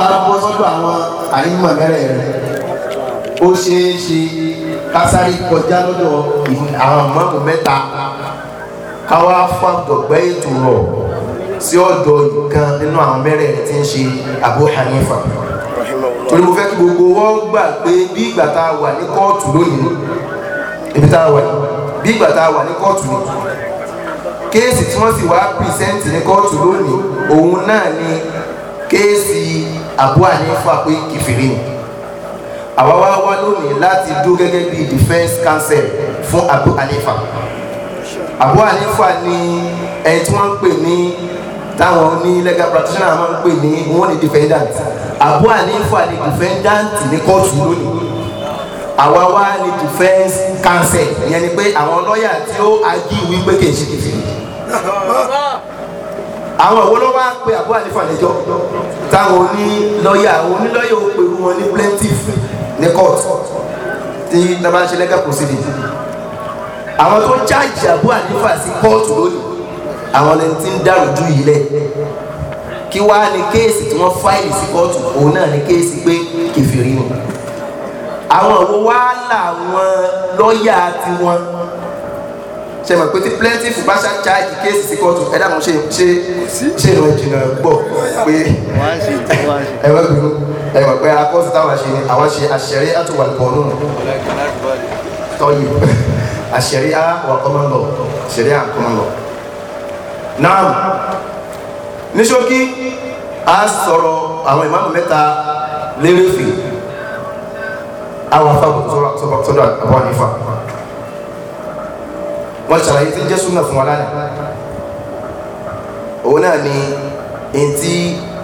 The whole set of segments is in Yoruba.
bọ́ sọ́dọ̀ àwọn àyínmọ̀ mẹ́rẹ̀ rẹ̀ ó ṣeé ṣe kásárì kọjá lọ́dọ̀ àwọn mọ́mù mẹ́ta káwá fàgbọ̀gbẹ́ ètò rọ̀ sí ọ̀dọ̀ nǹkan nínú àwọn mẹ́rẹ̀ rẹ̀ tí ń ṣe Abu Hanifa torí mo fẹ́ kí gbogbo wọn gbà pé bí ìgbà tá a wà ní kóòtù lónìí ibi tá a wà bí ìgbà tá a wà ní kóòtù ni kéèsì tí wọ́n sì wá pìrìsẹ́ǹtì ní kóòtù lónìí òun náà ni kéèsì Abu Hanifa pé kìfìrí ni àwa wá wá lónìí láti dúró gẹ́gẹ́ bí defence counsel fún Abu Hanifa Abu Hanifa ni ẹni tí wọ́n ń pè ní táwọn ní legal practitioner máa ń pè ní wọ́n ní defendant Abu Hanifa ni defendant ní kóòtù lónìí àwa wá ní defence counsel ìyẹn ni pé àwọn lọ́ọ̀yà tí ó ají wípé kì í ṣe kìfìrí. àwọn ìwọ ló wá pe àbú àlefa lẹ́jọ́ táwọn onílọ́yà onílọ́yà ò pèrú wọn ní plaintiff ní court tí nàbà ń ṣe legal proceeding àwọn tó ń charge àbú àlefa sí kóòtù lónìí àwọn lẹni tí ń dàrú ju yìí lẹ kí wá ní kéèsì tí wọ́n fáìlì sí kóòtù òun náà ní kéèsì pé kẹfìrí ni àwọn ìwọ wá là wọn lọ́yà tiwọn ṣe mọ̀ pé tí plaintiff bá ṣá charge kéèsì sí kóòtù ẹ dàgbọ́n ṣe ṣe ṣe ìrìn ìjìnà gbọ́ pé ẹ wọ́n gbìyànjú ẹ mọ̀ pé akọ́sí táwọn ṣe ni àwọn ṣe àṣẹrí àtúwà kọ̀ọ̀nù tọ́yì àṣẹrí àwọn kọ́mọ̀ lọ àṣẹrí àwọn kọ́mọ̀ lọ. náà ní ṣókí a sọ̀rọ̀ àwọn ìmáàmù mẹ́ta lérèfè àwọn afáàbò tó sọ̀rọ̀ àbọ̀ ànífà wọ́n ṣàlàyé tí ń jẹ́ súnà fún wa lánàá òun náà ni èyí tí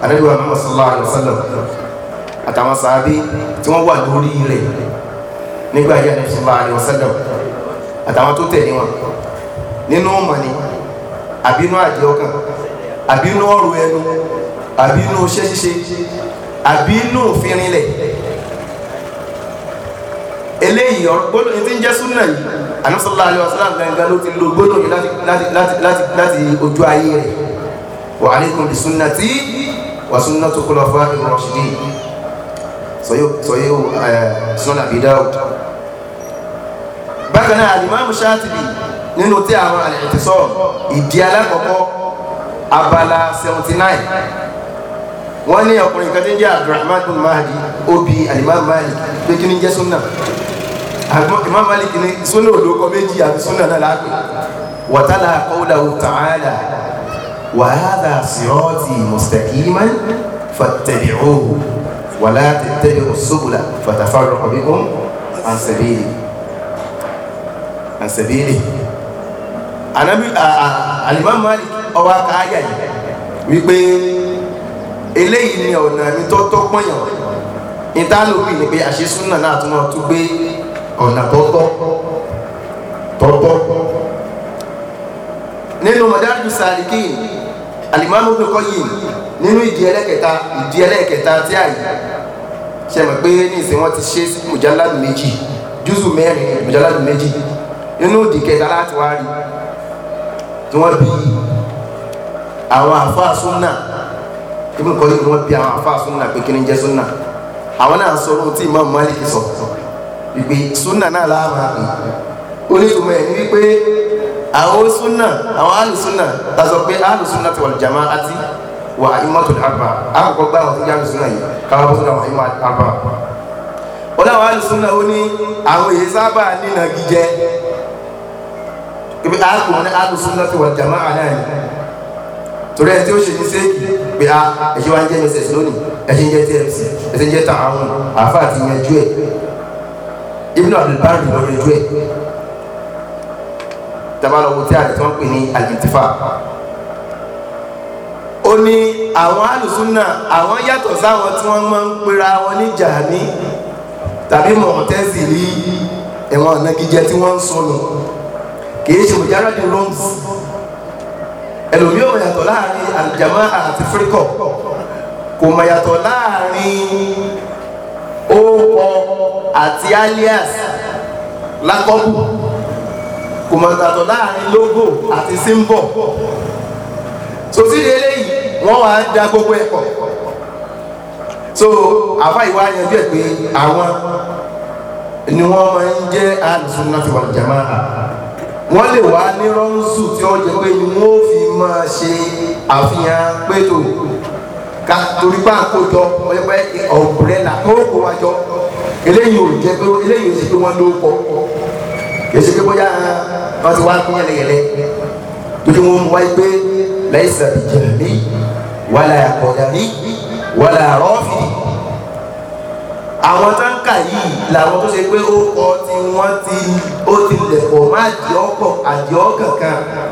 Ànábì wa Muhammad sallallahu alaihi wa sallam àtàwọn sàábí tí wọ́n wà lórí rẹ̀ nígbà yẹn ní sallallahu alaihi wa sallam àtàwọn tó tẹ̀lé wọn nínú mọ̀ni àbínú àjẹ́ ọkàn àbínú ọ̀rọ̀ ẹnu àbínú iṣẹ́ ṣíṣe àbínú òfinrinlẹ̀ eléyìí ọ̀rọ̀ gbọ́dọ̀ ní ti ń jẹ́ súnà yìí anamsọ́lá alẹ́ ọ̀sán gangan ló ti lo gbọ́dọ̀ yìí láti láti láti láti láti ojú ayé rẹ̀ wa alaykum bi sunnati wa sunnati khulafa'ir rashidin sọyọ sọyọ eh, sunan abi dawud bákan náà alimami Shatibi nínú tí àwọn àlẹ́tẹ̀sọ ìdí alákọ̀ọ́kọ́ abala seventy nine wọ́n ní ọkùnrin kan tí ń jẹ́ abdulrahman mahdi obi alimami mahdi pé kí ni jẹ́ Imam Malik ni sunna olóko méjì àti sunna náà lápè wàtálà qawlahu ta'ala wa hadha sirati mustaqiman fattabi'uhu wa la tattabi'u subula fatafarraqa bikum an sabili an sabili anabi alimam Malik ọwọ aka ayà yìí wípé eléyìí ni ọ̀nà mi pọ̀yàn ìtàlóbi ni pé àṣẹ sunna náà tún tún gbé ọ̀nà tọ́tọ́ tọ́tọ́ nínú mọ̀dájú sàlìkìn alimami Ibn Qayyim nínú ìdí ẹlẹ́kẹta ìdí ẹlẹ́kẹta tí àyè ṣe mọ̀ pé níìsín wọ́n ti ṣe mùjáládù méjì júùsù mẹ́rin mùjáládù méjì nínú ìdí kẹta láti wá rí tí wọ́n bí àwọn àfáà súnà Ibn Qayyim wọ́n bí àwọn àfáà súnà pé kí ni jẹ́ súnà àwọn náà sọ ohun tí Imam Malik sọ ìpè súnà náà láàmà pè onítumọ̀ ẹ̀ ní wípé àwọn súnà àwọn alùsúnà ta sọ pé alùsúnà ti wal jama'ati wà ìmọ̀tò àgbà àkọ́kọ́ gbá àwọn tó jẹ́ alùsúnà yìí káwọn bó súnà wà ìmọ̀ àgbà wọn náà wà alùsúnà ó ní àwọn èyí sábà nínà gíjẹ ibi àkùn ní alùsúnà ti wal jama'a náà ni torí ẹni tí ó ṣe ní séèkì pé a ẹ̀ṣẹ̀ wa ń jẹ́ mss lónìí ẹ̀ṣẹ̀ ń jẹ́ tmc ẹ̀ṣẹ̀ ń jẹ́ tààrùn àáfàá àti ìyẹn ibùdó abdulbari wọn yọjú ẹ tabala wo tí a lè tí wọn pè ní alintifa ó ní àwọn alùsùnà àwọn yàtọ̀ sáwọn tí wọ́n máa ń pera wọn ní jàmí tàbí mọ̀ọ́tẹ́sì rí ẹ̀wọ̀n ọ̀nàgíjẹ tí wọ́n ń sọnù kì í ṣe mùjáradì rooms ẹlòmíì ò yàtọ̀ láàrin àlùjámá àti fíríkọ̀ kò mọ̀ yàtọ̀ láàrin orúkọ àti alias lákọ́kù kò mọ̀ ìtàtọ̀ láàrin logo àti symbol sòsídìí eléyìí wọ́n wá da gbogbo ẹ̀kọ́ so àfa ìwà yanjú ẹ̀ pé àwọn ni wọ́n máa ń jẹ́ al-sunnah wal jamaa'ah wọ́n lè wá ní rọ́ńsù tí wọ́n jẹ́ pé ni wọ́n fi máa ṣe àfihàn pétò ká torí pa àkójọ ọ̀yẹ́pẹ́ ọ̀bùrẹ́là tó kó wa jọ eléyìí ò jẹ́ pé eléyìí ò sì pé wọ́n ló pọ̀ èsì pé bóyá wọ́n ti wá pín yẹlẹyẹlẹ tójú wọn mú wáyé pé lẹ́yìn sàbìjì mi wàlà àkọ́jà mi àrọ́fì àwọn tó yìí làwọn tó ṣe pé ó kọ tí wọ́n ti ó ti lẹ̀kọ̀ má àdìọ́kọ̀ àdìọ́kàn kan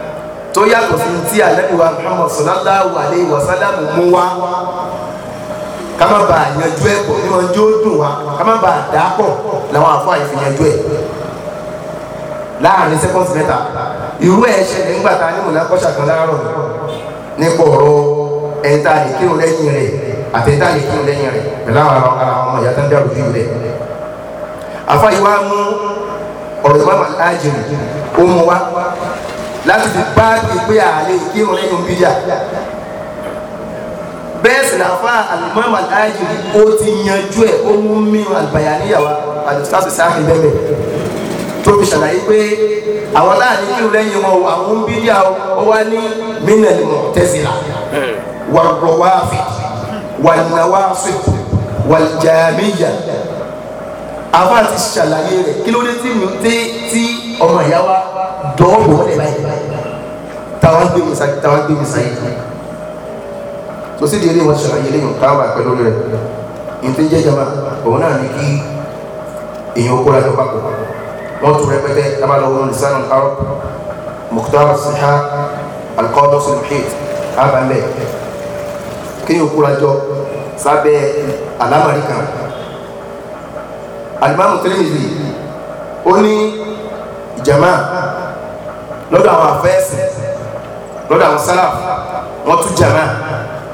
tó yàtọ̀ sí ti àlẹ́bùwà Muhammad sallallahu alayhi wa sallam mú wa ká má bàa yanjú ẹ̀ pọ̀ nínú ọjọ́ dùn wa ká má bàa dà pọ̀ làwọn àfọ àyè fi yanjú ẹ̀ láàrin seconds mẹ́ta irú ẹ̀ ṣẹlẹ̀ nígbà tá a ní mọ̀lá kọ́ṣà kan láàárọ̀ nípa ọ̀rọ̀ ẹ̀ńtà lè kírun lẹ́yìn rẹ̀ àtẹ̀ńtà lè kírun lẹ́yìn rẹ̀ pẹ̀lú àwọn ara ọmọ ìyá láti fi bá ìgbé ààrẹ ìkírun nínú bídíà bẹ́ẹ̀ sì làfà alimọ́mọ́ aláìjì ó ti yanjú ẹ̀ ó mú mìíràn àgbàyà níyàwó àdìsíkàsì sáàkì bẹ́ẹ̀ tó fi ṣàlàyé pé àwọn láàrin kí lẹ́yìn wọn o àwọn bídíà ó wá ní mínẹ̀lì mọ̀ tẹ́sílà wà rọwáfì wà nàwáfì wà jàmíyà àbá ti ṣàlàyé rẹ̀ kí ló dé tí ọmọ ìyá wa tọwọ́ bò wọ́n lè báyìí táwọn gbé mi sáyé táwọn gbé mi sáyé sosi di eré wọn ṣàlàyé lẹ́yìn táwọn bá pẹ́ lórí rẹ̀ ntí jẹ́ jama òun náà ní kí èèyàn kóra lọ papọ̀ wọ́n tún rẹpẹtẹ tábàlọ́ wọn ní sanu arọ Mukhtar Siha alikọ́dọ̀ sọ̀rọ̀ abalẹ̀ kí ni òkúra jọ sábẹ́ kan alimami Tirmidhi ó ní jama lọ́dọ̀ àwọn àfẹ́sì lọ́dọ̀ àwọn sálàf wọ́n tún jàmá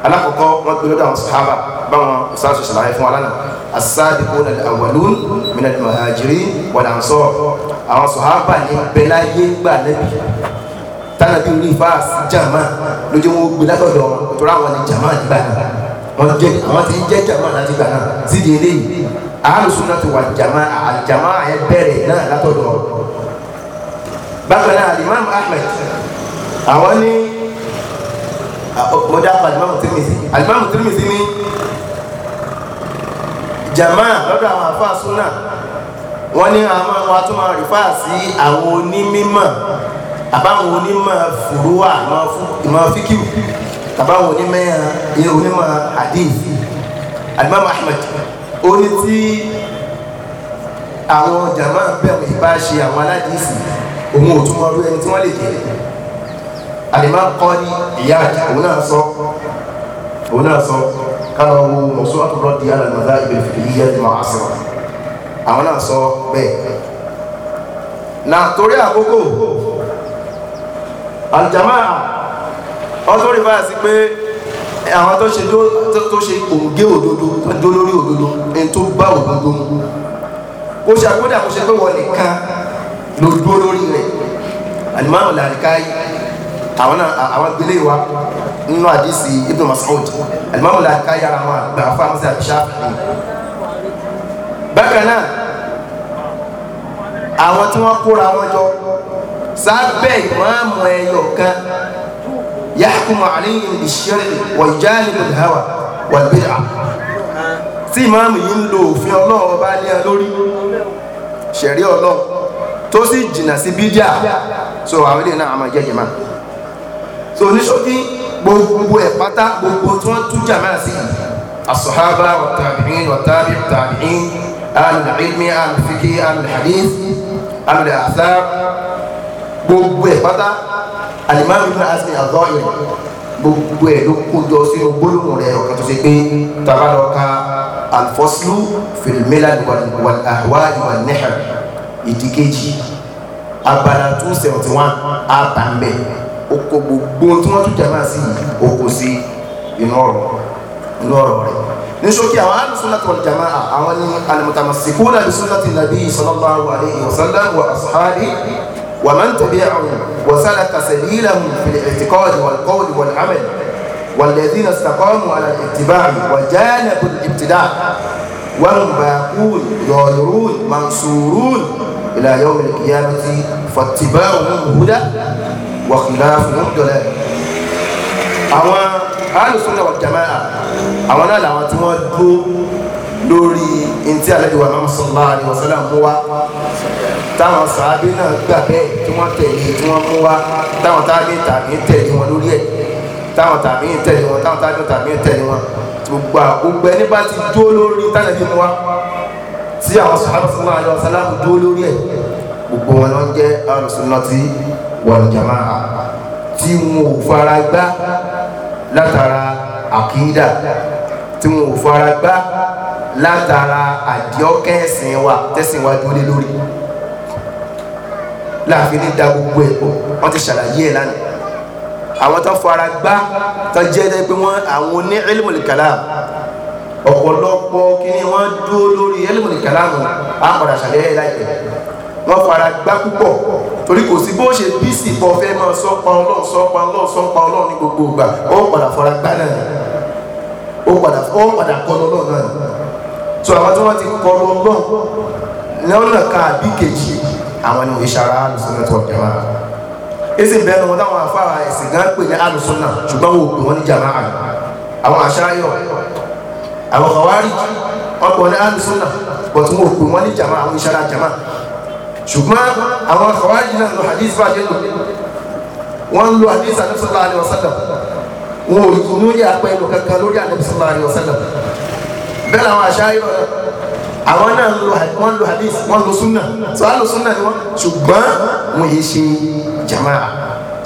alákọ̀ọ́kọ́ wọ́n gbé lọ́dọ̀ àwọn sàhábà báwọn sáàsù ṣàlàyé fún wa lánàá as-sabiquna al-awwalun min al-muhajirin wal-ansar àwọn sàhábà ní bẹ́láyé gbà lẹ́bi tánàbí orí fáàs jàmá lójú wọn gbé látọ̀dọ̀ wọn tó ráwọn ní jàmá nígbà náà wọ́n jẹ́ àwọn ti ń jẹ́ jàmá láti gbà náà sídìí eléyìí àlùsùn náà ti wà jàmá àjàmá ẹ bẹ̀rẹ̀ náà látọ̀dọ̀ bákan náà alimam ahmed àwọn ní mo dákọ̀ alimam tirimisi alimam tirimisi ní jamaa lọ́dọ̀ àwọn afa sunna wọ́n ní àwọn àwọn tó máa rìfà sí àwọn onímọ̀ àbáwọn onímọ̀ fùrúwà ìmọ̀ fíkìw àbáwọn onímọ̀ ìyẹn onímọ̀ hadith alimam ahmed ó ní tí àwọn jamaa bẹ̀rù ìbá ṣe àwọn aládìsí òun ò túmọ̀ ọdún ẹni tí wọ́n lè jẹ́ àlèmá kọ́ ní ìyá àjà òun náà sọ òun náà sọ káwọn wo mọ̀sọ́ àtúrọ̀ di alàmọ́dá ìbẹ̀rẹ̀ fìdí yíyá ti máa sọ àwọn náà sọ bẹ́ẹ̀ na torí àkókò aljamaa ọdún rí báyà sí pé àwọn tó ṣe tó ṣe òǹgé òdodo tó lórí òdodo ẹni tó bá òdodo kò ṣe àkódà kò ṣe pé wọ́n nìkan ló dúró lórí rẹ̀ alimami làríkàyí àwọn àwọn gbélé wa nínú àdìsí ibn Mas'ud alimami làríkàyí ara wọn àgbà fún amúsí àbíṣáfì bákan náà àwọn tí wọ́n kóra wọn jọ sábẹ́ ìmáàmù ẹyọ kan yahkumu alayhim bish-shar'i wa yujanibu tí ìmáàmù yìí ń lo òfin Ọlọ́run bá lé lórí ṣẹ̀rí Ọlọ́run tó sì jìnnà sí bídíà so àwọn ilé náà a máa jẹ́ jẹ̀má so oníṣòkí gbogbo ẹ̀ pátá gbogbo tí wọ́n tú jàmá sí asọ̀hábà wàtàbíyìn wàtàbíyìn wàtàbíyìn alùlàílmi alùfikí alùhadith alùlàásá gbogbo ẹ̀ pátá alimami ibn asmi azọ́yìn gbogbo ẹ̀ ló kójọ sínú gbólóhùn rẹ̀ ọ̀kan tó ṣe pé tabalọ́ka alfọ́sílù fìlmílà wàlúwàlúwà ìwà nìhẹ̀rẹ̀ ìdíkejì abala two seventy one àbàmbẹ̀ oko gbogbo tí wọ́n tún jàmá sí oko sí inú ọ̀rọ̀ inú ọ̀rọ̀ rẹ̀ ní ṣókí àwọn alùsùnlá tó jàmá àwọn ní alùmọ̀tàmọ̀sìkúnà alùsùnlá ti nàbí sallallahu alaihi wasallam wa ashabi wa man tabi'ahum wa salaka sabilahum fil i'tiqad wal qawl wal amal والذين استقاموا على الاتباع وجانبوا الابتداع وهم باقون ظاهرون منصورون إلى يوم القيامة فاتباعهم هدى وخلافهم ضلال àwọn alùsùnà wà jàmáà àwọn náà làwọn tí wọ́n dúró lórí ntí alẹ́dùn wa mọ́mú sọ̀lá ni wọ́n sọ́lá mú wa táwọn sàábé náà gbà bẹ́ẹ̀ tí wọ́n tẹ̀lé tí wọ́n mú wa táwọn tábí tàbí tẹ̀lé wọn lórí ẹ̀ táwọn tàbí tẹ̀lé wọn táwọn tábí tàbí tẹ̀lé wọn gbogbo àgbẹ̀ nígbà tí dúró lórí tánàbí mú wa tí àwọn sọ̀rọ̀ sọ̀rọ̀ àyọ̀ sálámù dúró lórí ẹ̀ gbogbo wọn ló ń jẹ́ alùsùnàtì wàlùjàmá tí wọn ò fara gbá látara àkídà tí wọn ò fara gbá látara àdìọ́kẹ́ ẹ̀sìn wa tẹ̀sìn wa dúró lé lórí láàfin ní da gbogbo ẹ̀ pọ̀ wọ́n ti ṣàlàyé ẹ̀ lánàá àwọn tó fara gbá tó jẹ́ pé wọ́n àwọn oní ilmul ọ̀pọ̀lọpọ̀ kí ni wọ́n dúró lórí ẹlẹ́mọ̀nì kàlámù àpàdà ṣàlẹ́ láìpẹ́ wọ́n fara gbá púpọ̀ torí kò sí bó ṣe bí sì pọ̀ fẹ́ máa sọ pa ọlọ́run sọ pa ọlọ́run sọ pa ọlọ́run ní gbogbo ìgbà ó padà fara gbá náà ó padà ó padà kọ́ lọ́lọ́ náà so àwọn tí wọ́n ti kọ́ lọ́lọ́ lọ́nà kan àbí kejì àwọn ni òye ṣara alùsùnà tó ọ̀dẹ̀ wa èsì bẹ́ẹ̀ ni wọ́n táwọn afárá ẹ̀sìn gan pè ní alùsùnà ṣùgbọ́n wọn ò pè wọ́n ní jàmáà àwọn àṣà yọ̀ àwọn kọ̀wárí ọkùnrin ní alùsùnà bọ̀tí wọn ò pè wọ́n ní jama àwọn ìṣara jama ṣùgbọ́n àwọn kọ̀wárí náà lo hadith bá jẹ́ lò wọ́n ń lo hadith àti sọ́lá àlẹ́ ọ̀sánà wọn ò ní orí apẹ́ ẹnu kankan lórí àlẹ́ sọ́lá àlẹ́ bẹ́ẹ̀ làwọn àṣà ayọ̀ àwọn náà wọ́n lo hadith wọ́n lo sunna so àlò sunna ni wọ́n ṣùgbọ́n wọn yìí ṣe jama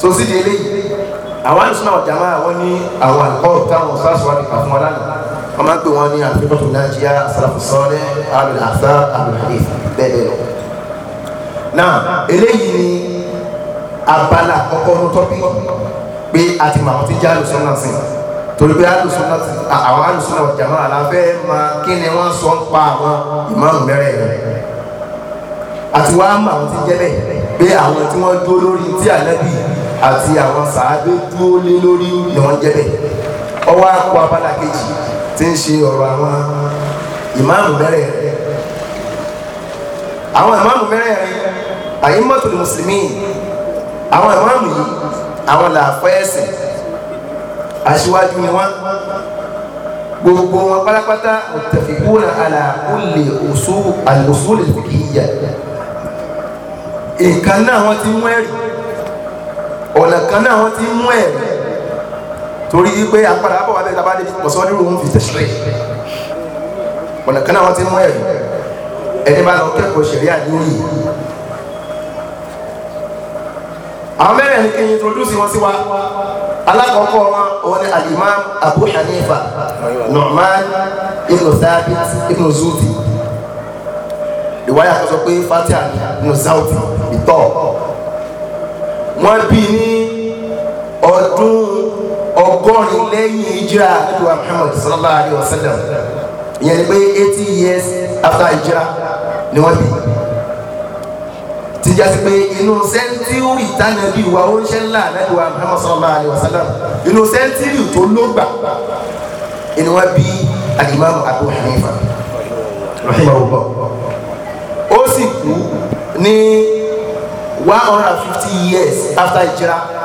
so sídìí eléyìí àwọn àlùsùnà jama wọn ní àwọn àlùkọ́ táwọn ọ̀sán àṣọ àdìpà wọ́n máa ń pè wọ́n ní àfikọ́tò nàìjíríà sàlàfùsọ́lẹ̀ àlùhàṣà àlùhàdìs bẹ́ẹ̀ bẹ́ẹ̀ lọ. náà eléyìí ni abala kọ́kọ́ ní tọ́pì pé a ti mọ̀ àwọn tí jẹ́ àlùsùn náà sìn torí pé àlùsùn náà ti àwọn àlùsùn náà jàmọ́ àlàfẹ́ máa kí ni wọ́n sọ ń pa àwọn ìmáàmù mẹ́rẹ̀ẹ̀rin àti wàá mọ àwọn tí ń jẹ́ bẹ́ẹ̀ pé àwọn tí wọ́n dúró lórí tí ànábì àti àwọn sàábé dúró lé lórí ni wọ́n jẹ́ bẹ́ẹ̀ ọwọ́ àpò abala kejì tí ń ṣe ọ̀rọ̀ àwọn ìmáàmù mẹ́rẹ̀ẹ̀rin àwọn ìmáàmù mẹ́rẹ̀ẹ̀rin àyímọ́tòlù mùsùlùmí àwọn ìmáàmù yìí àwọn làáfẹ́ ẹ̀sìn aṣíwájú ni wọ́n gbogbo wọn pátápátá muttafiquna ala kulli usul al-usul al-fiqhiyya nǹkan náà wọ́n ti mú ẹ̀rí ọ̀nà kan náà wọ́n ti mú ẹ̀rí torí pé apadà bọ̀ wá bẹ́ẹ̀ tá a bá débi pọ̀sọ́ nírú wọn fi tẹ̀sírẹ̀ ọ̀nà kan náà wọ́n ti mú ẹ̀rí ẹni bá lọ kẹ́kọ̀ọ́ ṣẹ̀ríà ní òyì àwọn mẹ́rin kí n introduce wọn sí wa alákọ̀ọ́kọ́ wọn òun ni alimam abu hanifa norman ibn sabit ibn zuti ìwáyà kan sọ pé fatia ibn zauti ìtọ́ wọn bí ní ọdún ọgọ́rin lẹ́yìn ìjìrà àdúrà Muhammad sallallahu alayhi wa sallam ìyẹn ni pé eighty years after ìjìrà ni wọ́n bí tìjà sí pé inú sẹ́ńtírì tánàbí wa ó ń ṣe ńlá àdúrà Muhammad sallallahu alayhi wa sallam inú sẹ́ńtírì tó ló gbà ni wọ́n bí alimami Abu Hanifa rahimahullah ó sì kú ní one hundred and fifty years after ìjìrà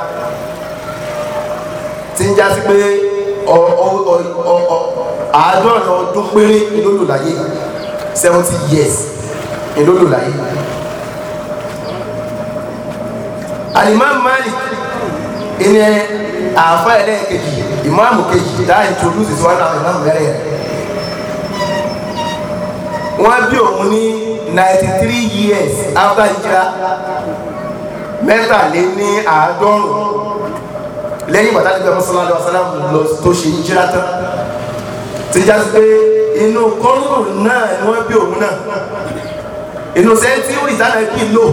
tí ń jásí pé àádọ́rin ọdún péré ìlólò láyé seventy years ìlólò láyé. alimami Malik ìní àfa ẹlẹ́ẹ̀kejì ìmáàmù kejì dá introduce sí one àwọn ìmáàmù mẹ́rẹ̀ yẹn. wọ́n bí òun ní ninety three years after ìjìlá mẹ́tàléní àádọ́rùn-ún lẹ́yìn bàtà níbi ọmọ sọlá lọ́wọ́ sọlá lọ tó ṣe jíra tán ti já sí pé inú kọ́ńtò náà ni wọ́n bí òun náà inú sẹ́ńtírì tánà kí n lò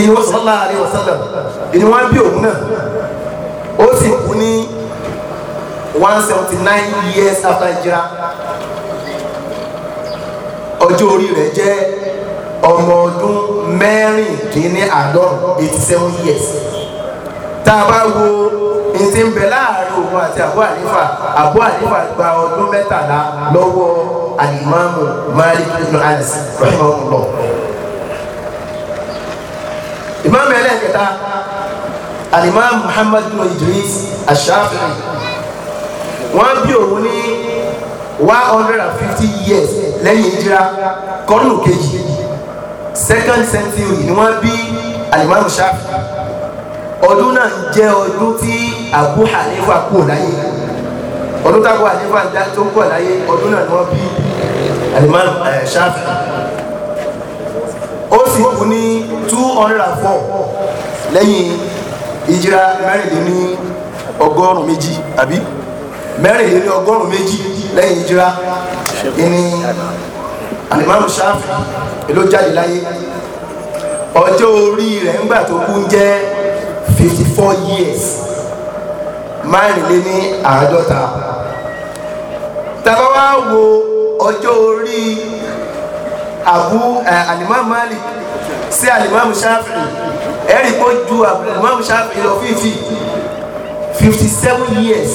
inú sọlá àríwọ̀ sọlá wọ́n bí òun náà ó sì kú ní one seventy nine years after Jira, ọjọ́ orí rẹ̀ jẹ́ ọmọ ọdún mẹ́rìndínláàádọ́rùn eighty seven years tá a bá wo ìsì ń bẹ láàrin òun àti Abu Hanifa Abu Hanifa gba ọdún mẹ́tàlá lọ́wọ́ alimami Malik ibn Anas rahimahullah ìmáàmù ẹlẹ́ẹ̀kẹta alimami Muhammad ibn Idris ash-Shafi'i wọ́n bí òun ní one hundred and fifty years lẹ́yìn ìjìra kọ́nù kejì second century ni wọ́n bí alimami Shafi'i. ọdún náà jẹ́ ọdún tí Abu Hanifa kú láyé ọdún tábù Hanifa tó kọ̀ láyé ọdún náà ni wọ́n bí Imam eh, Shafi ó sì ní two hundred and four lẹ́yìn ìjìra ọgọ́rùn-ún méjì àbí mẹ́rìnlélẹ́ní ọgọ́rùn-ún méjì lẹ́yìn ìjìra ìní ló jáde láyé ọjọ́ orí rẹ̀ fifty four years márùnléní àádọ́ta tàbá wá wo ọjọ́ orí abu alimami malik sí alimami shafi'i ẹ̀rí kó ju alimami shafi'i lọ fífi fifty seven years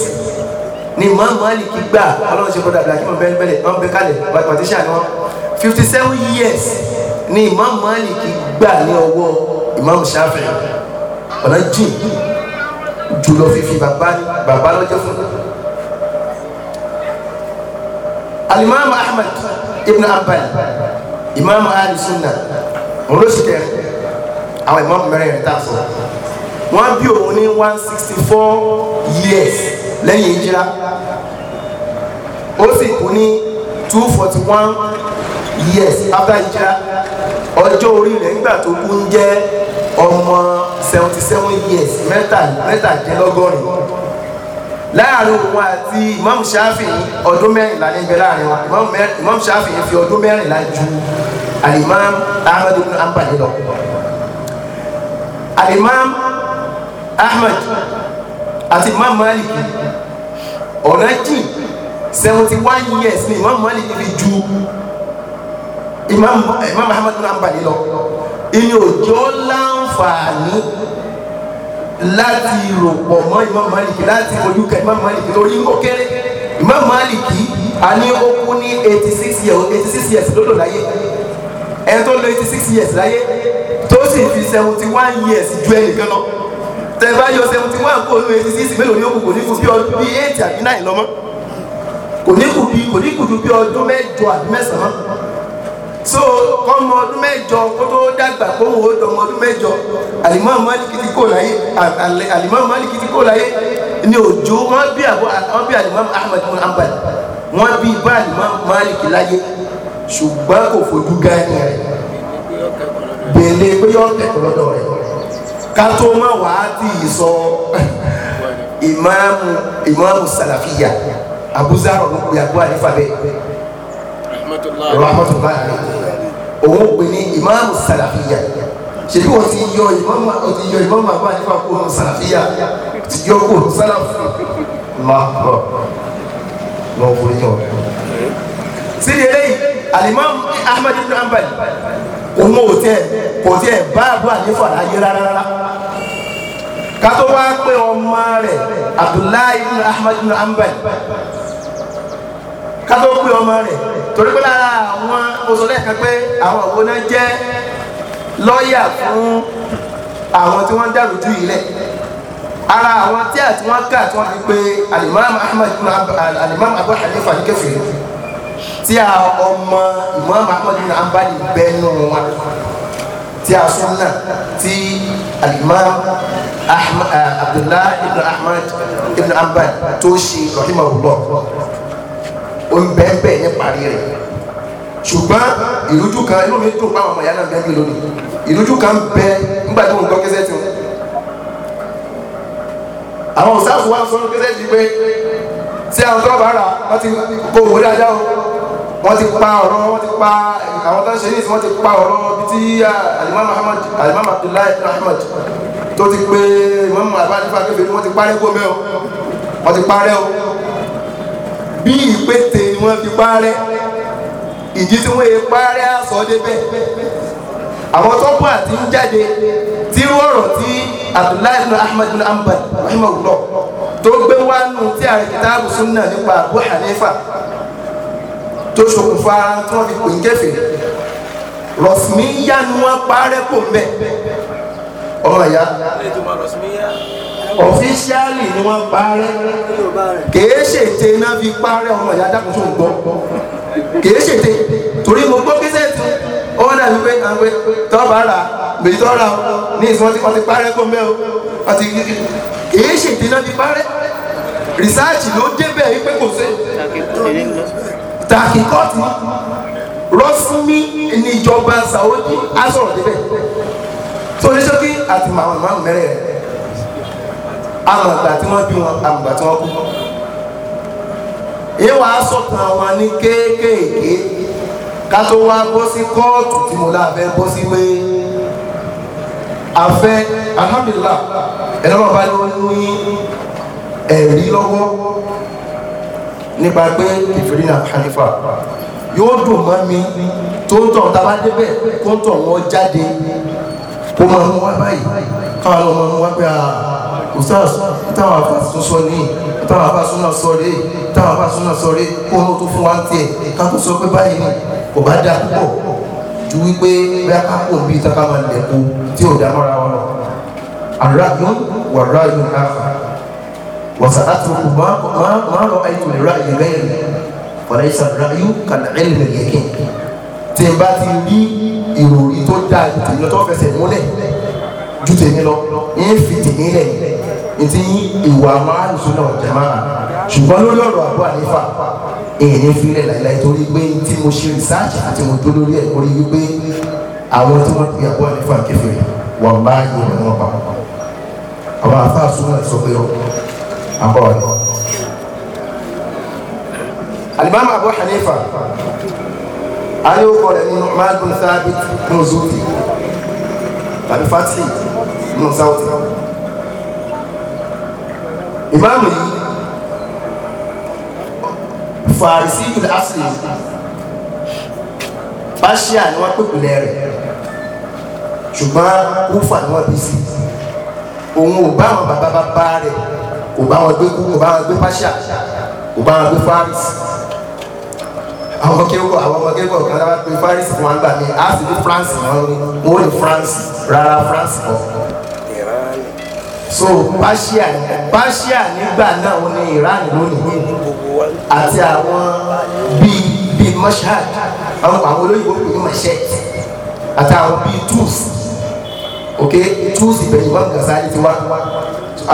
ni imam malik gbà ọlọ́run ṣe kọ́dà àbíláàkí mọ̀ bẹ́ẹ̀ bẹ́ẹ̀ wọ́n bẹ kalẹ̀ mathematician ni wọ́n fifty seven years ni imam malik gbà ní ọwọ́ imam shafi'i ọ̀nà jìn jùlọ fífi bàbá bàbá lọ́jọ́ fún un. alimami ahmed ibn abdul imaamu ali sunna wọn ló ṣiṣẹ́ àwọn imaamu mẹ́rin yẹn tá a sọ wọn bí òun ní one sixty four years lẹ́yìn ìjìlá ó sì kú ní two forty one years after ìjìlá ọjọ́ orí rẹ̀ nígbà tó kú ń jẹ́ ọmọ seventy seven years mẹ́tàdínlọ́gọ́rin láàrin òun àti imam Shafi, ọdún mẹ́rìnlá níbẹ̀ láàrin wọn imam Shafi, fi ọdún mẹ́rìnlá ju alimam ahmed ibn ambali lọ alimam ahmed àti imam malik ọ̀nà jìn seventy one years ni imam malik fi ju imam imam ahmed ibn ambali lọ ìyẹn òjò láwọn láǹfààní láti rò mọ́ Imam Maliki láti ojú kẹ Imam Maliki torí ó kéré Imam Maliki a ní ó ní eighty six years eighty six years lódò láyé ẹni tó lo eighty six years láyé tó sì fi seventy one years ju ẹnìkan lọ tẹ bá yọ seventy one kó lóye ti sísì mélòó ní òkú kò ní kú bí ọdún bíi eight àbí nine lọ́mọ́ kò ní kú bí kò ní kú ju bí ọdún mẹ́jọ àbí mẹ́sàn-án kọ́mọ ọdún mẹ́jọ kó tó dàgbà kó wò ó dọmọ ọdún mẹ́jọ alimami maliki ti kó láyé alimami maliki ti kó láyé ni òjò wọn bí àbọ wọn bí alimami ahmed bin hanbal wọn bí bá alimami maliki láyé ṣùgbọ́n kò fojú gáàni rẹ̀ bèlè pé yọ kẹ́kọ̀ọ́ lọ́dọ̀ rẹ̀ ká tó má wàá ti sọ ìmáàmù ìmáàmù sàlàfíà abuzar ọ̀nà ìyàgbọ́ àdìfàbẹ́ rahmatulahi òun pè ní ìmáàmù sàlàfíà ṣèbí wọn ti yọ ìmáàmù ọ ti yọ ìmáàmù àbá nípa kó nù sàlàfíà ti yọ kó nù sàlàfù lọ́pọ̀ lọ́wọ́ fún yọ. sí eléyìí alimami ahmed ibn hanbali òun ò tẹ kò tẹ báàbò àlefa láyé rárá kátó wá pé ọmọ rẹ abdullahi ibn ahmed ibn hanbali ká tó pé ọmọ rẹ̀ torí pé lára àwọn oṣù lẹ́ẹ̀kan pé àwọn òwò náà jẹ́ lọ́ọ̀yà fún àwọn tí wọ́n ń dàrú jù yìí lẹ̀ ara àwọn tí àti wọn kà tí wọn fi pé alimami ahmed alimami abu hanifa ní kẹfì tí a ọmọ imam ahmed ní anbali bẹ́ẹ̀ nù wọn tí a sún náà tí alimami abdullahi ibn ahmed ibn anbali tó ṣe rahimahullah ó ń bẹ́ẹ̀ bẹ́ẹ̀ ní parí rẹ̀ ṣùgbọ́n ìrújú kan inú mi dùn báwọn ọmọ ìyá náà bẹ́ẹ̀ bí lónìí ìrújú kan ń bẹ nígbà tí mo ń gbọ́ kẹsẹ́ tí wọn. àwọn òṣàfù wa sọ kẹsẹ́ ti pé tí àwọn tó bá rà wọ́n ti kó owó dáadáa o wọ́n ti pa ọ̀rọ̀ wọ́n ti pa àwọn tó ń ṣe nísìnyí wọ́n ti pa ọ̀rọ̀ bíi ti alimami abdullahi ahmed tó ti pé imam abadifakebe wọ́n ti parẹ́ gómẹ́ o wọ́n ti parẹ́ o bí ìpètè ni wọ́n fi parẹ́ ìdí tí wọ́n yẹ parẹ́ àsọ débẹ̀ àwọn tọ́pọ̀ àti ń jáde tí rọrọ̀ tí abdullahi ibn ahmed ibn ambal rahimahullah tó gbé wánu tí a rìn kìtàbù sunna nípa abu hanifa tó ṣokùnfà tí wọ́n fi pè ń kẹfẹ́ rọ̀sìmíyá ni wọ́n parẹ́ kò ń bẹ̀ ọmọ ìyá ọ̀fíṣíálì ni wọ́n parẹ́ kìí ṣètè náà fi parẹ́ ọmọ ìyá dákun tó ń gbọ́ kìí ṣètè torí mo gbọ́ kí sẹ́ẹ̀tì ó náà wípé àwọn tọ́ba rà méjì tọ́ ra ní ìsúná tí wọ́n ti parẹ́ kó mẹ́ o wọ́n ti kìí ṣètè náà fi parẹ́ rìsáàjì ló débẹ̀ wípé kò sí tàkìkọ́tì rọ́fúnmi níjọba Saudi asọ̀rọ̀ débẹ̀ tó ní ṣókí àti màmá mẹ́rẹ̀ẹ́rẹ́ àmọ̀ ìgbà tí wọ́n bí wọn àmọ̀ ìgbà tí wọ́n kú. ìwà sọ̀tàn wọn ní kéékèèké ká tó wá bọ́ sí kóòtù tí mo láàbẹ̀ bọ́ sí pé afẹ́ alhamdulilah ẹ̀rọ bàbá ló ní ẹ̀rí lọ́wọ́ nípa pé kìfìrí náà hanifa yóò dùn mọ́ mi tó ń tọ̀ tá a débẹ̀ kó ń tọ̀ wọ́n jáde kó máa mú wá báyìí káwọn ọmọ mú wá pé àà. Ah, ustaz táwọn afásún sọ ní táwọn afásún náà sọ rèé táwọn afásún náà sọ rèé kó ló tó fún wa tiẹ̀ ká sọ pé báyìí ni kò bá dáa púpọ̀ ju wípé bẹ́ẹ̀ ká kó bíi tá a ká máa lẹ̀kọ́ tí ò dá mọ́ra wọn lọ. àràyùn wà ráyùn àfà wàsà àtúkù máa lọ àìtò lè ráyè lẹ́yìn wàlá ìsà ráyùn kàlà ẹ̀lì yẹ̀kẹ́. tí n bá ti rí ìròrí tó dáa ju tèmi lọ tó fẹsẹ̀ múlẹ̀ ju tèmi lọ ń fi tèmi lẹ̀ etí ìwà máa ń sún náà jẹ máa ṣùgbọ́n lórí ọ̀rọ̀ Abu Hanifa èyí ní fílẹ̀ láìláì torí pé tí mo ṣe rìsáàjì àti mo tó lórí ẹ̀ orí wípé àwọn tí wọ́n ti Abu Hanifa kèfèrí wọ́n bá yẹ ọ̀rọ̀ wọn pa àwọn afáà sún náà sọ pé ọ àbọ̀ ọ̀rọ̀. alimami Abu Hanifa ayé ó kọ rẹ̀ nínú Nu'man bin Thabit nínú zuti tàbí fati nínú sáwùtì ìmáàmù yìí fàrísí ìlú asìlì pàṣíà ni wọ́n pèpìlẹ̀ rẹ̀ ṣùgbọ́n wúfà ni wọ́n bí sí òun ò bá àwọn bàbá bàbá rẹ̀ kò bá wọn gbé kú kò bá wọn gbé pàṣíà kò bá wọn gbé fàrísí àwọn ọmọ kéwọ́ àwọn ọmọ kéwọ́ kan lábàá pé fàrísí fún wọn gbà mí á sì ní france wọn wọn ò france rárá france kọ́ so Persia Persia nígbà náà wọn ní Iran lónìí àti àwọn bíi bíi Mashhad àwọn àwọn olóyìnbó pè ní Mashhad àti àwọn bíi Tus ok Tus ìbẹ̀yìn wọn gàzá yìí ti wá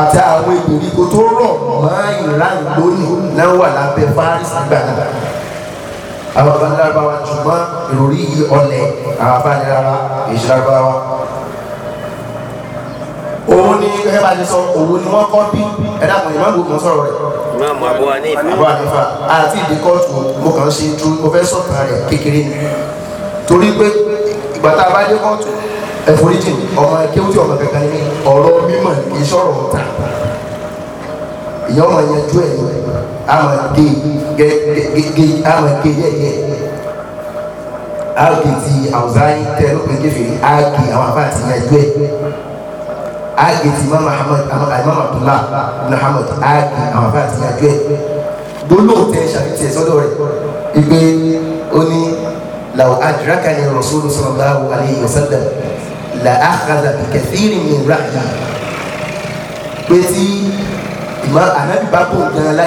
àti àwọn ìgbèríko tó rọ̀ mọ́ Iran lónìí náà wà lábẹ́ Paris nígbà náà àwọn abánilábáwa jùmọ̀ ìròrí yìí ọlẹ̀ àwọn abánilára ìṣẹ́ abáwa òun ni ẹ bá ti sọ òun ni wọ́n kọ́ bí ẹ dàpọ̀ ìmọ̀ ìlú kan sọ̀rọ̀ rẹ̀. ìmọ̀ Abu Hanifa. Abu Hanifa àti ìdíkọ́ọ̀tù mo kàn ṣe ju mo fẹ́ sọ̀tàn rẹ̀ kékeré ni torí pé ìgbà tá a bá dé kọ́ọ̀tù ẹ̀fọ́ríjì ọmọ kéwùtì ọmọ kankan ní ọ̀rọ̀ mímọ̀ ìṣọ̀rọ̀ ọ̀tà ìyá ọmọ yẹn ju ẹ̀ àmọ̀ gé gé àmọ̀ gé yẹ̀yẹ̀ àgè ti àwùzá yìí tẹ̀ lópin kéfì àgè àwọn àbá àti ìyá ẹgbẹ́ ageti imam ahmed imam abdullah ibn ahmed agi àwọn afẹ́ àti ìyàjọ́ ẹ̀ gbólóhùn tẹ ṣàfihàn sọ́dọ̀ rẹ̀ ìgbé oní làwọn adraka ni rasulullah sallallahu alayhi wa sallam la akhadha bi kathirin min ra'yi pé ìmọ̀ ànábì bá kó gan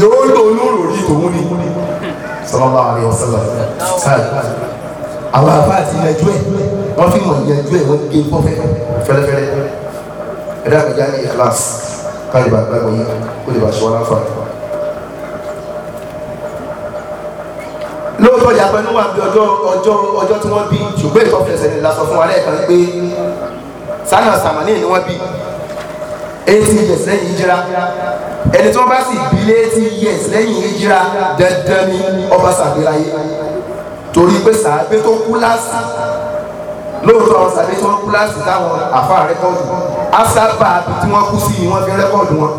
yóò lò lóòrò rí tòun ni sallallahu alayhi wa sallam sáà àwọn afẹ́ àti ìyàjọ́ ẹ̀ wọ́n fi mọ̀ ìyẹn ju ẹ̀ wọ́n gé pọ́fẹ́ fẹ́lẹ́fẹ́lẹ́ ẹ̀dá àgbẹ̀já ní ìkíláàsì káyọ̀ bá gbàgbọ́ yìí kó lè bá ṣe wọn láǹfààní. lóòótọ́ ìyàpẹ́ ló wà bí ọjọ́ ọjọ́ ọjọ́ tí wọ́n bí ṣùgbọ́n ìtọ́fẹsẹ̀ ni lásán fún wa lẹ́ẹ̀kan pé sanna samani ni wọ́n bí eighty years lẹ́yìn ìjìra ẹni tí wọ́n bá sì bí eighty years lẹ́yìn ìjìra dandan ni ọba sàgbéra yìí torí pé sàgbé tó kú lásán lóòótọ́ àwọn sàbí tí wọ́n kú láti táwọn àfa rẹ́kọ̀dù asábà tí wọ́n kú sí ni wọ́n fi rẹ́kọ̀dù wọn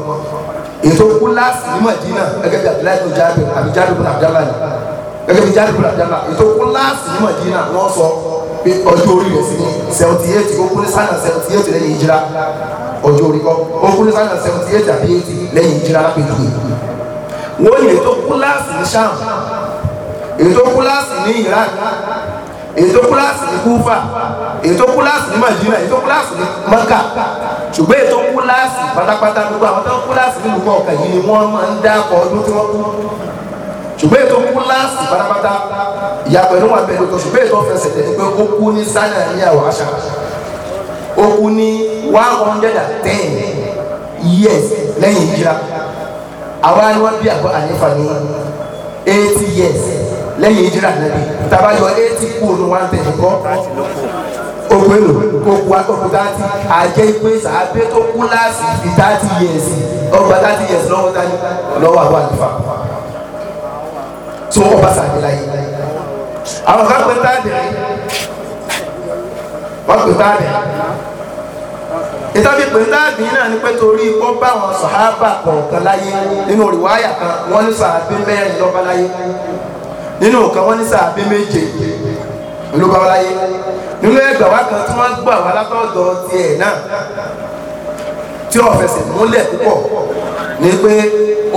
ètò kú láti ní Madina gẹ́gẹ́ bí Abdullahi tó jáde àbí jáde bùnà Abdallah ni gẹ́gẹ́ bí jáde bùnà Abdallah ètò kú láti ní Madina wọ́n sọ pé ọjọ́ orí rẹ̀ sí ní seventy eight ó kú ní sánà seventy eight lẹ́yìn ìjìlá ọjọ́ orí kọ́ ó kú ní sánà seventy eight àbí eighty lẹ́yìn ìjìlá lápẹ̀jù wọ́n yẹ ètò kú láti ní Sham ètò kú ní Iran èyí kúláàsì ní kúfà èyí kúláàsì ní madina èyí kúláàsì ní maka ṣùgbọ́n èyí kúláàsì pátápátá gbogbo àwọn tó kúláàsì nínú kọ̀ọ̀kan yìí ni wọ́n máa ń dá ọdún tí wọ́n kú ṣùgbọ́n èyí kúláàsì pátápátá ìyàpẹ̀ ló wà bẹ́ẹ̀ lóko ṣùgbọ́n èyí tó tẹ̀ pé ó kú ní sánà ní àwọn àṣà ó kú ní one hundred and ten years lẹ́yìn ìjìlá àwa ni wọ́n bí àbọ̀ àyẹ̀fà ní eighty years lẹ́yìn ìjírà nẹ́bí tàbá yọ eighty kú ònú one ten kọ́ okun èlò okun akọkùn thirty àjẹ́ ìpè sàbẹ́ tó kú láàsì fi thirty years ọgbà thirty years lọ́wọ́ tani lọ́wọ́ àwọn àlùfáà tó ọba sàbẹ̀lá yìí àwọn kan pè táàdì rẹ̀ wọ́n pè táàdì rẹ̀ ìtàbí pèndáàbí náà ni pé torí kó bá àwọn sàhábà kọ̀ọ̀kan láyé nínú rìwáyà kan wọ́n ní sàhábí mẹ́rin lọ́ba láyé nínú nǹkan wọn ní sàbẹ méje olúbawáláyé nínú ẹgbà wá kan tí wọn gbà wá látọ̀dọ̀ tiẹ̀ náà tí ó fẹsẹ̀ múlẹ̀ púpọ̀ ni pé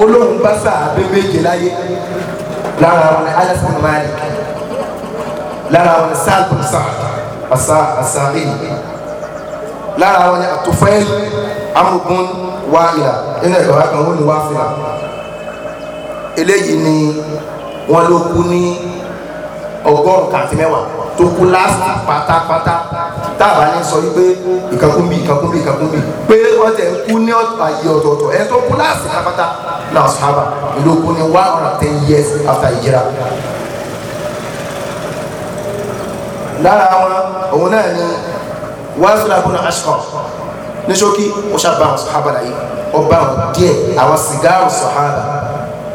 olóhùn bá sàbẹ méje láyé lára wọn alẹsẹ mọlẹ lára wọn sáàbù sáà àṣà àṣà rèé lára wọn ni àtúfẹ́ amúgún wáyà nínú ẹgbà wá kan wọn ni wá fìlà eléyìí ni wọ́n ló kú ní ọgọ́rùn kàti mẹ́wàá tó kú láti pátápátá táàbà ní sọ wípé ìkankunbi ìkankunbi ìkankunbi pé wọ́n tẹ̀ kú ní àyè ọ̀tọ̀ọ̀tọ̀ ẹ̀ tó kú láti pátápátá náà sábà ló kú ní one hundred ten years after ìjìrà. lára wọn òun náà ni wàásùlà kúnà aṣọ ní ṣókí ó ṣàbà àwọn sọ̀hábà láyé ọba àwọn díẹ̀ àwọn sìgáàrù sọ̀hábà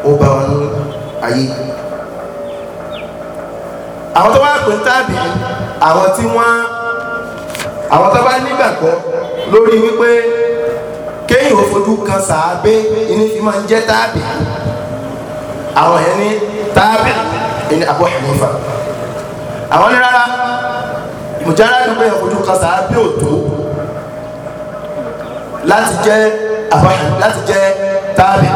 ó bá wọn ní ayé àwọn tó wá pè ń tàbí àwọn tí wọ́n àwọn tó bá nígbàgbọ́ lórí wípé kéyìn òfojú kan sàábé ní fi máa ń jẹ́ tàbí àwọn yẹn ní tàbí ní Abu Hanifa àwọn ní rárá mùjára ló òfojú kan sàábé ò láti jẹ́ láti jẹ́ tàbí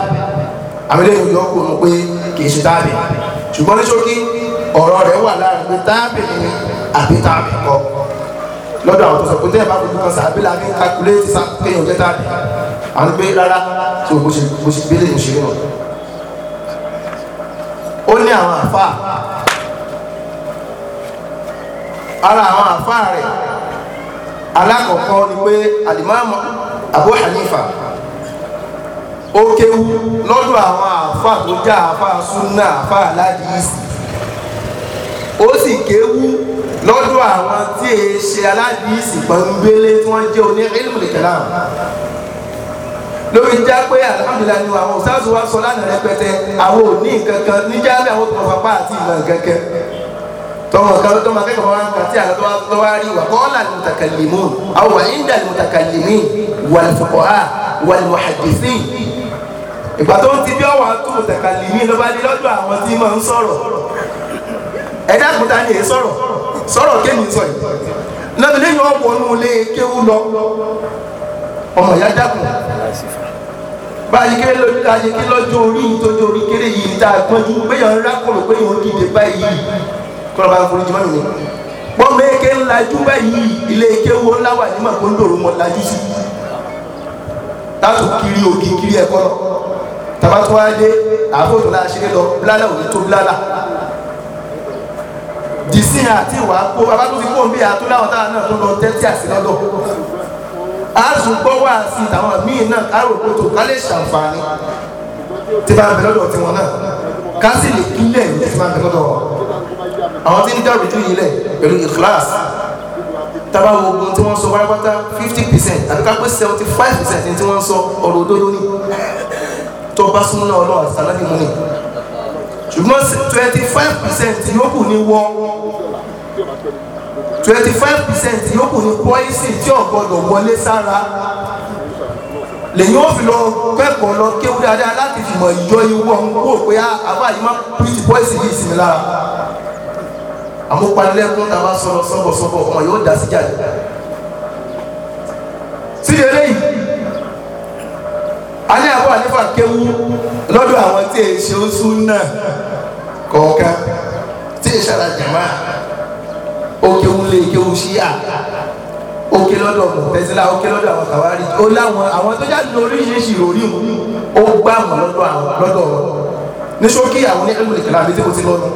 àwọn eléyìí yọkùnrin pé kì í ṣe tàbí ṣùgbọ́n ní ṣókí ọ̀rọ̀ rẹ̀ wà láàrin pé táàbì ni àbí táàbì kọ́ lọ́dọ̀ àwọn tó sọ pé tẹ́ ẹ̀ bá gbogbo kan sàbí la ní kakuléètì sá kéèyàn jẹ́ táàbì àwọn gbé rárá tó bó ṣe ṣe gbélé òṣèré wọn. ó ní àwọn àfáà ara àwọn àfáà rẹ̀ alákọ̀ọ́kọ́ ni pé alimami Abu Hanifa ó kéwú lọ́dọ̀ àwọn àfáà tó já àfáà súnà àfáà ládìísì ó sì kéwú lọ́dọ̀ àwọn tí e ṣe aládìísì pọ̀nbélé tí wọ́n jẹ́ oní ilmul kalam lórí já pé alhamdulilayi ni àwọn òṣàṣù wa sọ lánàá rẹpẹtẹ àwọn ò ní kankan níjà bí àwọn tọmọ fapá àti ìmọ̀ kankan tọmọ kan tọmọ akẹ́kọ̀ọ́ wọn kan tí àlọ́ tó wá rí wà qala al-mutakallimun aw inda al-mutakallimin wal-fuqaha wal-muhaddisin ìgbà tó ń ti bí ọwọ́ àtúntàkàlìmí ló bá dé lọ́dọ̀ àwọn tí máa ń sọ̀rọ̀ ẹ̀dá àkúta ni èyí sọ̀rọ̀ sọ̀rọ̀ kéèmí sọ yìí lọ́dún lẹ́yìn ọ̀pọ̀ ọ̀nù lé kéwú lọ ọmọ ìyá dákun báyìí kéré lórí ayé kí lọ́jọ́ orí tójú orí kéré yìí tá a pọ́njú péyàn ń rákòrò péyàn ń dìde báyìí kọ́ lọ́ba àforí jùmọ́ nìyẹn pọ́nbé ké ń lajú báyìí ilé kéwú ńlá wà ní màkóńdòrò mọ́ lajú sí táàtò kiri òkè kiri ẹ̀kọ́ lọ tàbátúwádé àfọ̀tò láṣẹ lọ bílálà òní tó bílálà dìsín àti ìwà kó bàbá tó ti kó ń bí àtó láwọn táwọn náà tó lọ tẹ́tí àti lọ́dọ̀ àásùn gbọ́ wá sí àwọn míì náà kárò kó tó ká lè ṣàǹfààní tí bá ń bẹ lọ́dọ̀ tiwọn náà ká sì lè kílẹ̀ ìlú tí bá ń bẹ lọ́dọ̀ wọn àwọn tí ń dá òrìjú yìí lẹ̀ pẹ̀lú ìkíláàsì tábà ogun tí wọ́n sọ pátápátá fifty percent àti ká pé seventy five percent tí wọ́n sọ ọ̀rọ̀ òdodo ní tó bá súnmọ́ ọlọ́run àti sàlábì mú ni ṣùgbọ́n twenty five percent yòókù ni wọ́n twenty five percent yòókù ní poison tí ò gbọdọ̀ wọlé sára lèyìn ó fi lọ kẹ́kọ̀ọ́ lọ kéwú dáadáa láti fìmọ̀ ìjọ ìwọ ń wò pé ah, àbá yìí má pìtì poison yìí sí mi lára àmúpanilẹ́kùn tá a bá sọ̀rọ̀ sọ́bọ̀sọ́bọ̀ ọmọ yóò dá sí jáde sí eléyìí alẹ́ àbọ̀ àlefa kéwú lọ́dọ̀ àwọn tí èsì oṣù náà kọ̀ọ̀kan tí èsì àlàjàmá ó kéwú lé kéwú ṣíà ó ké lọ́dọ̀ mọ̀tẹ́sílà ó ké lọ́dọ̀ àwọn kàwárí ó láwọn àwọn tó jáde lórí oríṣiríṣi lórí òun ó gbá àwọn lọ́dọ̀ àwọn lọ́dọ̀ wọn ní ṣókí àwọn ní ẹlòmìnira kìlá àbí tí mo ti lọ́nu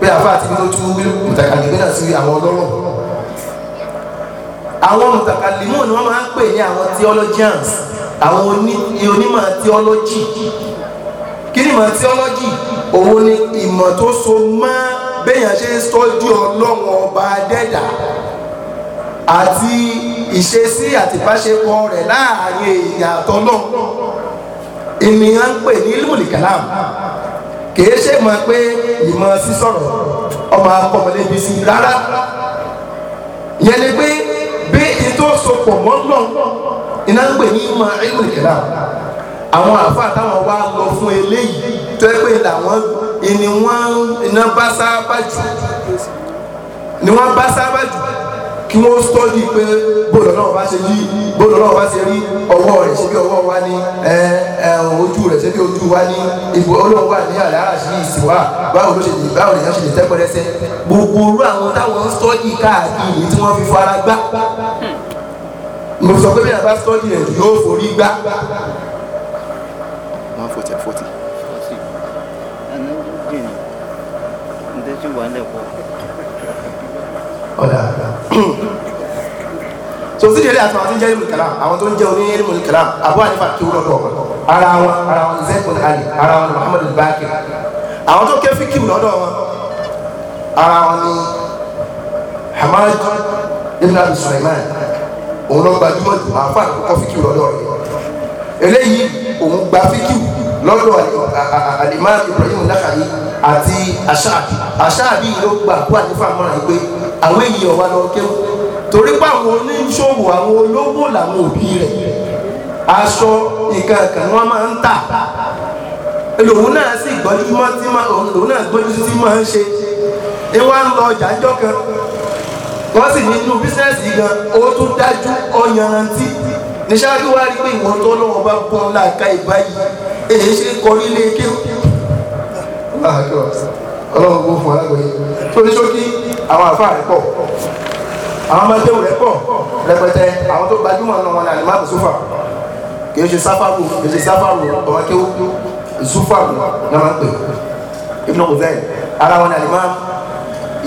pé àfa àti mi ló tú mùtàkàlì gbé náà sí àwọn ọlọ́rọ̀ àwọn mùtàkàlì mọ̀ ni wọ́n máa ń pè ní àwọn theologians àwọn onímọ̀ theology kí ni ìmọ̀ theology òun ni ìmọ̀ tó so máa béèyàn ṣe ń tọ́jú ọlọ́run ọba dẹ́dà àti ìṣesí àti ìbáṣepọ̀ rẹ̀ láàrin èèyàn àtọ́nà ènìyàn ń pè ní lùmùlìkàlám kìí ṣe mọ̀ pé ìmọ̀ sísọ̀rọ̀ ọmọ akọ́mọlébi sí rárá yẹn ni pé bí ètò sopọ̀ mọ́ náà iná ń pè ní ìmọ̀ lùmùlìkàlám àwọn àfáà táwọn wá lọ fún eléyìí tó ẹ pé làwọn ni wọ́n iná bá sáábà jù ni wọ́n bá sáábà jù kí wọ́n sọ́ọ́dì pé bóòlù náà bá ṣe yí bóòlù náà bá ṣe rí ọwọ́ rẹ̀ ṣe bí ọwọ́ wa ní ẹ ẹ ojú rẹ̀ ṣe bí ojú wa ní ipò olóhùn wà ní àlẹ́ àṣì ìsìnwá báwo ló ṣe lè báwo lèèyàn ṣe lè tẹ́ pẹ́rẹ́sẹ́ gbogbo orú àwọn táwọn sọ́ọ́dì káàkiri tí wọ́n fi fara gbá mo sọ pé bí àbá sọ́ọ́dì rẹ̀ yóò forí gbá. one forty forty. tí wà lẹ́kọ̀ọ́. ọ̀dà so sí ìdílé àti àwọn tó ń jẹ́ ilmu kalam àwọn tó ń jẹ́ oní ilmu kalam Abu Hanifa kí wúlò pọ̀ ara wọn ara wọn zayikun ali ara wọn Muhammadu Bakir àwọn tó kẹ́ fíkìmù lọ́dọ̀ wọn ara wọn ni Hamad ibn Abi Sulaiman òun lọ gbajúmọ̀ jù máa fà kọ́ fíkìwù lọ́dọ̀ rẹ̀ eléyìí òun gba fíkìwù lọ́dọ̀ alimami Ibrahim Nakhai àti aṣáàbí aṣáàbí ló gba àbú ànífà mọ́ra pé àwọn èèyàn wa lọ kéwù torí pé àwọn oníṣòwò àwọn olówó làwọn òbí rẹ̀ aṣọ nǹkan kan wọ́n máa ń tà lòun náà sì gbọ́njú mọ́ tí máa lòun náà gbọ́njú tí máa ń ṣe ẹ wá ń lọ ọjà ńjọ́ kan wọ́n sì ní inú bísíǹsì gan ó tún dájú ọ̀yanrantí níṣáájú wá rí pé ìwọ̀n tó lọ́wọ́ bá bọ́ ńlá ká ìbáyìí èyí ṣe kọrí lé kéwòn àjọ ah, ọlọ́run kò fún alágbèyí tó ní sókí àwọn àfa rẹ̀ pọ̀ àwọn ọmọ ẹgbẹ́ rẹ̀ pọ̀ rẹpẹtẹ àwọn tó gbajúmọ̀ náà wọn ni alimami sufa kì í ṣe sáfàrù kì í ṣe sáfàrù ọmọ kéwù sufaru náà máa ń pè ibn Uzayn ara wọn ni alimami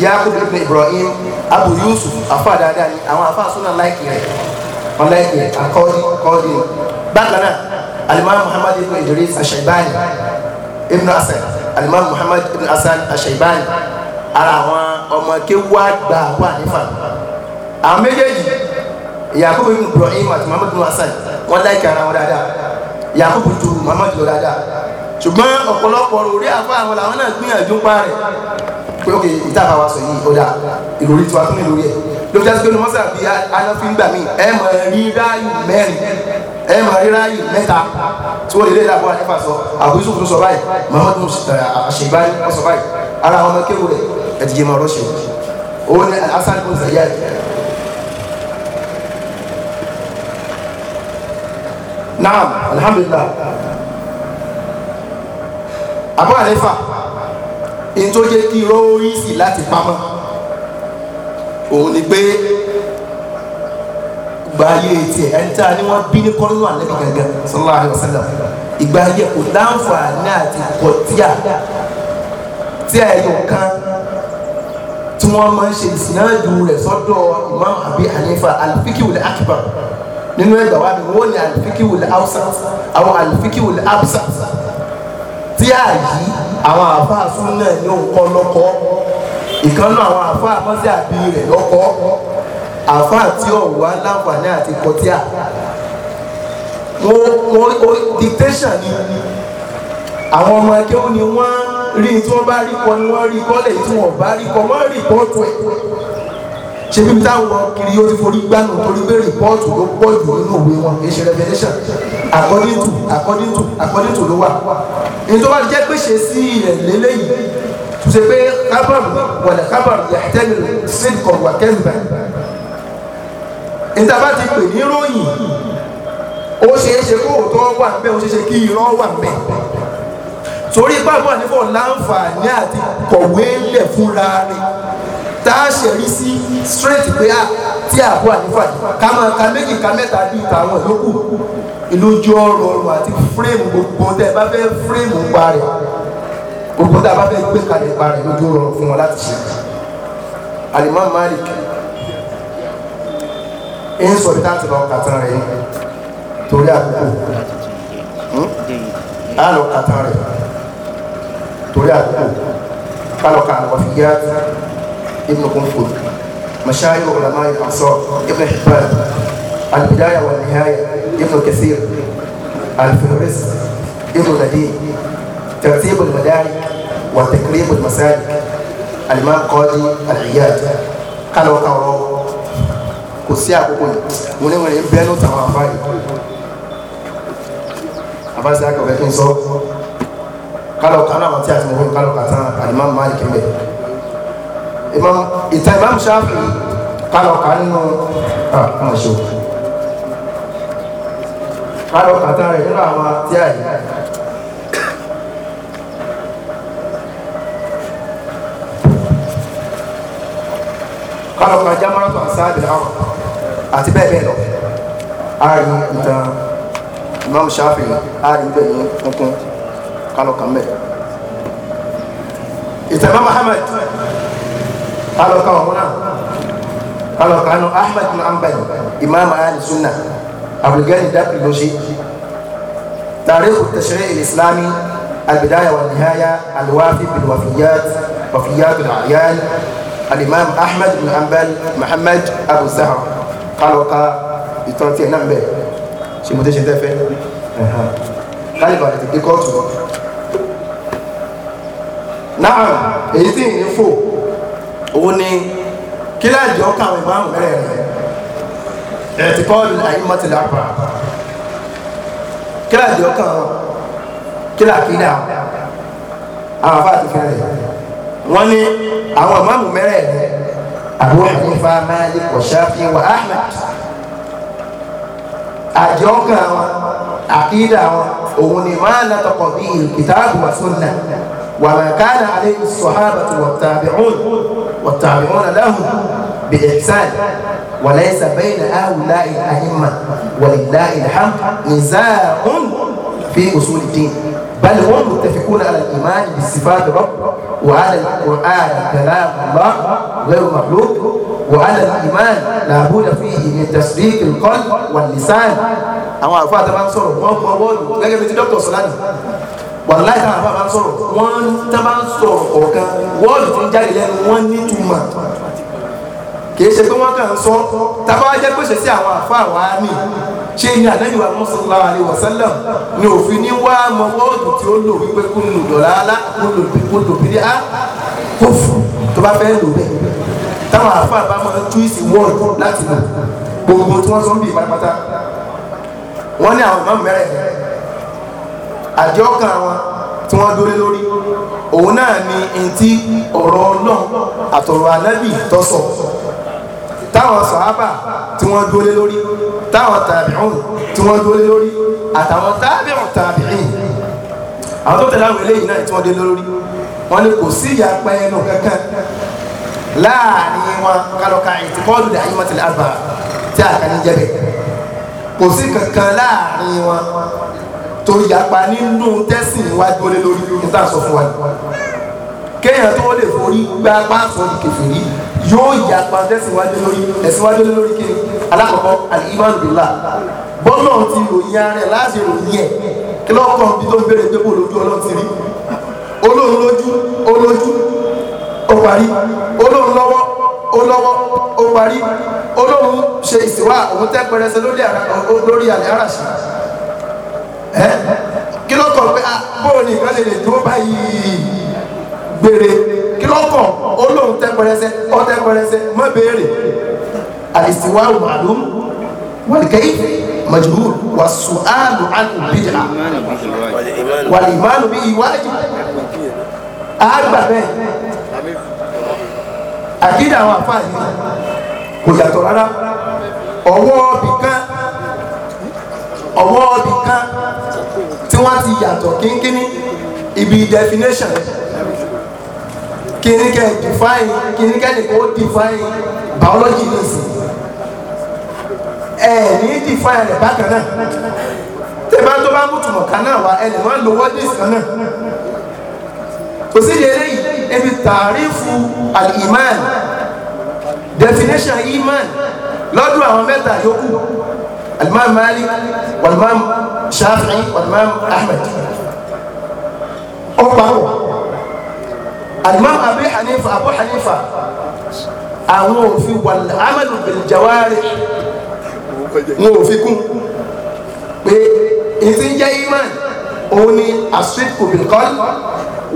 yaakub ibn ibrahim abu yusuf afa dáadáa ni àwọn afa sunna láìkì rẹ̀ wọn láìkì rẹ̀ akọ́ọ́dì kọ́ọ́dì bákan náà alimami muhammad ibn idris ash-shaybani ibn hasan alimami muhammad ibn hasan ashaibani ara àwọn ọmọ kéwà gbà wà nífà àwọn méjèèjì yakubu ibn ibrahim àti muhammad ibn hasan wọn láìka ara wọn dáadáa yakubu ju muhammad lọ dáadáa ṣùgbọ́n ọ̀pọ̀lọpọ̀ orí afọ àwọn làwọn náà gbìyànjú ń pa rẹ̀ pé ok ìta àbáwá sọ yìí ọ̀dà ìròrí tiwa fún ìròrí ẹ̀ ló fi jásí pé ní wọ́n sàbí anáfíńgbà mi ẹ̀ mọ̀ ẹ̀ rí ráàyù mẹ́rin ẹ máa rí ráàyè mẹ́ta tí wọ́n lè léèrè àbúrò ànífà sọ Abu Yusuf sọ báyìí Muhammadu Shaybani ó sọ báyìí ara àwọn ọmọ kéwù rẹ̀ ẹ máa rọ́ṣẹ̀ owó ní Hasan ibn Zayyad naam alhamdulilah àbúrò ànífà ní kí irọ́ sí láti pamọ́ òun ni pé ìgbà ayé tiẹ̀ ẹni tá a ní wọ́n bí ní kọ́nínú àlẹ́bí gangan sallallahu alaihi wasallam ìgbà ayé kò láǹfààní àti kọ̀tíà tí a yọ kan tí wọ́n máa ń ṣe ìsìnáàdù rẹ̀ sọ́dọ̀ Imam Abi Hanifa al-Fiqhul Akbar nínú ẹgbàá wa ni wọ́n ní al-Fiqhul Awsat àwọn al-Fiqhul Absat tí a yí àwọn àfáà sún náà ní òǹkọ́ lọ́kọ́ ìkànnà àwọn àfáà mọ́sí àbí rẹ̀ lọ́kọ́ àfa àti ọ̀hún wá láǹfààní àti kọtíà dictation ni àwọn ọmọ akéwù ni wọ́n rí tí wọ́n bá rí kọ ni wọ́n rí kọ́lẹ̀ tí wọ́n bá rí kọ wọ́n rí pọ́ọ̀tù ẹ̀ ṣe bí táwọn kiri yóò ti forí gbánu torí pé rìpọ́ọ̀tù ló pọ̀ jù nínú òwe wọn kì í ṣe revelation according to according to according to ló wà èyí tó bá jẹ́ pé ṣe sí ilẹ̀ lélẹ́yìí tó ṣe pé kábàrù wọ̀lẹ̀ kábàrù yàtẹ́lẹ̀ sínkọ̀ wà kẹ́mbà níta bá ti pè ní ròyìn ó ṣeé ṣe kó òótọ́ wà ń bẹ̀ ó ṣeé ṣe kí irọ́ wà ń bẹ̀ torí pàápàá nífọ̀ láǹfààní àti kọ̀wé lẹ̀ fúnra rẹ̀ tá a ṣẹ̀rí sí straight pé a ah, tí a bọ́ ànífà ká máa ka méjì ká mẹ́ta bíi tàwọn ìyókù ìlójú ọ̀rọ̀ ọ̀rọ̀ àti fírèmù gbogbo tẹ́ ẹ bá fẹ́ fírèmù pa rẹ̀ gbogbo tẹ́ ẹ bá fẹ́ gbé kalẹ̀ pa rẹ̀ lójú ọ̀rọ̀ fún wọn láti ṣe. Alimam Malik ń sọ ìta ti lọ kàtàn rẹ̀ torí àkókò á hmm? lọ kàtàn rẹ̀ torí àkókò ká lọ kàn wọ́n fi yá ibùdó kún fún مشايخ علماء الأمصار ابن حبان البداية والنهاية ابن كثير الفهرس ابن نديم ترتيب المدارك وتكريم المسالك الإمام قاضي العياد قال وقال kò sí àkókò yìí mo ní wọn lè ń bẹ́ẹ̀ lọ́tà àwọn àbá yìí àbá sí akọ̀fẹ́ kí n sọ kálọ̀ kálọ̀ àwọn tí a ti mọ̀ fún kálọ̀ kàtà àdìmọ́ mọ́ àyè kẹ́mẹ́ ìta ìmáàmù sáfì kálọ̀ kà nínú àwọn ìṣòwò kálọ̀ kàtà rẹ̀ nínú àwọn tí a yìí. قال قد جمرت أساد الأرض àti bẹ́ẹ̀ bẹ́ẹ̀ lọ. àárín ìtàn imam shafi àárín bẹ́ẹ̀ ní kankan kálọ kan bẹ́ẹ̀. ìtàn imam ahmed kálọ kan ọ̀hún náà kálọ kan ọ̀hún ahmed bin ambali imam ahmed sunna abdulgani dákì ló ṣe. تاريخ التشريع الإسلامي البداية والنهاية الوافي بالوفيات وفيات الأعيان الإمام أحمد بن حنبل محمد أبو الزهر kálọ ka ìtàn tiẹ̀ náà bẹ̀ ṣe mo tẹ́ ṣe tẹ́fẹ́ láyé ìbàdàn ti dé kóòtù lọ. náà èyí tí ìyìn fò òun ni kíláàjì ọkà àwọn ìmáàmù mẹ́rẹ̀ẹ̀rin ẹ̀ ti kọ́ ọ̀dùn àyè mọ́tìlá pa kíláàjì ọkà wọn kíláàkì náà àwọn afáàtì fẹ́rẹ̀ wọ́n ní àwọn ìmáàmù mẹ́rẹ̀ẹ̀rin أبو حنيفة مالك وشافعي وأحمد أجوكا عقيدة أغني ما نتقضيه الكتاب والسنة وما كان عليه الصحابة والتابعون والتابعون له بإحسان وليس بين هؤلاء الأئمة ولله الحمد نزاع في أصول الدين بل هم متفقون على الإيمان بالصفات رب وعلى القرآن كلام الله غير مخلوق وعلى الإيمان لا لابد فيه من تصديق القلب واللسان àwọn àlùfáà tó bá ń sọ̀rọ̀ wọ́n gbọ́ wọ́ọ̀lù gẹ́gẹ́ bí ti dókítà sọ̀lánì wà láì tá àwọn àlùfáà bá ń sọ̀rọ̀ wọ́n tó bá ń sọ̀rọ̀ ọ̀kan wọ́ọ̀lù tó ń jáde lẹ́nu wọ́n nítumọ̀ kìí ṣe pé wọ́n kàn ń sọ tàbá jẹ́ pé ṣe sí àwọn àfa àwa ni ṣé ní ànábì wa sallallahu alaihi wasallam ni òfin ní wá mọ wọ́ọ̀dù tí ó lò wípé kó lò dọ̀là alá kó lò bídí á kó fún tó bá fẹ́ lò bẹ́ẹ̀ táwọn àfa àbá máa ń wọ́ọ̀dù láti lò gbogbo tí wọ́n sọ ń bì pátápátá wọ́n ní àwọn ìmọ̀ mẹ́rẹ̀ àjọkàn wọn tí wọ́n dúró lórí òun náà ni ntí ọ̀rọ̀ ọlọ́run àtọ̀rọ̀ ànábì tó sọ táwọn sàhábà tí wọ́n dúró lé lórí táwọn tàbíùn tí wọ́n dúró lé lórí àtàwọn tàbíùn tàbíìn àwọn tó tẹ̀lé àwọn eléyìí náà tí wọ́n dé lórí wọ́n ní kò sí ìyapa ẹnu kankan láàrin wọn kálọ̀ka ìtìkọ́dù dàáyé wọn tẹ̀lé àgbà tí àkànní jẹ́ bẹ̀ kò sí kankan láàrin wọn tó yapa nínú tẹ́sìn wa dúró lé lórí níta sọ fún wa kéèyàn tó lè forí gbá pàṣọ ìkẹfẹ́ yìí yóò yà pàǹtẹ́ síwájú lórí ẹ̀síwájú lórí kí alákọ̀ọ́kọ́ alìmánu bìlá bọ́lá ti ròyìn ara ẹ̀ láti ròyìn ẹ̀ kí lọ́kàn bí tó ń béèrè pé bò lójú ọlọ́run ti rí olóhùn lójú olójú ó parí olóhùn lọ́wọ́ ó lọ́wọ́ ó parí olóhùn ṣe ìsìwá òun tẹ́ pẹrẹsẹ lórí àlẹ́ àràṣì kí lọ́kàn pé bóòlù nǹkan lè lè dúró báyìí gbére lọ́kọ̀ olóhùn tẹ́ pẹrẹsẹ ọtẹ pẹrẹsẹ má béèrè àìsíwáwò màlúù wọ́n lè kẹ́yìn majhul wa su'alu an bid'a wa imanu bi iwaji agba bẹ́ẹ̀ àkídà àwọn àfáàní kò yàtọ̀ rárá ọwọ́ ọbì kan ọwọ́ ọbì kan tí wọ́n ti yàtọ̀ kínkínní ibi definition kìíní kẹ́ define kìíní kẹ́ nìkan ó define biology náà sí ẹ ní define rẹ̀ bákan náà tẹ́gbà tó bá mú tùmọ̀ kan náà wá ẹ lè wọ́n lo wọ́dìs kan náà kò sí ìdí eléyìí ebi tààrífù al-iman definition iman lọ́dún àwọn mẹ́ta yòókù alimami Malik walimami Shafi'i walimami Ahmed ó pa alimami abi hanifa abu hanifa àwọn òfin wàlẹ amadu bilijawari wọn òfin kún pé ìsìn jẹ́ iman òun ni asiriku bilikọ́l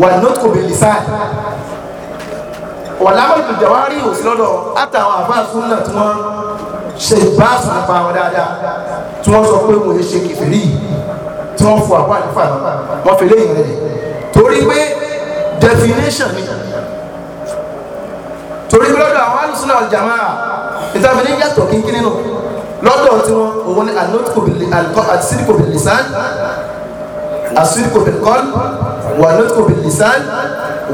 wà nọ́tò bilisan wàlẹ amadu bilijawari òsínlọ́dọ̀ àtàwọn àfáàsùn náà tí wọ́n ṣe ìbáàsùn nípa wọn dáadáa tí wọ́n sọ pé wọ́n yẹ ṣe kìfìrí tí wọ́n fọ àbọ̀ àlùfáà wọ́n fi léyìn rẹ̀ torí pé definition ni torí lọ́dọ̀ àwọn alùsùn àjàmá ìtàfẹ́lẹ́ yàtọ̀ kínkín nínú lọ́dọ̀ tí wọn òun ni àsìríkò bil lisan àsìríkò bil qalb wà nutqu bil lisan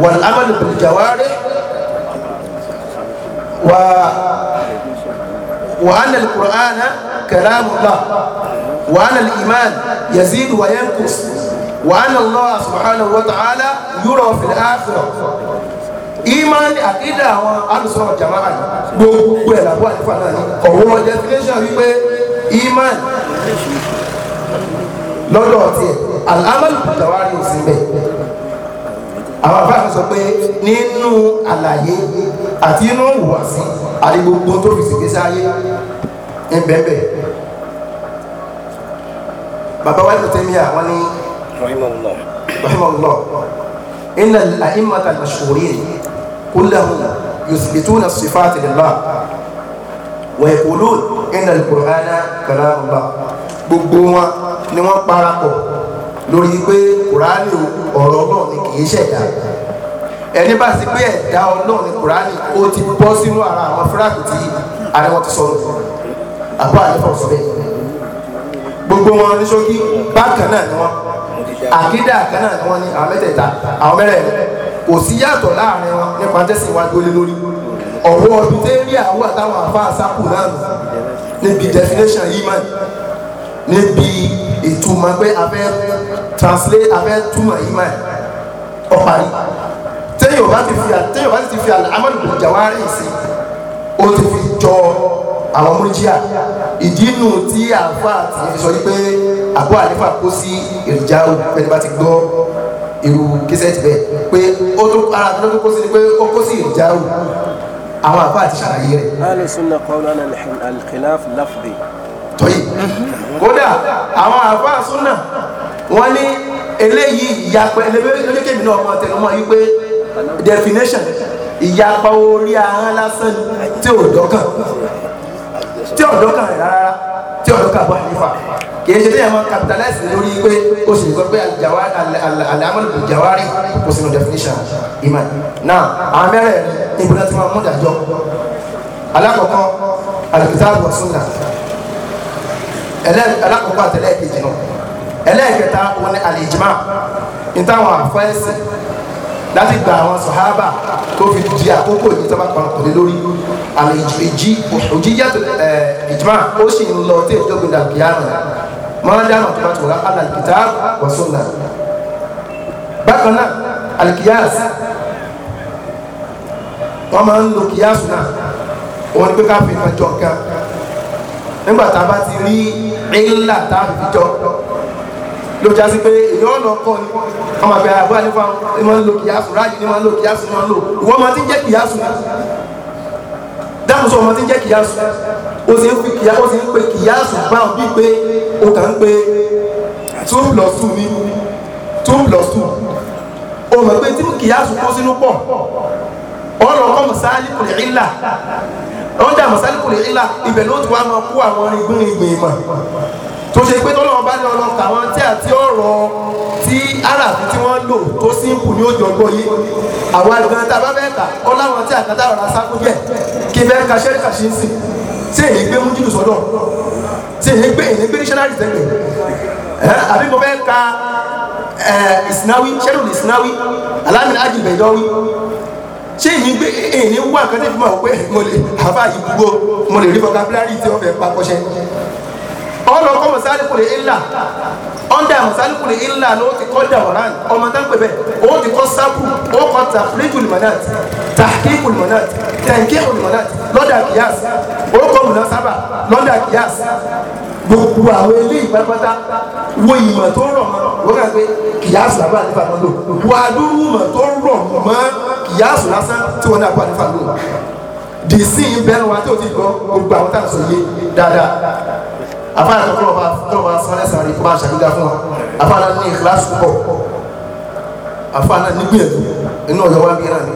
wà amalu bil jawarih wà wà anna al-Qur'ana kalamullah wà anna al-iman yazidu wa yanqus wa anna Allah subhanahu wa ta'ala yúrọ̀ fìlẹ̀ áfíọ̀ ìmánì àkídà àwọn alùsọ̀rọ̀ jàmáà yìí gbogbo ẹ̀ làbọ̀ àti fàlà ní ọ̀wọ́ definition wípé ìmánì lọ́dọ̀ tiẹ̀ alámàlù tàwárí òsì bẹ́ẹ̀ àwọn afáàfin sọ pé nínú àlàyé àti inú ìhùwàsí àti gbogbo tó fi sìgbésí ayé ń bẹ́ẹ̀ bẹ́ẹ̀ bàbá wáyé tó tẹ́ mi à wọ́n ní rahimahullah الله inna al-a'immata al-mashhurin kullahum yuthbituna as-sifat lillah wa yaqulun inna al-qur'ana kalamullah gbogbo wọn ni wọ́n parapọ̀ lórí pé kùránì ọ̀rọ̀ náà ni kì í ṣẹ̀dá ẹni bá sí pé ẹ̀dá ọlọ́run ní ó ti bọ́ sínú ara àwọn fúráàkì tí ara ti sọ lọ àbọ̀ àyẹ̀fọ̀ sọ bẹ́ẹ̀ gbogbo wọn ní ṣókí bákan náà ni wọ́n àkídà kan náà ni wọ́n ní àwọn mẹ́tẹ̀ẹ̀ta àwọn mẹ́rẹ̀ẹ̀rin kò sí yàtọ̀ láàrin wọn nípa tẹ́sí wa gbólé lórí ọ̀wọ́ ọdún tẹ́ àwọn àtàwọn àfáà sápò náà níbi definition iman níbi ìtumọ̀ pé abẹ́ translate abẹ́ túmọ̀ iman ọ̀parí téèyàn bá ti fi àlẹ́ amọ̀lùkù jàwárí sí o ti fi jọ àwọn múrídíà ìdínú tí àáfà ti fi sọ wípé àbú àlefa kó sí èròjà ẹni bá ti gbọ́ irú kẹsẹ̀tì bẹ́ẹ̀ pé ó tó ara tó tó kó sí ni pé ó kó sí èròjà o àwọn àáfà ti ṣàlàyé rẹ̀. alẹ́ sunna kọ́lá al-khilaf lafdi. tọ́yì kódà àwọn àáfà sunna wọ́n ní eléyìí ìyapẹ́ eléyìí náà ọmọ tẹnumọ́ yìí pé definition ìyapa orí ahọ́n lásán tí ò dọ́kàn tí ọ̀dọ́ kan rẹ̀ rárá tí ọ̀dọ́ kan bọ́ àyífà kìí ṣe téèyàn máa capitalize lórí pé ó sì gbọ́ pé àlàmọ́lù kò jàwárí kò sínú definition iman náà àwọn mẹ́rẹ̀ níbo láti máa mú ìdájọ́ alákọ̀ọ́kọ́ alkitabu wa sunna alákọ̀ọ́kọ́ àtẹlẹ́ẹ̀kejì náà ẹlẹ́ẹ̀kẹta wọn ni alìjìmá ìtàwọn àfọ́ẹ́sì láti gba àwọn sọ̀hábà tó fi di àkókò yìí tó bá pa ọ̀pọ̀lẹ́ lórí àlèjì òjìyà ìjìmá ó sì ń lọ tí ìjọba ìdá kìíyàmù máa dáhùn tó bá tó rà alàkìtà wa sunna bákan náà alìkìyàsì wọ́n máa ń lo kìíyàsù náà òun ni pé ká fi ìfẹ́ jọ kan nígbà tá a bá ti rí ńlá tá a fi jọ ló já sí pé èyí ọ̀nà kọ́ ni ọmọ àgbẹ̀ àbúrò àdìfọ́ àwọn ni wọ́n ń lo kìíyàsù ráàyè ni wọ́n ń lo kìíyàsù ni wọ́n ń lo ìwọ́n máa ti jẹ́ kìíyàsù náà dáhùn sọ ọmọ tí ń jẹ́ kìyàsù ó sì ń fi kìyàsù ó sì ń pe kìyàsù báwọn bíi pé ó kàn ń pe two plus two ní two plus two ó mọ̀ pé tí kìyàsù kó sínú pọ̀ ọ̀rọ̀ ọkọ̀ mùsàlì kùlì ìlà ọ̀dà mùsàlì kùlì ìlà ibẹ̀ ló ti wá máa kó àwọn igun ìgbìmọ̀ tó ṣe pé tọ́lọ́wọ́n bá ní ọlọ́ka àwọn tí àti ọ̀rọ̀ tí arabi tí wọ́n lò tó síǹpù ní òjò ọgbọ́n yìí àwọn àlùkàn tá a bá bẹ́ẹ̀ kà ọ́ láwọn tí àkàtà ọ̀rọ̀ asákú jẹ́ kí bẹ́ẹ̀ ka ṣẹ́ríkà ṣe ń sìn tí èyí gbé mújúlù sọ́dọ̀ tí èyí gbé èyí gbé dictionary tẹ́lẹ̀ àbí mo bẹ́ẹ̀ ka ìsìnáwí ṣẹ́rùn ìsìnáwí alámìnà àjìbẹ̀yọ́wí ṣé èyí gbé èyí wà kan tẹ́ fi máa wọ pé mo lè àfáà yìí gbogbo mo lè rí vocabulary tí wọ́n fẹ́ pa kọ́ṣẹ́ ọlọ kọ mọsálíkùlì ìlà ọ̀ndà mọsálíkùlì ìlà ló ti kọ́ dàwọ̀rán ọmọ tán pẹ̀bẹ̀ ó ti kọ́ sábù ó kọ́ tàfíríkùlì mọ̀nàt tàkíkùlì mọ̀nàt tẹ̀ǹkíkùlì mọ̀nàt lọ́dà kìyàs ó kọ́ mọ̀nà sábà lọ́dà kìyàs gbogbo àwọn eléyìí pátápátá wo ìmọ̀ tó rọ̀ mọ́ wọ́n kà pé kìyàsù làbá àlefa lọ lò wà á dúró mọ̀ tó rọ̀ mọ́ kìyàsù lásán tí wọ́n ní àbá àlefa lò dì sí ìbẹ́rù wa tí o ti gbọ́ gbogbo àwọn táwọn sọ yé dáadáa àfáà tó kọ́ ọba tó ọba sọ́lẹ̀ sàrí kó bá ṣàgbéga fún wa àfáà náà ní ìkíláàsì púpọ̀ àfáà náà nígbìyànjú inú ọ̀yọ́ wa bí náà ni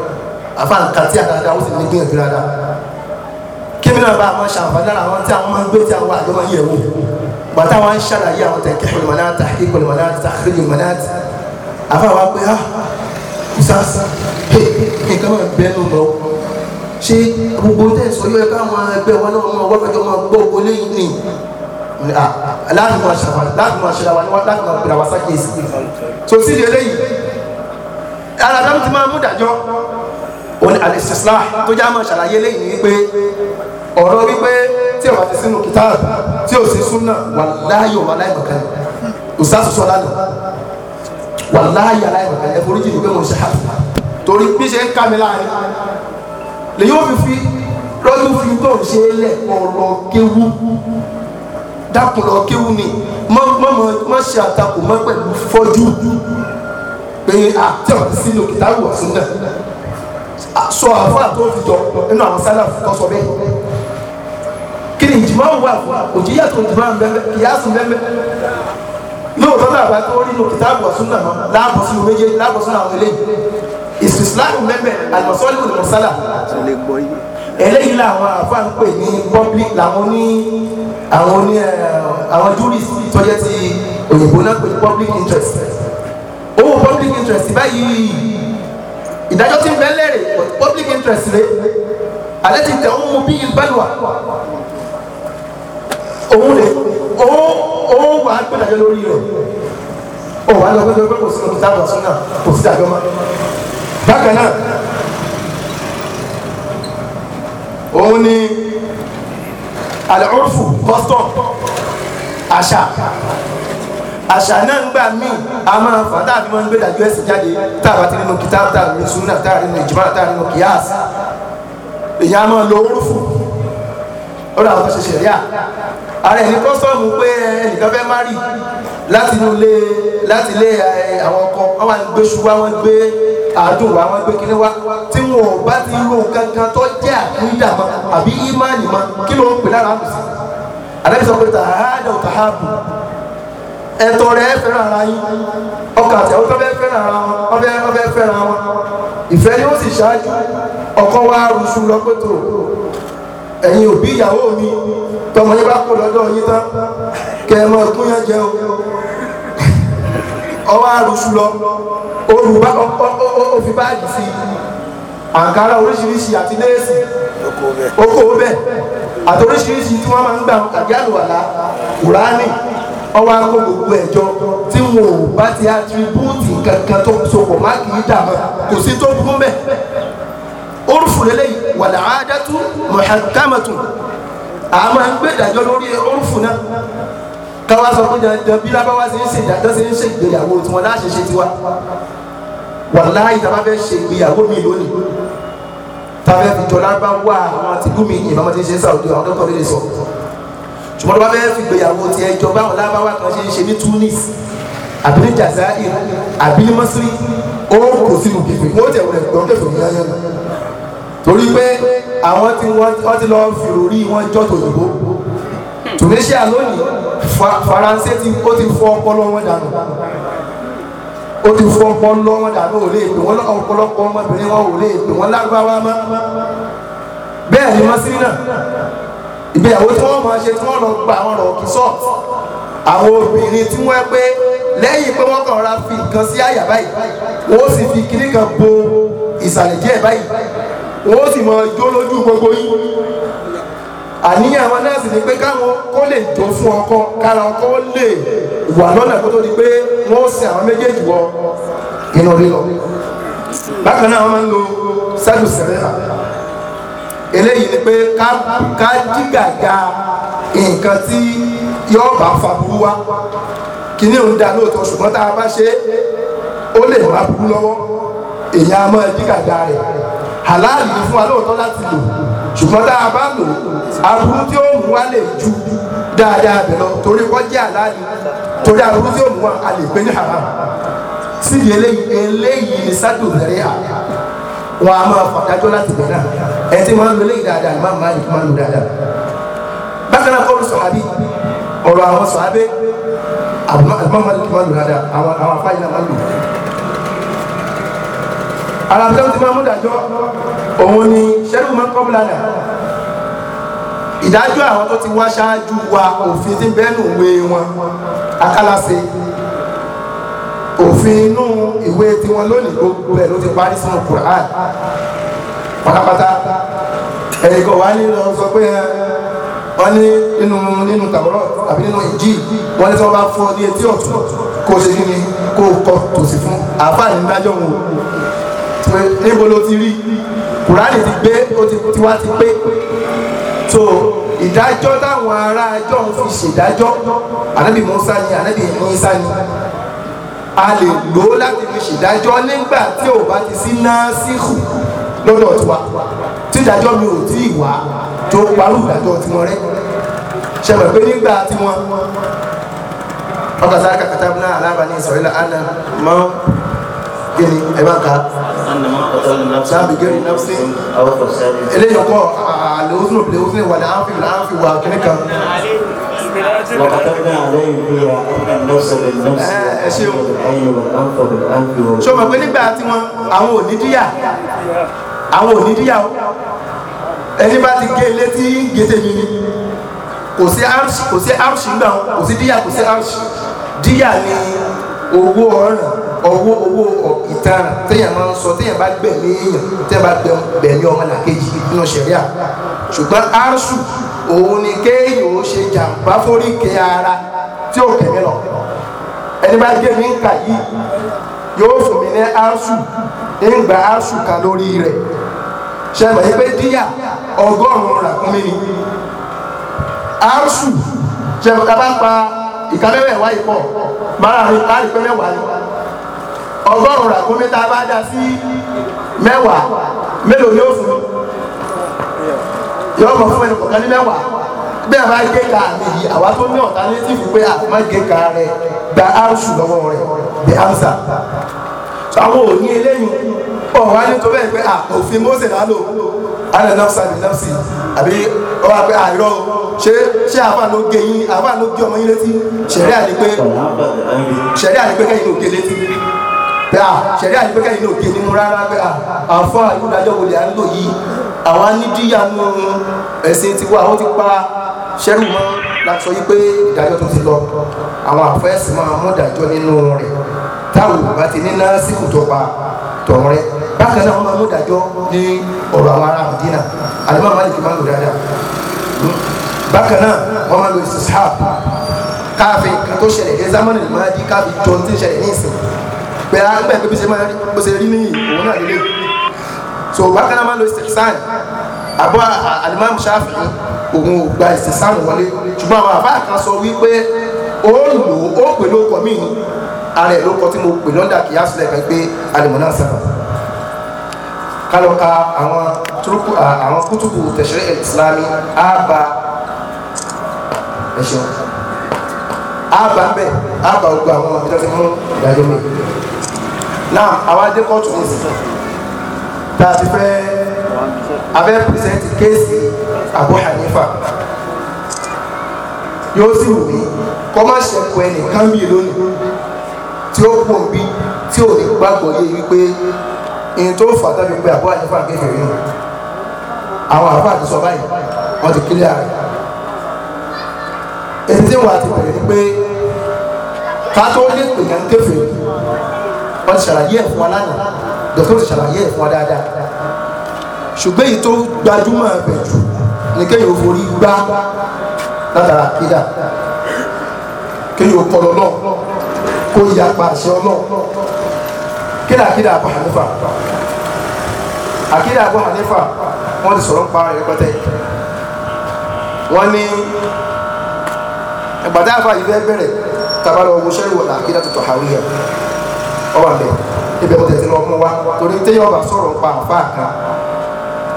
àfáà kàtí àdáadáa ó sì nígbìyànjú dáadáa kébí náà bá àwọn ṣàǹfààní lára àwọn tí àwọn máa ń gbé tí àwọn àjọ máa ń yẹ̀ wò bàtà wọn ń ṣàlàyé àwọn tẹ̀kẹ́ ìmọ̀láta ìkọlùmọ̀láta tàkìrì ìmọ̀láta àfáà wa pé ah ìsàsà nǹkan máa bẹnu mọ́ ṣé gbogbo tẹ̀sán yóò ká àwọn ẹgbẹ́ wọn náà wọn wọ́pẹ́jọ́ máa gbọ́ ògbólé yìí nìyí láti máa ṣàwọn láti máa ṣẹlẹ̀ wa láti máa pèrè àwọn sákèésì tó sì di eléyìí ara dáhùn ti máa mú dájọ́ òun ni alẹ́sísílá tó já máa ṣàlàyé eléyìí wípé ọ̀rọ̀ wípé tí o bá ti sínú kìtáàbù tí o sì súnà wà láàyè ọ̀rọ̀ aláìmọ̀kan òṣàṣùṣọ lánàá wà láàyè aláìmọ̀kan ẹ foríjì ní pé mo ṣe àfihàn torí bí ṣe ń ká mi láàrin lèyí ó fi fi lọ́dún fi tó ń ṣe é lẹ̀ ọ̀rọ̀ kéwú dákun lọ kéwù ni mọ mọ mọ ṣe àtakò mọ pẹ̀lú fọ́jú pé àti ọ̀dí sínú kìtàrú ọ̀sùn náà sọ àfọ àtọ́ fi jọ nínú àwọn sálàfù tó sọ bẹ́ẹ̀ kí ni ìjìmọ̀ wà òjì yàtọ̀ ìjìmọ̀ bẹ́ẹ̀ kìyà sùn bẹ́ẹ̀ lóòótọ́ náà bá tó nínú kìtàrú ọ̀sùn náà láàbọ̀ sínú méjèèjì láàbọ̀ sínú àwọn eléyìí ìsìsìláàmù mẹ́mẹ́ àlùmọ̀sọ́lù ìmọ̀sálà eléyìí làwọn àfáà ń pè ní public làwọn ní àwọn oní eh, àwọn tourist tọ́jẹ́ ti òyìnbó náà pẹ̀lú public interest owó public interest báyìí ìdájọ́ ti ń bẹ́ lẹ́rè public interest rẹ̀ alẹ́ ti tẹ̀ ń mú bí ìbálòwà òun rẹ̀ òun wà á gbẹ́dájọ́ lórí rẹ̀ ó wà á lọ gbẹ́dájọ́ pé kò sí ọ̀tún táwọn ọ̀sán náà kò sí àjọ máa bákan náà òun ni àlẹ́rọ́fù custom àṣà àṣà náà ń gbà míì a máa fà tá a fi máa ń gbé ìdájọ́ ẹ̀sìn jáde tá a bá ti nínú kìtá tá a nínú sunna tá a nínú ìjìmá tá a nínú kìyàs èyí a máa lo orúfù ó dàgbà tó ṣe ṣẹ̀ríà ààrẹ ní kọ́sọ́ọ̀mù pé ẹnìkan fẹ́ márì láti ilé eh, àwọn ọkọ wọn wà ń gbé ṣùgbọ́n wọn gbé àádùn wa wọn gbé kíní wa tí wọn ò bá ti ro kankan tó jẹ́ àkúndà ma àbí ìmánì ma kí ló ń pè lára àmì sí àdàbí sọ pé tàhádà ò tàhábù ẹ̀tọ́ rẹ̀ ẹ fẹ́ràn ara yín ọkọ àti àwọn tó fẹ́ràn ara wọn ọfẹ́ ọfẹ́ fẹ́ràn wọn ìfẹ́ yóò sì ṣáájú ọkọ wa rùsùn lọ pé tó ẹ̀yin òbí ìyàwó mi tọmọ yín bá kó lọ́dọ̀ yín tán kẹ́ ẹ mọ ẹkún olùbá òfin báàgì sí àǹkárá oríṣiríṣi àti léèsì okòó bẹ́ẹ̀ àti oríṣiríṣi tí wọ́n máa ń gbà àti àlùwàlá kùránì ọwọ́ akó gbogbo ẹ̀jọ tí wọn ò bá ti atiribúùtì kankan tó sopọ̀ má kì í dààmú kò sí tó kú mẹ́ orúfù lélẹ́yìí wàlà àádátú mọ̀hákámẹ́tù àmọ́ ń gbé ìdájọ́ lórí orúfù náà káwá sọ pé dandan bí lábáwá ṣe ń ṣe ìdájọ́ ṣe ń ṣe ìgbéyàwó tiwọn láṣẹṣe tiwa wàláhì tàbá fẹ́ ṣe ìgbéyàwó mi lónìí tàbá fi jọlá bá wà àwọn àtìlú mi ìyẹn báwọn ti ṣe ń sàwùjọ àwọn dọ́kítọ̀ lè sọ ṣùgbọ́n tó bá fẹ́ fi ìgbéyàwó ti ẹjọ́ báwọn lábáwá kan ṣe ń ṣe ní Tunis àbí ní Jazair àbí ní Masiri ó kò sínú kìfì wọ́n tẹ̀ wọ́n ẹ̀gbọ́n tẹ̀ fún mi yányán torí pé àwọn tí wọ́n ti lọ fèrò rí wọn jọ́ tòyìnbó Tunisia lónìí Faransé ó ti fọ ọpọlọ wọn dànù ó ti fọ́ ọpọlọ wọn dànù ò lè pè wọ́n ọ̀pọ̀lọpọ̀ ọmọbìnrin wọn ò lè pè wọ́n lárúbáwá mọ́ bẹ́ẹ̀ ni wọ́n sí náà ìgbéyàwó tí wọ́n máa ṣe tí wọ́n lọ gba àwọn ọ̀rọ̀ kì sọ́ọ̀ àwọn obìnrin tí wọ́n pé lẹ́yìn pé wọ́n kàn ra fi nǹkan sí àyà báyìí wọ́n sì fi kinní kan bo ìsàlẹ̀ díẹ̀ báyìí wọ́n sì máa jó lójú gbogbo yín àníyàn àwọn nọ́ọ̀sì ni pé káwọn kó lè jó fún ọkọ kára ọkọ lè wà lọ́nà kó tó di pé wọ́n sin àwọn méjèèjì wọ inú rírọ̀ bákan náà wọ́n máa ń lo sẹ́lù sẹ́lẹ̀hà eléyìí ni pé ká jígàgà nǹkan tí yóò bá fa burú wá kìíní òun da lóòótọ́ ṣùgbọ́n tá a bá ṣe ó lè má burú lọ́wọ́ èèyàn a máa rẹ̀ àláàlì fún wa lóòótọ́ láti lò ṣùgbọ́n tá a bá lò aburú tí ó mú wa lè ju dáadáa bẹ̀ lọ torí kọ́ jẹ́ àláàlì torí àwọn ohun tí yóò mú wa a lè pè ní haram síbi eléyìí eléyìí ni sádò rẹ̀ à wọn a máa fàdájọ́ láti bẹ̀rẹ̀ ẹ ti máa ń lo eléyìí dáadáa ni máa máa yìí máa ń lo dáadáa bákan náà kọ́ọ̀lù sọ̀hábì ọ̀rọ̀ àwọn sọ̀hábì àbúrò àbúrò máa ń lo dáadáa àwọn àwọn afáyín náà máa ń lò alamisa ti máa mú dájọ́ òun ni sẹ́dúù máa ń kọ́ bílánà ìdájọ́ àwọn tó ti wá ṣáájú wa òfin ti bẹ́ẹ̀ nù wé wọn akálàṣe òfin inú ìwé tiwọn lónìí gbogbo ẹ̀ ló ti parí sínú Quran pátápátá ẹ̀yìn kan wà ní lọ sọ pé wọ́n ní nínú nínú tàbọ̀rọ̀ àbí nínú ìjì wọ́n ní tí wọ́n bá fọ́ ní etí ọ̀tún kó ṣe kí ni kó kọ tòsí fún àfáàní ńdájọ́ wọn níbo ló ti rí Quran ti gbé ó ti wá ti pé so ìdájọ́ táwọn ará ẹjọ́ ń fi ṣèdájọ́ ànábì Musa ni ànábì Isa ni a lè lò ó láti fi ṣèdájọ́ nígbà tí ò bá ti sí násìkù lọ́dọ̀ tiwa tí ìdájọ́ mi ò tí ì wá tó parú ìdájọ́ tiwọn rẹ ṣẹlẹ̀ pé nígbà tiwọn ọkọ̀ sára kàkàtà náà alábàání ìsọ̀rẹ́lẹ̀ àná mọ́ gini ẹ bá ka sábì gini nafsi eléyìí kọ àlèwòsàn lèwòsàn wà láàfin láàfin wà kíní kan. وكتبنا عليهم فيها أن النفس بالنفس والعين والأنف بالأنف والعين. sọ ma pé nígbà tí wọn àwọn ò ní díyà àwọn ò ní díyà o ẹni bá ti gé ilé tí gèdè mi ni kò sí arṣì kò sí arṣì nígbà kò sí díyà kò sí arṣì díyà ni owó ọ̀ràn ọwọ́ owó ìtara téèyàn máa ń sọ téèyàn bá gbẹ̀mí èèyàn téèyàn bá gbẹ̀mí ọmọ làkejì nínú sẹ̀ríà ṣùgbọ́n arṣù òun ni kéèyàn ó ṣe jàǹbá foríkè ara tí ó tẹ̀mí lọ ẹni bá gé mi ń kà yìí yóò fún ní arṣù ń gba arṣù kan lórí rẹ̀ ṣe mọ̀ pé díyà ọgọ́rùn-ún ràkúnmí ni arṣù ṣe ká bá pa ìkàlẹ́wẹ̀ wáyé pọ̀ máa rí pé mẹ́wàá ni ọgọ́rùn-ún ràkúnmí tá a bá dá sí mẹ́wàá mélòó ni ó fún yọ ọmọ fún ẹnì kọ̀ọ̀kan ní mẹ́wàá bí a bá gé ka àmì yìí àwa tó ní ọ̀tá létí fún pé àmọ́ gé ka rẹ̀ gba áùsù lọ́wọ́ rẹ̀ the answer àwọn ò ní eléyìí ọ̀rọ̀ ayé tó bẹ́ẹ̀ pé òfin Mósè lálò alẹ́ nọ́ọ̀sì àbí nọ́ọ̀sì àbí ọ̀rọ̀ àbí àìrọ̀ ṣe ṣe àfa ló gé yín àfa ló gé ọmọ yín létí ṣẹ̀rí àdìpé ṣẹ̀rí àdìpé kẹ́yìn ló gé létí pé à ṣẹ̀rí àyípẹ́kẹ́ yìí ló gé nímú rárá pé àfa ìwúdájọ́ wo lè à ń lò yìí àwọn anídíyanu ẹ̀sìn tiwa àwọn ti pa ṣẹ́rù mọ́ láti sọ yí pé ìdájọ́ tó ti lọ àwọn àfẹ́sì máa mú ìdájọ́ nínú rẹ̀ táwọn bá ti ní náà sí ìjọba tọ̀rọ̀ rẹ̀ bákan náà wọ́n máa mú ìdájọ́ ní ọ̀rọ̀ àwọn ará Mádínà alimọ́ máa lè fi máa lò dáadáa bákan náà wọ́n máa lò ìsìsáàbù káàfin kàtó ṣẹlẹ̀ ẹ̀ zámánì lè máa di káàfin jọ ní ti ṣẹlẹ̀ ní ìsìn bẹ̀rẹ̀ agbẹ́ pé bí ṣe máa rí bó ṣe rí ní òun náà nílé so bákan náà máa lo ìsẹ̀sáì àbọ̀ alimami ṣáfì òun ò gba ìsẹ̀sáì wọlé ṣùgbọ́n àwọn àbá kan sọ wípé ó lò ó pè lóko mi ara ẹ̀ lóko tí mo pè lọ́dà kìí àṣìlẹ̀ kan pé alimọ̀ náà sábà kálọ̀ ka àwọn turuku àwọn kutubu tẹ̀sírẹ́ ìsìlámi á ba ẹ̀ṣọ́ á ba ń bẹ̀ á ba gbogbo àwọn ìdájọ́ mú ìdájọ́ mi náà àwa dé kóòtù ní ìsìn tá a ti fẹ́ abẹ́ pẹ̀sẹ̀ntì kéèsì Abu Hanifa yóò sì wù mí kọ́ má ṣẹ̀kù ẹnìkan bí lónìí tí ó kù bí tí ò ní gbàgbọ́ yé wípé ìyẹn tó fà dábì pé Abu Hanifa kékeré yìí àwọn àbá àti sọ báyìí wọ́n ti kílẹ̀ àrẹ èyí tí wọ́n ti bẹ̀rẹ̀ ni pé ká tó lè pè yàn kéfèé wọ́n ti ṣàlàyé ẹ̀ fún wa lánàá dókítà ti ṣàlàyé ẹ̀ fún wa dáadáa ṣùgbọ́n èyí tó gbajúmọ̀ ẹ̀bẹ̀ jù ni kéèyàn forí gbá látara àkídà kéèyàn kọlọ náà kó yà pa àṣẹ ọlọ́ọ̀ kéèyàn àkídà Abu Hanifa àkídà Abu Hanifa wọ́n ti sọ̀rọ̀ pa ẹ̀rẹ́pẹ́tẹ́ wọ́n ní ẹgbàdá àfàyè bẹ́ẹ̀ bẹ̀rẹ̀ tabalọ̀ ọgbọ́sẹ́ ìwọ̀n àkídà tó tọ̀ àwíyà ọba bẹ̀ ibẹ̀ mo tẹ̀sí lọ mú wa torí téyàn ọba sọ̀rọ̀ pa àfa kan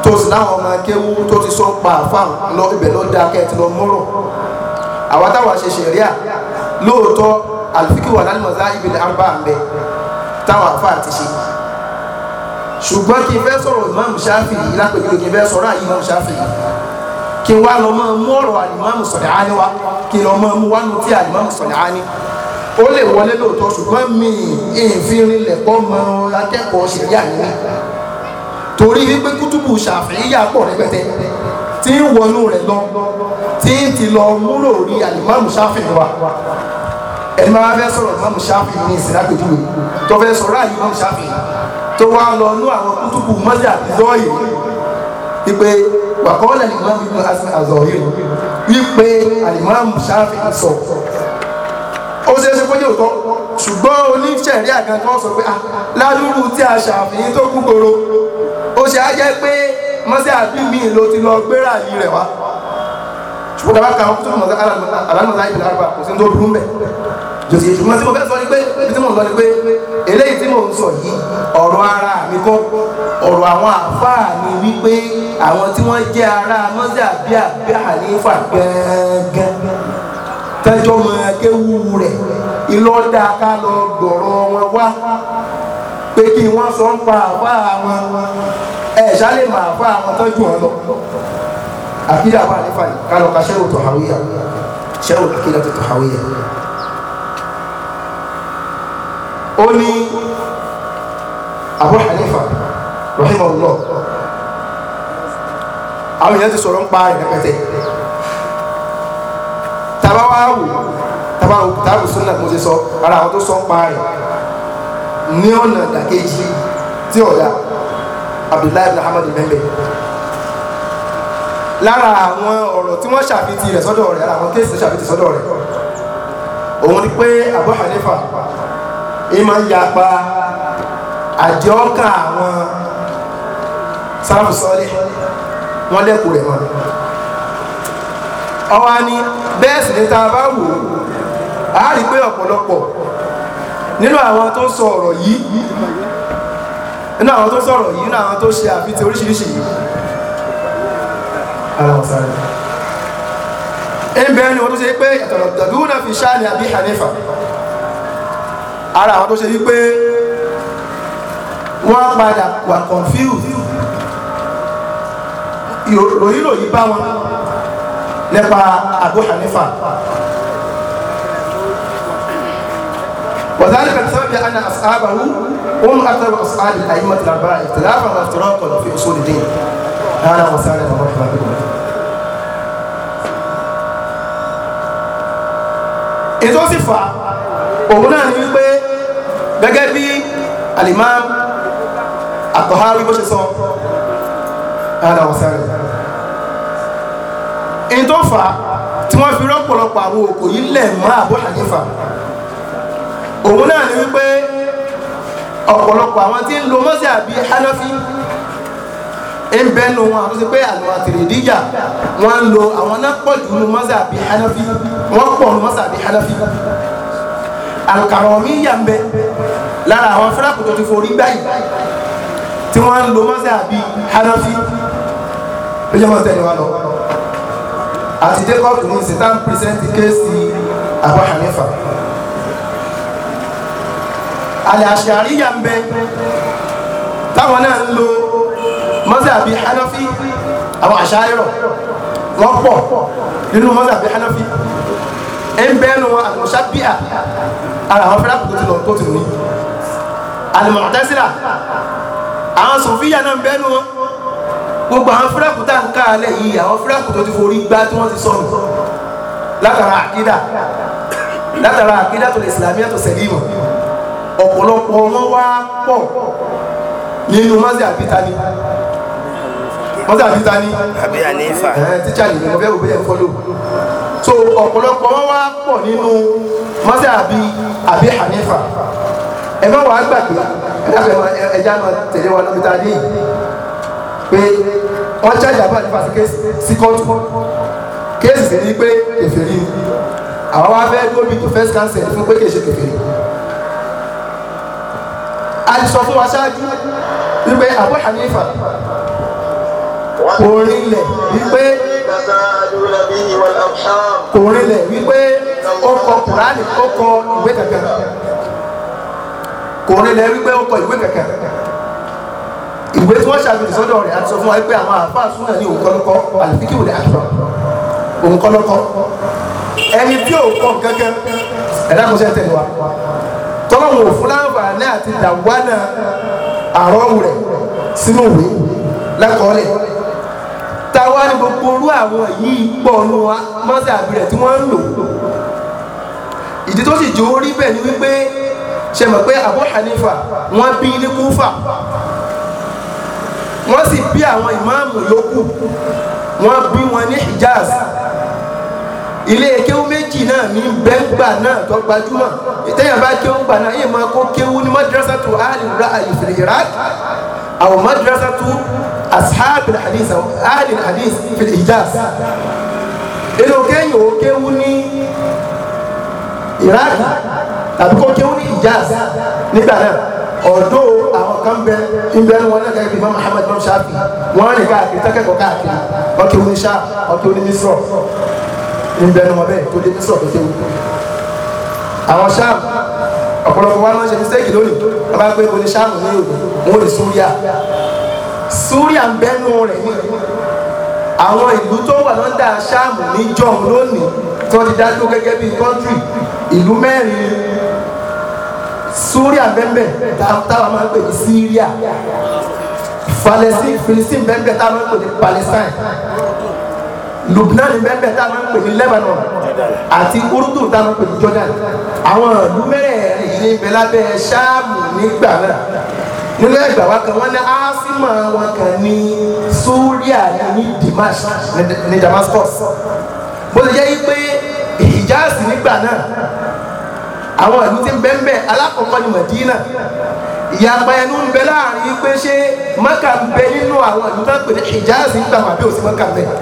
tó sì láwọn ọmọ akéwú tó ti sọ pa àfa lọ ibẹ̀ lọ da kẹ́ ẹ ti lọ mọ́rọ̀ àwa táwa ṣe ṣẹ̀ríà lóòótọ́ àlùfíkì wà lálẹ́ mọ̀sá ìbílẹ̀ àbá àbẹ̀ táwọn àfa ti ṣe ṣùgbọ́n kí n fẹ́ sọ̀rọ̀ ìmáàmù ṣáfì yìí lápẹ̀jọ́ kí n fẹ́ sọ̀rọ̀ àyè ìmáàmù ṣáfì yìí kí n wá lọ mọ́ mú ọ̀rọ̀ àlìmáàmù Sọ̀dàání wa kí n lọ mọ́ mú wá nù tí àlìmáàmù Sọ̀dàání ó lè wọlé lóòótọ́ ṣùgbọ́n mi ìfirinlẹ̀ kọ́ mọ akẹ́kọ̀ọ́ ṣẹ̀yà nílá torí wípé kútùbù ṣàfihàn pọ̀ rẹpẹtẹ tí ń wọnú rẹ̀ lọ tí ń ti lọ múlò rí àlìmáàmù ṣàfihàn wa ẹni máa fẹ́ sọ̀rọ̀ àlìmáàmù ṣàfihàn ní ìsìn lápẹ̀jùwẹ̀ tó fẹ́ sọ̀rọ̀ àlìmáàmù ṣàfihàn tó wá lọ nú àwọn kútùbù mọ́sí àtijọ́yè wípé wàkọ́ọ́lẹ̀ àlìmáàmù ṣàfihàn sọ̀rọ̀ ó ṣe é ṣe kójú òtọ́ ṣùgbọ́n oníṣẹ̀rí àgàntàn sọ pé ah, ládùúgbò tí a ṣàfihàn tó kú koro ó ṣe á jẹ́ pé mọ́sí àbí mi ló ti lọ gbéra yìí rẹ̀ wá ṣùgbọ́n dábàá kan kó tó mọ̀ alánàmọ́sá ìpìlẹ̀ àgbà kò sí tó burú mẹ́ jòsì ṣùgbọ́n tí mo fẹ́ sọ ni pé ibi tí mo ń lọ ni pé eléyìí tí mo ń sọ yìí ọ̀rọ̀ ara mi kọ́ ọ̀rọ̀ àwọn àfáà ni wípé àwọn tí wọ́n jẹ́ ara mọ́sí àbí àbí ànífà gẹ́gẹ́ tẹ́jọ́ mọ akéwu rẹ̀ ìlọ́dà ká lọ gbọ̀rọ̀ wọn wá pé kí wọ́n sọ ń pa àfa wọn ẹ̀ ṣálẹ̀ mọ àfa wọn tọ́jú wọn lọ àkídà bá nípa yìí ká lọ ka ṣẹ́wò tó hàwíyà ṣẹ́wò àkídà tó tó hàwíyà. ó ní Abu Hanifa rahimahullah àwọn èèyàn ti sọ̀rọ̀ ń pa ẹ̀rẹ́pẹ̀tẹ̀ tàbá wá wò tàbá wò tàbí sunna mo ti sọ ara àwọn tó sọ ń pa rẹ̀ ní ọ̀nà ìdàkejì tí ọ̀dà Abdullahi ibn Ahmad mẹ́lẹ̀ lára àwọn ọ̀rọ̀ tí wọ́n ṣàfitì rẹ̀ sọ́dọ̀ rẹ̀ lára àwọn kéèsì ṣàfitì sọ́dọ̀ rẹ̀ òun ni pé Abu Hanifa ìmọ̀ ń yapa àdìọ́kà àwọn sáfù sọ́lé wọ́n lẹ́kùn rẹ̀ mọ́ ọwa ni bẹ́ẹ̀ sì ni ta a bá a rí pé ọ̀pọ̀lọpọ̀ nínú àwọn tó sọ ọ̀rọ̀ yìí nínú àwọn tó yìí nínú àwọn tó ṣe àfitì oríṣiríṣi yìí ara ni wọ́n tó ṣe pé ìtọ̀lọ̀dọ̀dúnà fi Hanifa ara àwọn tó ṣe nípa Abu Hanifa. وذلك بسبب أن أصحابه هم أكثر أصحاب الأئمة الأربعة اختلافا وافتراقا في أصول الدين. أهلا وسهلا ومرحبا بكم. ètò sì fà òun náà ní wípé gẹ́gẹ́ bí alimam àtọ̀háwí bó ṣe sọ. أهلا وسهلا ẹni tó fà á tí wọ́n fi rọ́pọ̀lọpọ̀ àwọn òkò yìí lẹ̀ mọ́ Abu Hanifa òun náà ni wípé ọ̀pọ̀lọpọ̀ àwọn tí ń lo mọ́sẹ̀ àbí hanafi ń bẹ́ nu wọn àtúnṣe pé àlọ́ àtìrìdíjà wọ́n ń lo àwọn náà pọ̀ jù nu mọ́sẹ̀ àbí hanafi wọ́n pọ̀ nu mọ́sẹ̀ àbí hanafi alkarọ̀mí yà ń bẹ lára àwọn fúlàkùtò ti forí gbáyì tí wọ́n ń lo mọ́sẹ̀ àbí hanafi ó jẹ́ mọ́sẹ̀ ni wọ́n lọ àti dé kóòtù ní ìsìn táwọn pírísẹ́ǹtì kéèsì Abu Hanifa alẹ́ àṣàríyà ń bẹ táwọn náà ń lo mọ́sàbí hanafi àwọn àṣàyẹ̀rọ̀ wọ́n pọ̀ nínú mọ́sàbí hanafi ń bẹ́ẹ̀ nu wọn àtúnṣá bíà ara àwọn fẹ́rẹ́ kò tó ti lọ tó ti ní alimọ̀tẹ́sílà àwọn sòfíyà náà ń bẹ́ẹ̀ nu wọn gbogbo àwọn fúráàkù tá à ń ká alẹ́ yìí àwọn fúráàkù tó ti forí gbá tí wọ́n ti sọnù látara àkídà látara àkídà tó lè sìlámíà tó sẹ̀lí mọ̀ ọ̀pọ̀lọpọ̀ wọn wá pọ̀ nínú mọ́sí ni. mọ́sí àbítání ni. ànífà tíṣà yìí mo fẹ́ wò bóyá fọ́lò so ọ̀pọ̀lọpọ̀ wọn wá pọ̀ nínú mọ́sí àbí àbí ànífà ẹ má wàá gbàgbé ẹ dábẹ́ ẹja máa tẹ̀lé wa lóbi tá a ní pé wọ́n ṣáàjì àbá nípa sí kóòtù kéèsì sí ni pé kèfèrí àwọn wá fẹ́ gómìn tó fẹ́ kánsẹ̀ fún pé kì í ṣe kèfèrí a ti sọ fún wa ṣáájú wípé Abu Hanifa orin lẹ̀ wípé orin lẹ̀ wípé ó kọ Kùránì ó kọ ìwé kankan orin lẹ̀ wípé ó kọ ìwé kankan ìwé tí wọ́n ṣàgbèrè sọ́dọ̀ rẹ̀ àti sọ fún wa pé àwọn àfáà súnà ní òǹkọ́lọ́kọ́ àlùfíkì wò lè àjọ òǹkọ́lọ́kọ́ ẹni tí ò kọ́ gángan ẹ̀dá kò sẹ́tẹ̀ wa tọ́lọ́hùn òfúláwà ní àti dàwánà àrọ́hùn rẹ̀ sínú ìwé lákọọ́lẹ̀ táwa ní gbogbo orú àwọn yìí pọ̀ nù wa mọ́sẹ̀ àbúrẹ̀ tí wọ́n ń lò ìdí tó sì jó rí bẹ́ẹ̀ ni wípé ṣe mọ̀ pé Abu Hanifa wọ́n bí ní Kúfà wọ́n sì bí àwọn ìmáàmù yòókù wọ́n bí wọn ní Hijaz ilé kéwú méjì náà ní bẹ́ńgbà náà tó gbajúmọ̀ ìtẹ́yìn bá kéwú gbà náà èyí máa kó kéwú ní madrasatu alìlúra àyèfèrè iraq àwọn madrasatu ashabil hadith alil hadith fil hijaz inú kéyìn ó kéwú ní iraq tàbí kó kéwú ní hijaz nígbà náà ọ̀dọ́ àwọn kan bẹ́ẹ̀ nbẹ wọn náà gẹ́gẹ́ bí mama Muhammad mama Shafi wọn á lè káàkiri tẹ́kẹ̀kọ́ káàkiri ọkẹ́ oní sá ọkẹ́ oní mísọ̀ nbẹ ní wọn bẹ́ẹ̀ kó dé mísọ̀ tó tẹ́wọ́. àwọn sáà ọ̀pọ̀lọpọ̀ wa máa ń ṣe mistake lónìí wọn bá gbé oní sáà ní òdu wọn ò lè súríà súríà ń bẹ́nu rẹ̀ àwọn ìlú tó wà lọ́ndà sáàmù ní john lónìí tó ti dájú gẹ́gẹ́ bí country ìlú mẹ́rin Súríà bẹ́ẹ̀ táwa máa ń pè ní Síríà Falẹ́sìn Filistin bẹ́ẹ̀ táwa máa ń pè ní Palestine Lubnani bẹ́ẹ̀ táwa máa ń pè ní Lebanon àti Urdu táwa máa ń pè ní Jordan àwọn ìlú mẹ́rẹ̀ẹ̀rin yìí bẹ lábẹ́ Ṣáàmù nígbà náà nínú ẹgbà wa kan wọn ní asima wọn kan ní Súríà ní Dimash ní Damascus bó ti jẹ́ pé Hijazi nígbà náà àwọn ìlú tí ń bẹ́ẹ̀ bẹ́ẹ̀ alákọ̀ọ́kọ́ ni Madina ìyapa ẹnu ń bẹ láàrin pé ṣé Mẹ́kà ń bẹ nínú àwọn ìlú tó ń pè ní Hijaz ń gbà wà bí òsì Mẹ́kà bẹ́ẹ̀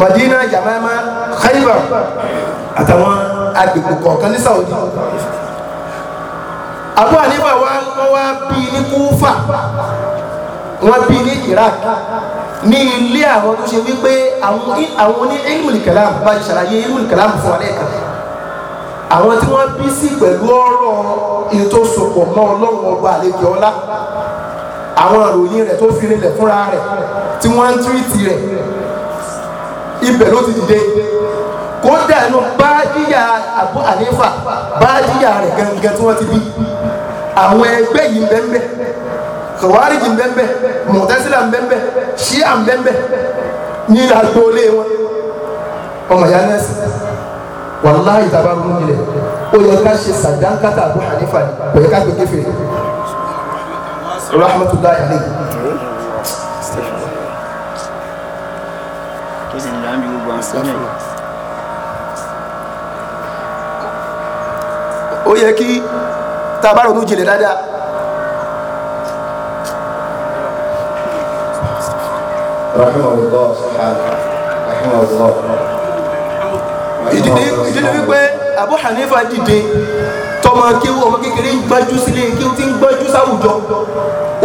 Madina Yamama Khaybar àtàwọn agbègbè kọ̀ọ̀kan ní Saudi Abu Hanifa wa wọ́n wá bí ní Kúfà wọ́n bí ní Iraq ní ilé àwọn tó ṣe wípé àwọn ní bá ṣàlàyé ilmùlìkàlámù fún wa lẹ́ẹ̀kan àwọn tí wọ́n bí sí pẹ̀lú ọ̀rọ̀ ìtòsopọ̀ mọ́ ọlọ́run ọba àlejò ọlá àwọn ìròyìn rẹ̀ tó fi rinlẹ̀ fúnra rẹ̀ tí wọ́n ń túwìtì rẹ̀ ibẹ̀ ló ti dìde kódà inú báàdìyà Abu Hanifa báàdìyà rẹ̀ gangan tí wọ́n ti bí àwọn ẹgbẹ́ yìí bẹ́ẹ̀ kọ̀wárìjì bẹ́ẹ̀ mọ̀tẹ́sílà bẹ́ẹ̀ ṣíà bẹ́ẹ̀ ní agboolé wọn ọmọ ìyá nẹ́sì wàláhì ìtaba ronú nílẹ̀ ó yẹ ká ṣe sàdánkátà Abu Hanifa ni kò yẹ ká gbé kéfì rahmatullahi alayhi. ó yẹ kí tá a bá ronú dáadáa rahimahullah sahaba ìdílé ìdílé wípé Abu Hanifa dìde tọmọ kéwú ọmọ kékeré gbájú sílé kéwú tí ń gbájú sáwùjọ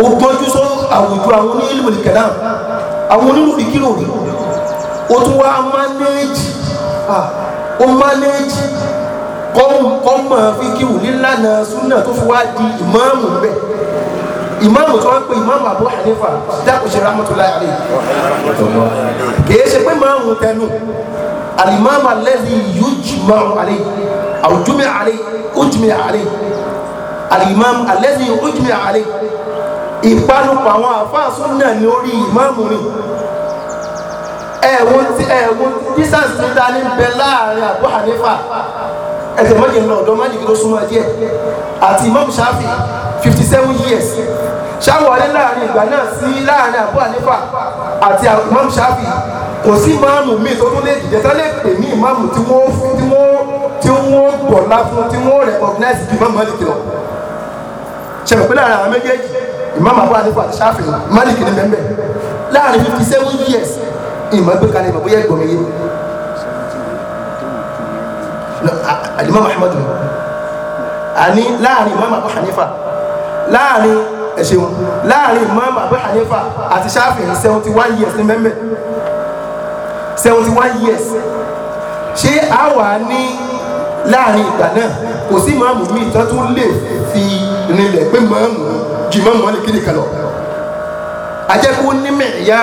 ó gbájú sọ àwùjọ àwọn onílù ìkẹlẹ àwọn onílù ìkìlò rí o tún wá mánéèjì o mánéèjì kọ́mọ̀ fíkìwù nílànà súnà tó fi wá di ìmáàmù bẹ́ẹ̀ ìmáàmù tó wá pé ìmáàmù Abu Hanifa dákùsẹ̀ rahmatulahi kì í ṣe pé máàmù tẹnu alimami alẹ́ni yóò jùmọ̀ alẹ́ àwùjọmọ̀ alẹ́ ojúmọ̀ alẹ́ alimami alẹ́ni ojúmọ̀ alẹ́ ìpanupọ̀ àwọn àfáàsùn náà ní orí ìmáàmù ni ẹ̀wọ̀n tí ẹ̀wọ̀n distance tó dání bẹ láàrin Abu Hanifa ẹ̀jẹ̀ mọ́jẹ̀ ńlọ ọ̀dọ́ májèké ló súnmọ́ díẹ̀ àti Imam Shafi fifty seven years ṣáwọlé láàrin ìgbà náà sí láàrin Abu Hanifa àti Imam Shafi kò sí ìmáàmù míì tó tún lè dìde tá lè pè ní ìmáàmù tí wọ́n tí wọ́n tí wọ́n gbọ̀lá fún tí wọ́n recognize bí ìmáàmù Málíkì lọ ṣe pé láàrin àwọn méjèèjì ìmáàmù àbúrò àdìpọ̀ àti ṣáfìlì Málíkì ní mẹ́mẹ́ láàrin fifty seven years ìmọ̀ gbé kalẹ̀ ìmọ̀ bóyá ìgbọ̀n mi yé alimami ahmadu ani láàrin ìmáàmù Abu Hanifa láàrin ẹ̀ṣẹ̀ wọn láàrin ìmáàmù Abu Hanifa àti ṣáfìlì seventy one years ní mẹ́mẹ́ seventy one years ṣé a wà ní láàrin ìgbà náà kò sí màmú mi tó tún lè fi rinlẹ̀ pé màmú jù màmú wọn lè kéde kan lọ ajẹ́kú nímẹ̀ ìyá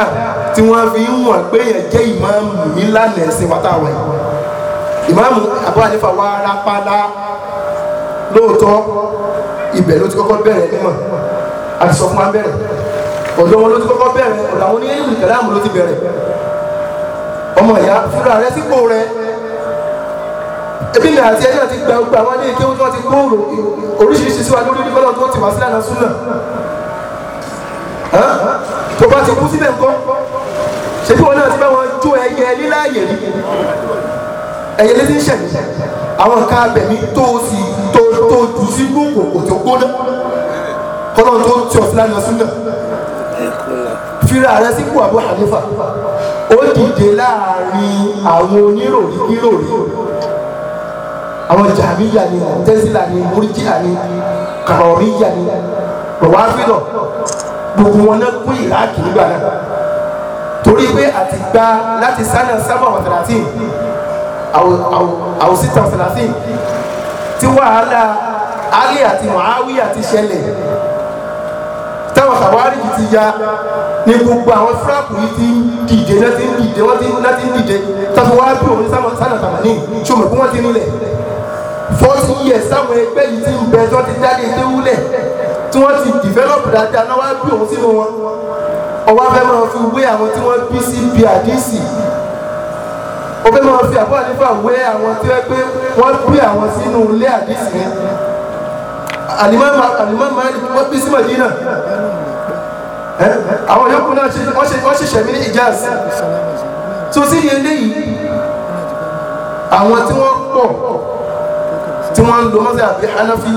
tí wọ́n fi ń wọ̀n pé yẹn jẹ́ ìmáàmù ìlànà ẹ̀sìn wátàwọ̀ ẹ̀ ìmáàmù abúlé-àdífà wa rápálá lóòótọ́ ibẹ̀ ló ti kọ́kọ́ bẹ̀rẹ̀ nímọ̀ àti sọ bẹ̀rẹ̀ ọ̀dọ̀ wọn ló ti kọ́kọ́ bẹ̀rẹ̀ ọ̀dọ̀ àwọn oníyẹ̀yìn ìkàlámù ló ti bẹ̀rẹ̀ ọmọ ìyá fúnra rẹ sípò rẹ ebi mi àti ẹni àti gba gbogbo àwọn ilé kéwọn tí wọn ti gbòòrò oríṣiríṣi síwájú lórí kọlọ tó ti wá sílẹ̀ náà súnà tó bá ti kú síbẹ̀ ńkọ́ ṣé bí wọn náà ti bá wọn jó ẹyẹ líláyè ni ẹyẹ létí ń ṣẹ̀mí àwọn nǹkan abẹ̀mí tó sì tó tó jù sí gbòòkò kò tó gbóná kọlọ tó ti wá sílẹ̀ náà súnà fira rẹ sípò Abu Hanifa ó dìde láàrin àwọn oníròrí níròrí àwọn jàmíyà ni tẹ́sílà ni múríjìlá ni kàrọ̀ríyà ni rọ̀wáfínà gbogbo wọn náà pín ìrákì nígbà náà torí pé àti gba láti sánà sábà ọ̀tàlátì àwòsíta ọ̀tàlátì tí wàhálà Ali àti Muawiya ti ṣẹlẹ̀ táwọn kàwárí ti ya ní gbogbo àwọn fúlàpù yìí ti ń dìde náà ti ń dìde wọ́n ti náà ti ń dìde tàbí wọ́n á bí òun sáwọn sáwọn tàbí ní ṣùgbọ́n bí wọ́n ti nílẹ̀ fọ́ọ̀sì yẹ sáwọn ẹgbẹ́ yìí ti ń bẹ tí wọ́n ti jáde dé wúlẹ̀ tí wọ́n ti dìvẹ́lọ́pù dáadáa náà wọ́n á bí òun sínú wọn ọwọ́ fẹ́ máa fi wé àwọn tí wọ́n bí sí bí àdísì ó fẹ́ máa fi àbọ̀ àdífà wé àwọn tí wọ́n pé wọ́n bí àwọn sínú ilé àdísì yẹn àlìmọ́ àlìmọ́ máa àwọn yòókù náà wọ́n ṣe ṣẹ̀mí ní Hijaz tó sì yẹ léyìí àwọn tí wọ́n pọ̀ tí wọ́n ń lo mọ́sẹ̀ àbí Hanafi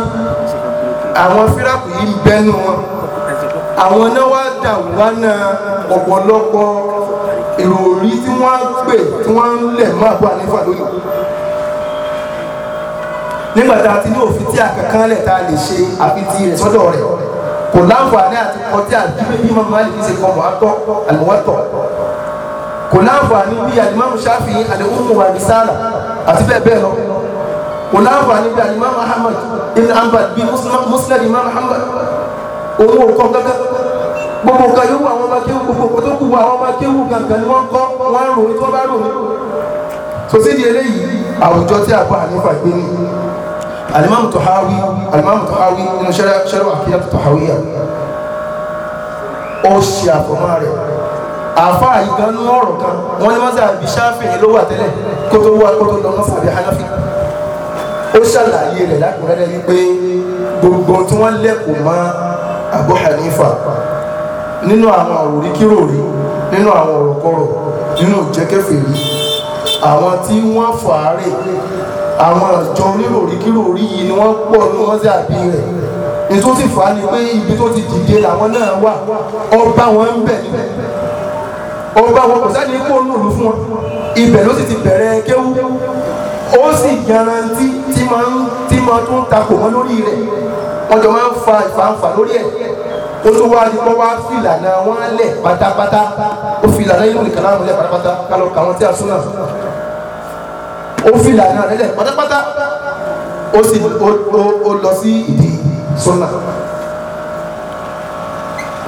àwọn fíràkù yìí ń bẹ́nu wọn àwọn náà wá dà wá náà ọ̀pọ̀lọpọ̀ ìròrí tí wọ́n á pè tí wọ́n ń lẹ̀ máa bọ́ àlefa lónìí nígbà tá a ti ní òfin tí àkàkánlẹ̀ tá a lè ṣe àfi ti rẹ̀ sọ́dọ̀ rẹ̀ kò láǹfààní àti kọjá àdúgbò bí màmá yìí ṣe kọ mọ́tò àlùmọ́tò kò láǹfààní bí alimami ṣáfì àlẹ́wọ́mù wa risala àti bẹ́ẹ̀ bẹ́ẹ̀ lọ kò láǹfààní bí alimami ahmad ibn hanbal bí muslim imam ahmad òun ò kọ́ gángan gbogbo kan yóò wọ àwọn ọmọ akéwù gbogbo tó kù wọ àwọn ọmọ akéwù gàngàn ni wọ́n kọ́ wọ́n á ròyìn tí wọ́n bá ròyìn. sòsídìí eléyìí àwùjọ tí a bá ànífà gbé ní alimami Tahawi alimami Tahawi nínú sẹ́rẹ́ àkíyà Tahawiyya ó ṣe àfọmọ́ rẹ̀ àfa ìgbàanú ọ̀rọ̀ kan wọ́n ní mọ́sá àbí sáfìyàn ló wà tẹ́lẹ̀ kó tó wá kó tó lọ mọ́sá àbí hanafi ó ṣàlàyé rẹ̀ lákùnrẹ́rẹ́ wípé gbogbo tí wọ́n lẹ́kùn mọ́ Abu Hanifa nínú àwọn àròrí kíròrí nínú àwọn ọ̀rọ̀kọ̀rọ̀ nínú ìjẹ́kẹ̀fẹ̀rí àwọn tí wọ́n fàárẹ̀ àwọn ìjọ onírò oríkìrò orí yìí ni wọ́n pọ̀ ní wọ́n sì àbí rẹ̀ ní tó sì fà á ni pé ibi tó ti dìde làwọn náà wà ọba wọn ń bẹ̀ níbẹ̀ ọba wọn kò sẹ́ni kó nùlù fún wọn ibẹ̀ ló sì ti bẹ̀rẹ̀ kéwú ó sì yanrantí tí máa ń tí máa tún takò wọn lórí rẹ̀ wọ́n jọ máa ń fa ìfàǹfà lórí ẹ̀ ó tún wá ní kó wá fìlànà wọn lẹ̀ pátápátá ó fìlànà inú ìkànnà wọn lẹ̀ pátápátá kálọ̀ kàwọn tí a sún ó fi ìlànà rẹ̀ lẹ̀ pátápátá ó sì ó lọ sí ìdí sọ́nà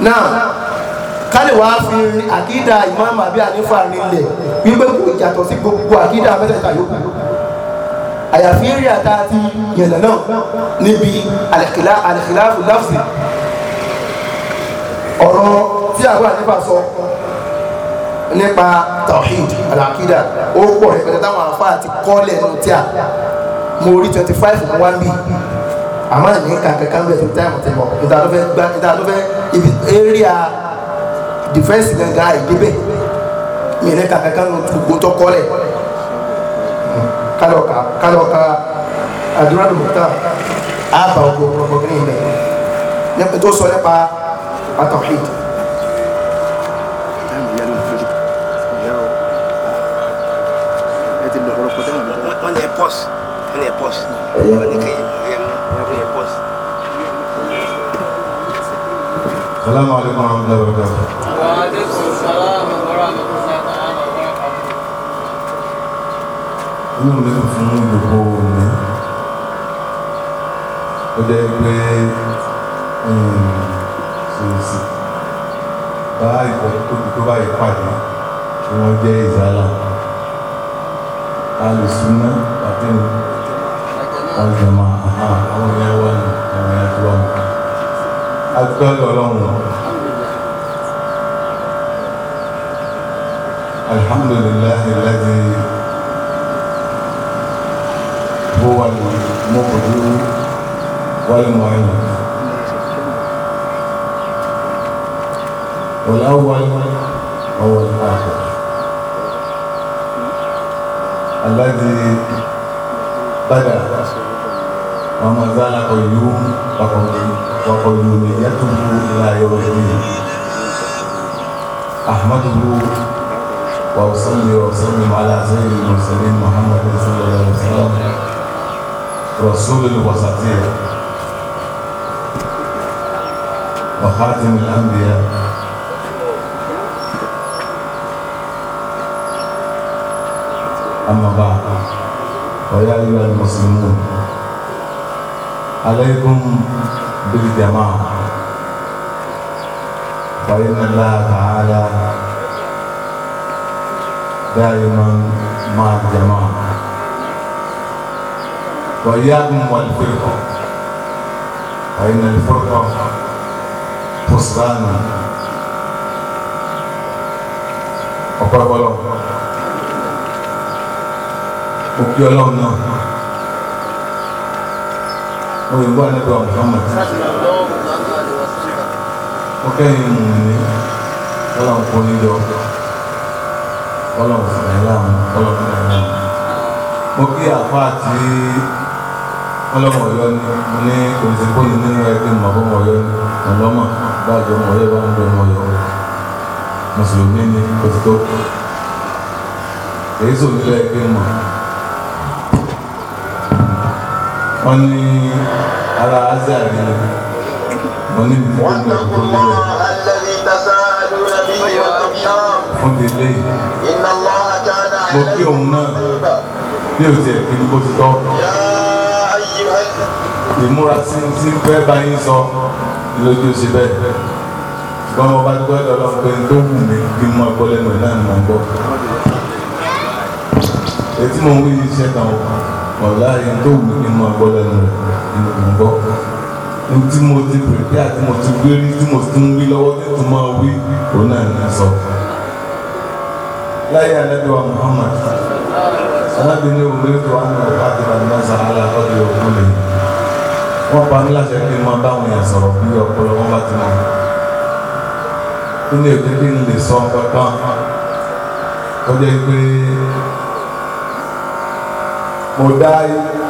náà kálí wàá fi àkídà ìmáàmù àbí ànífà rinlẹ̀ wípé kò yàtọ̀ sí gbogbo àkídà mẹ́tẹ̀ẹ̀ta yòókù àyàfi eré àtàtì yẹ̀lẹ̀ náà níbi àlẹ́kìláàfù láfùsì ọ̀rọ̀ tí àwọn ànífà sọ nípa tawhid alakida ó pọ̀ rẹpẹtẹ táwọn àfáà ti kọ́lẹ̀ nù tí a mo rí twenty five mú wá bí àmọ́ ní kankan kan bẹ̀ tó táìmù tẹ̀ bọ̀ níta ló fẹ́ gbá níta ló fẹ́ ibi area defense gangan ìdíbẹ̀ mi ní kankan kan ló gbó tó kọ́lẹ̀ kálọ̀ka kálọ̀ka àdúrà lòmùtà àbà ògbó gbọ̀ngbọ̀n ní ilẹ̀ tó sọ nípa tawhid. pause ɛna yɛ pause ɛna kɛ yɛ mu ɛna yɛ pause. salamu alaykum wa rahmatulahi wa barakatuh. wa alaykum salaam wa rahmatulahi wa barakatuh. inú mi fún ìdókòwò mi ó jẹ́ pé ṣèṣì um, bá ìkọ́ tóbi tó bá yẹ pàdé tí wọ́n jẹ́ ìzálà alùsùn náà din wal jamaa àwọn yẹn wà ní àwọn yẹn tó wà ní. adúgbò lọ́lọ́run alhamdulilayi بدر وما زال قيوم وقيوميته إلى يوم الدين أحمده وأصلي وأسلم على سيد المرسلين محمد صلى الله عليه وسلم رسول الوسطية وخاتم الأنبياء أما بعد ويا أيها المسلمون عليكم بالجماعة فإن الله تعالى دائما مع الجماعة وإياكم والفرقة فإن الفرقة خسران وقرب òkè ọlọ́run náà òyìnbó àdébà Muhammad ó kẹ́yìn mú mi ọlọ́run kò ní yọ ọlọ́run fún ẹ̀ láàmú ọlọ́run fún ẹ̀ láàmú mo kí àfa àti ọlọ́mọ ọ̀yọ́ ni mo ní òǹtẹ̀kọ́ ni nínú ẹgbẹ́ mọ̀ọ́bọ́mọ ọ̀yọ́ ni ọ̀lọ́mọ báàjọ́ ọmọ ọ̀yọ́ bá ń bẹ ọmọ ọ̀yọ́ mùsùlùmí ni kòtítọ́ èyí sòmílẹ̀ ẹgbẹ́ mọ̀ọ́. wọ́n ní ara azar ni wọ́n ní gbogbo gbogbo rẹ̀ fún délé mo kí òun náà bí o tiẹ̀ kí ni kò ti tọ́ ìmúra sí ti fẹ́ bá yín sọ lójú sí bẹ́ẹ̀ ṣùgbọ́n mo bá dúpẹ́ lọ́dọ̀ pé n tó wù mí kí n mọ ẹ̀kọ́ lẹ́nu ẹ̀ náà ni mo ń mo ń wí iṣẹ́ kan o ọ̀la yẹn tó wù ní mo gbọ́ lẹ́nu rẹ̀ ní mo gbọ́ tí mo ti pèpè àti mo ti gbé rí tí mo ti ń wí lọ́wọ́ tí mo máa wí òun náà ní sọ. láyé àlejò wa Muhammad alábìnrin obìnrin tó wà ní ọ̀rọ̀ àti ìbàdàn sàn án lápapọ̀ òkú lè wọ́n pa mí láṣẹ kí n máa bá àwọn èèyàn sọ̀rọ̀ bí ọpọlọ wọn bá ti mọ̀ nínú èdè kí n lè sọ ọpẹ kan ó jẹ́ pé mo dá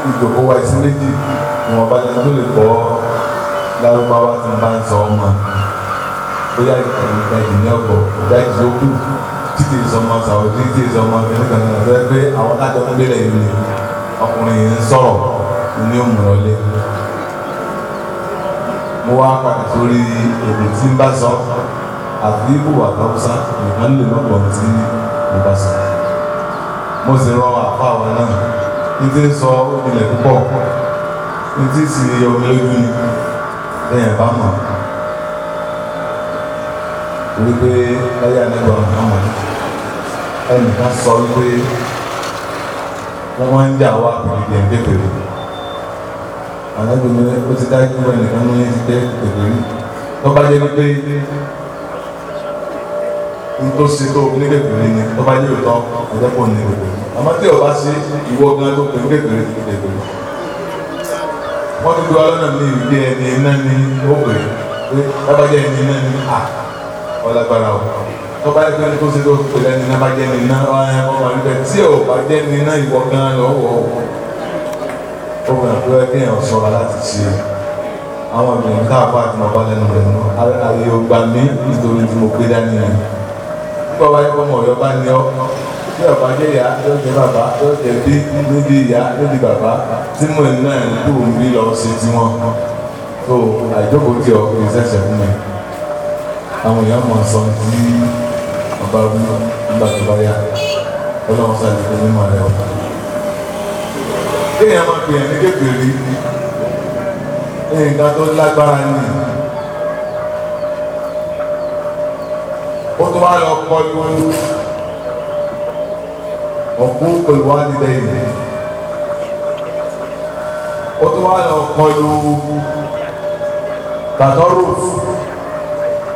ìjòkó wa ìsí méjì ìwọ̀nba ni mo lè gbọ́ lárúbáwá tí n bá ń sọ ọmọ bóyá ìgbàgbọ́ ní ọ̀pọ̀ ìjà ìjókòó títí ìsọmọ sàwọn títí ìsọmọ kìnnìkan náà fẹ́ pé àwọn tájọ ń gbélé yìí ni ọkùnrin yìí ń sọ̀rọ̀ ní òmùrọ̀lẹ́ mo wá padà sórí èdè tí ń bá sọ àti ibò àtàwùsá nìkan lè lọ́pọ̀ tí mo bá sọ mo sì rọ àfa àwọn náà ntí ń sọ ilẹ̀ púpọ̀ ntí sì ọmọ lójú ni lẹ́yìn bá mọ̀ wípé láyé àníbọ̀ Muhammad ẹnìkan sọ wípé wọ́n máa ń jà wá pẹ̀lú ìdẹ̀ pépèrè àlẹ́gbẹ̀mí ó ti dá ikú ẹnìkan ní ti dẹ́ pépèrè tó bá jẹ́ wípé n tó ṣe tó ní pépèrè ni tó bá jẹ́ òótọ́ ọjọ́ pọ̀ ní pépèrè àmọ́ tẹ́ ọ bá ṣe ìwọ gan tó pẹ̀lú kékeré kékeré wọ́n ti do alọ́nà mi ìdí ẹni iná ní òkè lábàjẹ́ ẹni iná ní à ọlágbára o tọ́ba ẹgbẹ́ ní kó ṣe tó pẹ̀lú ẹni náà bàjẹ́ ní iná ọ̀hún ọmọ níbẹ̀ tí ò bàjẹ́ ní iná ìwọ gan lọ́wọ́ ó gbọ́dọ̀ pé ẹgbẹ́ yẹn sọ̀rọ̀ láti ṣe àwọn ènìyàn káàpá àti màbá lẹ́nu lẹ́nu àyè ògbà mi nítorí tí mo gbé dání yẹn nígbà wáyé kọ́mọ̀ ọ̀yọ́ bá ní ọ́ bí ọba jẹ ìyá yóò jẹ bàbá yóò jẹ bí yóò di ìyá yóò di bàbá tí mo ní náà tó ń rí lọ sí tiwọn tó àìjókòó tí ọ kì í ṣẹ̀ṣẹ̀ fún mi àwọn èèyàn mọ̀ sọ tí ọba wí nígbà tó bá yá ọlọ́run sáré fún mímọ́ rẹ ọba. kéèyàn máa pè é ní kékeré nǹkan tó lágbára nìyí. ó tún wá lọ kọlu وحقوق الوالدين وطوال وقالوا تطرف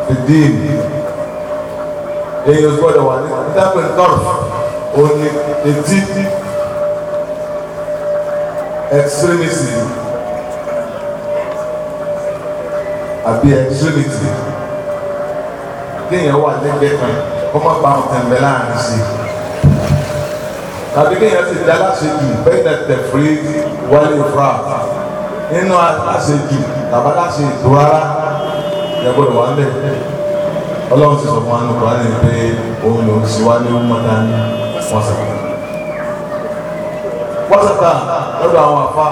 في الدين ايه يقول هو ده من طرف والدين extremism àbí extremity kéèyàn wà lẹ́gbẹ̀ẹ́ kan kó má bá ọ̀tẹ̀ mbẹ́ láàrin sí i tàbí kéèyàn ti di aláṣejù bẹ́ẹ̀ tẹ̀tẹ̀ fèrè wọlé fura nínú aláṣejù tàbí aláṣe ètò ara yàgò ìwà ń bẹ̀ ọlọ́run ti sọ fún wa ní kura ní pé òun lòún sì wá ní mọ́tà ní wọ́sàkà wọ́sàkà lọ́dọ̀ àwọn àfa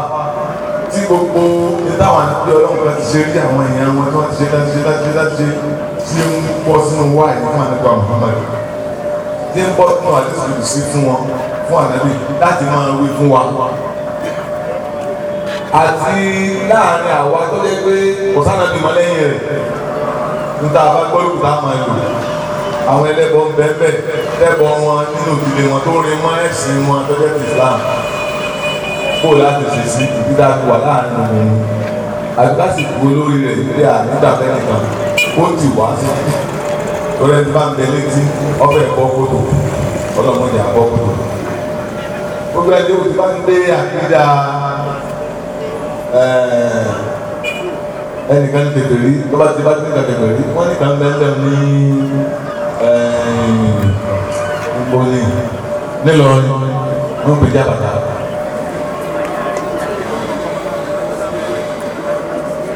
tí gbogbo ní táwọn àti ọlọ́run kan ti ṣe rí àwọn èèyàn wọn tí wọ́n ti ṣe láti ṣe láti ṣe láti ṣe tí ń pọ̀ sínú wáyé fún àdúgbò àwọn ọmọdé ní ń bọ́ fún àdìsílù sí fún wọn fún ànábì láti máa wí fún wa. àti láàrin àwa tó jẹ́ pé kò sánàbì mọ́ lẹ́yìn rẹ̀ níta bá gbọ́dọ̀ kúta máa lò àwọn ẹlẹ́bọ̀ bẹ́ẹ̀bẹ́ lẹ́bọ̀ wọn nínú ìdílé wọn tó rin mọ́ ẹ̀sìn wọn tó jẹ́ ti Islam kó láti ṣe sí ìdílé àgbà láàrin òun àgbàsìkò olórí rẹ̀ nílé àdúgbà fẹ́nìkan ó ti wá sí lórí ẹni bá ń bẹ létí ọbẹ̀ ẹ̀kọ́ kótó ọlọ́mọdé àbọ̀ kótó gbogbo ẹni tó ti bá ń dé àkídà eh, ẹnìkan tètè rí tó bá ti bá ti nìkan tètè rí wọ́n nìkan bẹ́ẹ̀ ní eh, ìgbóni nílọrin wọ́n pè jẹ́ àbàtà.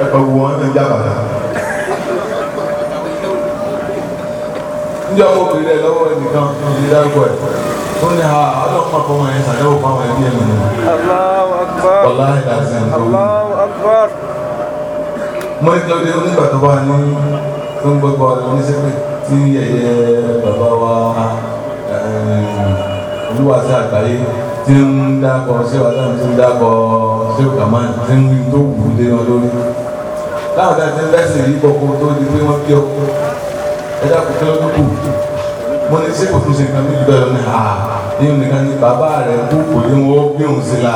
ẹ̀kọ́ wo wọn ń jẹ́ ń jẹ́ ọkọ̀ òkèèrè lọ́wọ́ ẹnìkan ní dárúkọ ẹ̀ ó ní ha ọlọ́run máa fọmọ ẹ̀ sàdéhùn fáwọn ẹbí ẹ̀ mọ̀ Allahu Akbar wallahi lazim Allahu Akbar. mo ní lọ́dẹ onígbà tó bá ní tó ń gbọ́gbọ́ oníṣẹ́pẹ̀ tí ẹ̀yẹ bàbá wa eh, olúwàsí àgbáyé tí ń dákọ̀ ṣé wàhálà tí ń dákọ̀ ṣé kàmá tí ń tó wù lé wọn láwọn dáa ti ń bẹ́sẹ̀ yí kọ́kọ́ tó di pé wọ́n kí ọkọ ẹ dákọ̀ kí ló kù mo ní sẹ́kọ̀ọ́ tó ṣe nǹkan mi bẹ́ẹ̀ ni ha yíyan nìkan ni bàbá rẹ̀ kú kò ní wọ́n gbéhùn sí la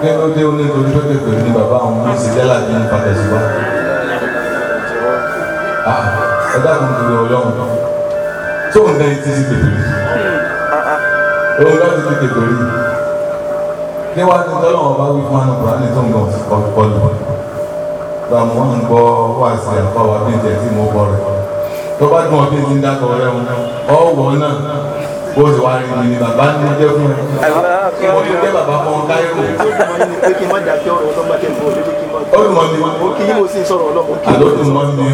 kẹ́kọ̀ọ́ dé oní torí tó kékeré ni bàbá àwọn ọmọ sì jẹ́lá bí ní pàtẹ́ sí wa. ẹ dákun tó lọ ọlọ́run tó ń dá etí sí kékeré òun láti fi kékeré níwájú tọ́lọ́wọ́n bá wí fún àwọn ọkùnrin tó ń gbọ́ ọ̀pọ̀lọpọ̀ làwọn ń gbọ́ wáṣí àpá wa bí ìjẹ́ tí mo bọ̀ rẹ̀ tọ́ba dùn ọ́ bí ti ń dákọ̀ ọ̀rẹ́ wọn ọ̀wọ́ náà bó ti wá rí mi ni bàbá ní jẹ́ fún mi mo tún jẹ́ bàbá kan káyọ̀. olùmọ̀ mi àlọ́dùnmọ̀ mi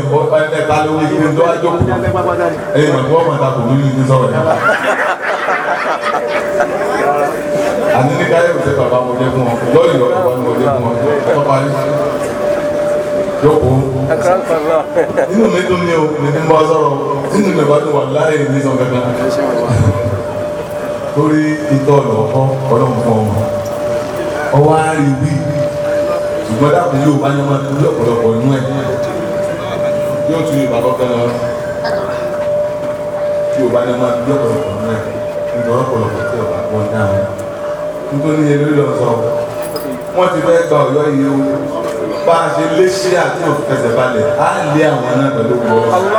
ẹ̀ka lórí ibi tó wá jókòó ẹ̀yìn mọ̀ tí wọ́n mọ̀ ta kò ní ní sọ̀rọ̀ yẹn àní ní káyọ̀ tẹ bàbá mo jẹ́ fún ọ lọ́ọ̀lì ọ̀gbọ́n mo jẹ́ fún ọ tọ́ba yìí jókòó. inú mi dùn ní o ní bí mo bá sọ̀rọ̀ inú mi bá dùn wà láì ní sàn kankan. lórí itọ́ ọ̀dọ̀kọ́ ọlọ́run fún ọmọ ọwọ́ á rí wí ṣùgbọ́n dàpọ̀ yóò bá yẹn máa tóbi ọ̀pọ̀lọpọ̀ inú ẹ̀ yóò tún yorùbá kọ́kẹ́ lọ tí yorùbá yẹn máa tóbi ọ̀pọ̀lọpọ̀ inú ẹ̀ nítorí ọ̀pọ̀lọpọ̀ tí ọ̀bà wọn dáhùn nítorí ẹlẹ́rìí ọ̀sán wọn ti fẹ́ gba ọ̀yọ́ yìí o bá a ṣe léṣe àti òfìkẹsẹ̀ balẹ̀ á lé àwọn náà pẹ̀lú gbọ́.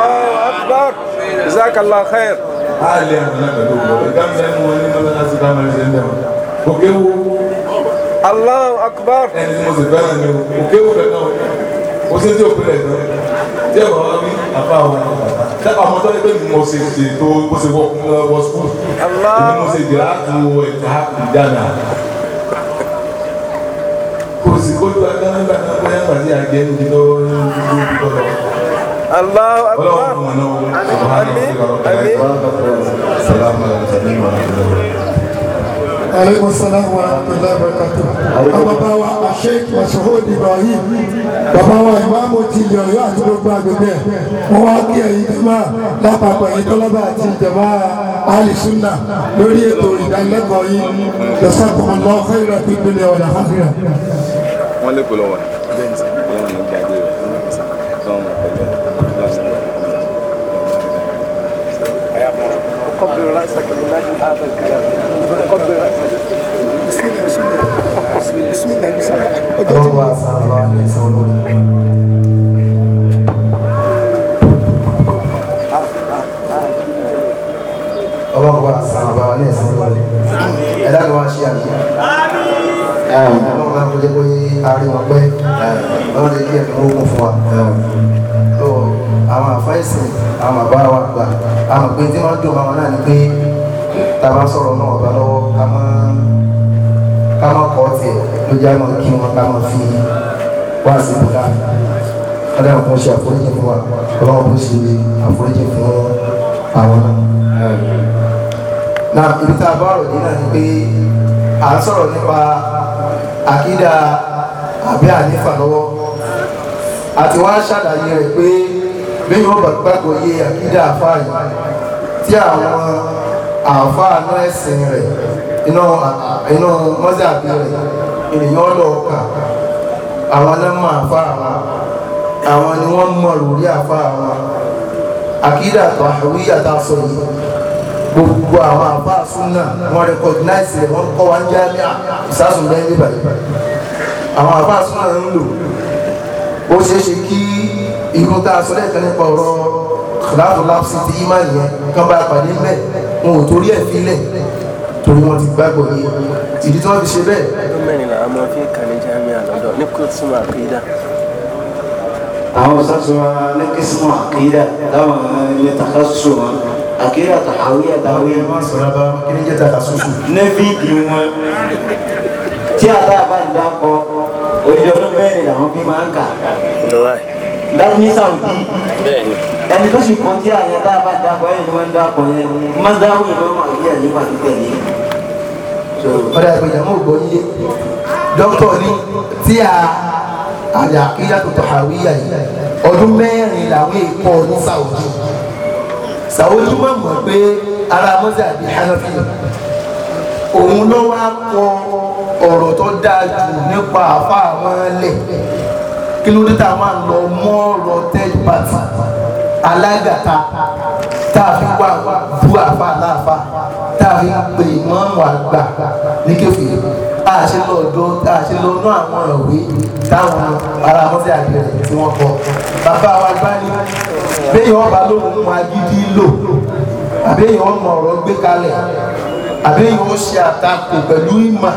Allahu akbar tí a gbé níbi tó níbi tó lọ. Allahu akbar. Ọlọ́run mọ̀ náà. Àmín. Àmín. Sàlámù alaykum wa rahmatullahi wa barakatuh. Aleykum salaam wa rahmatullahi wa barakatuh. Àwọn bàbá wa Sheikh Mashood Ibrahim. Bàbá wa Ìmáàmù ti yọ̀ yọ̀ àti gbogbo àgbègbè. Wọ́n wá kí ẹ̀yin jẹ́mọ́ lápapọ̀ ẹ̀yin tọ́lọ́bà àti ìjẹ̀mọ́ Alisunna lórí ètò ìdánilẹ́kọ̀ọ́ yìí. Lọ́sàkùnrin lọ́ọ́ fẹ́ ìrọ̀pín ìpínlẹ̀ ọ̀nà Áfíríkà. Wọ́n lè pè lọ́wọ́ ni. قبل رأسك لله هذا الكلام قبل رأسك بسم الله بسم الله الله صلى الله عليه وسلم ọlọ́run wa sàmàbà wa ní ẹ̀sìn ìwọlé ẹ̀dá ni wọ́n ṣe àmì ọlọ́run náà kò jẹ́ pé àárín wọn pẹ́ ọlọ́run lè díẹ̀ ló ń kún fún wa àwọn àfáìsìn àwọn àbá wa gbà àmọ́ pé tí wọ́n dùn àwọn náà ni pé tá a bá sọ̀rọ̀ náà ọba lọ́wọ́ ká má ká má kọ́ tiẹ̀ ló jẹ́ àmọ́ kí wọ́n ká má fi wá sí ibùdó ọlọ́run kò ṣe àforíjì fún wa ọlọ́run kò ṣe àforíjì fún àwọn náà. na ibi tá a bá ọ̀rọ̀ yìí ni pé à ń sọ̀rọ̀ nípa àkídà àbí ànífà lọ́wọ́ àti wá ṣàlàyé rẹ̀ pé bẹ́ẹ̀ wọ́n bá gbàgbọ́ yé àkídà àfáà yìí tí àwọn àfáà náà ẹ̀sìn rẹ̀ iná iná mọ́sàbí rẹ̀ ènìyàn lọ́ọ̀kà àwọn náà mọ àfáà wọn àwọn ni wọ́n mọ̀ lórí àfáà wọn àkídà tàwíyà tá a sọ yìí gbogbo àwọn àfáà súnà wọ́n rẹkọgnáìsì rẹ̀ wọ́n kọ́ wa ń jáde ìsásùn bẹ́ẹ̀ níbàyí àwọn àfáà súnà ń lò ó ṣeé ṣe kí ìkọ́ tá a sọ lẹ́ẹ̀kan nípa ọ̀rọ̀ láàbù láàbùsí ti yí máa yẹn kán bá pàdé ńlẹ̀ wọn ò torí ẹ̀ fílẹ̀ torí wọn ti gbàgbọ́ yìí ìdí tí wọ́n fi ṣe bẹ́ẹ̀. ọdún mẹ́rin làwọn ọmọ fi kàlẹ́ jáàmì àlọ́dọ̀ ní kùsùmù àkídà. àwọn sàṣọ ní kùsùmù àkídà láwọn ilé takasù wọn àkídà tàhàwíyà tàwíyà. wọ́n máa sọ̀rọ̀ bá kí ni jẹ́ takasù. ní fíìkì wọn tí a bá bá ń dákọ̀ ojú ọdún mẹ́rin làwọn fi máa ń kà láti ní Saudi ẹni tó sì kọjú àyẹ tá a bá dapò ẹni tó máa ń dapò yẹn mọ́sáwù yìí ló máa ń yẹ nípa títẹ̀ yìí. ọ̀dà ìgbìyànjú mọ̀ gbọ́ yíyé dókítà ní tí a àyàkíyà tó tọ̀ àwíyà yìí ọdún mẹ́rin làwọn èèkọ́ ní Saudi Saudi mọ̀ mọ̀ pé ara mọ́sá àbí Hanafi òun ló wá kọ ọ̀rọ̀ tó dáa jù nípa àfa àwọn ẹlẹ́ kí ló dé tá a máa lọ mọ́ ọ̀rọ̀ third party alágàta tá a fi wá bú àfa láàfa tá a fi pè mọ́ọ̀mù àgbà ní kẹfì tá a ṣe lọ ọdọ tá a ṣe lọ ná àwọn ìwé táwọn ará wọn sí àgbẹ̀rẹ̀ tí wọ́n kọ bàbá wa gbá ní bẹ́ẹ̀ ọba lóhùn wọn agídí lò àbẹ́yìn ọmọ ọ̀rọ̀ gbé kalẹ̀ àbẹ́yìn ó ṣe àtakò pẹ̀lú ìmọ̀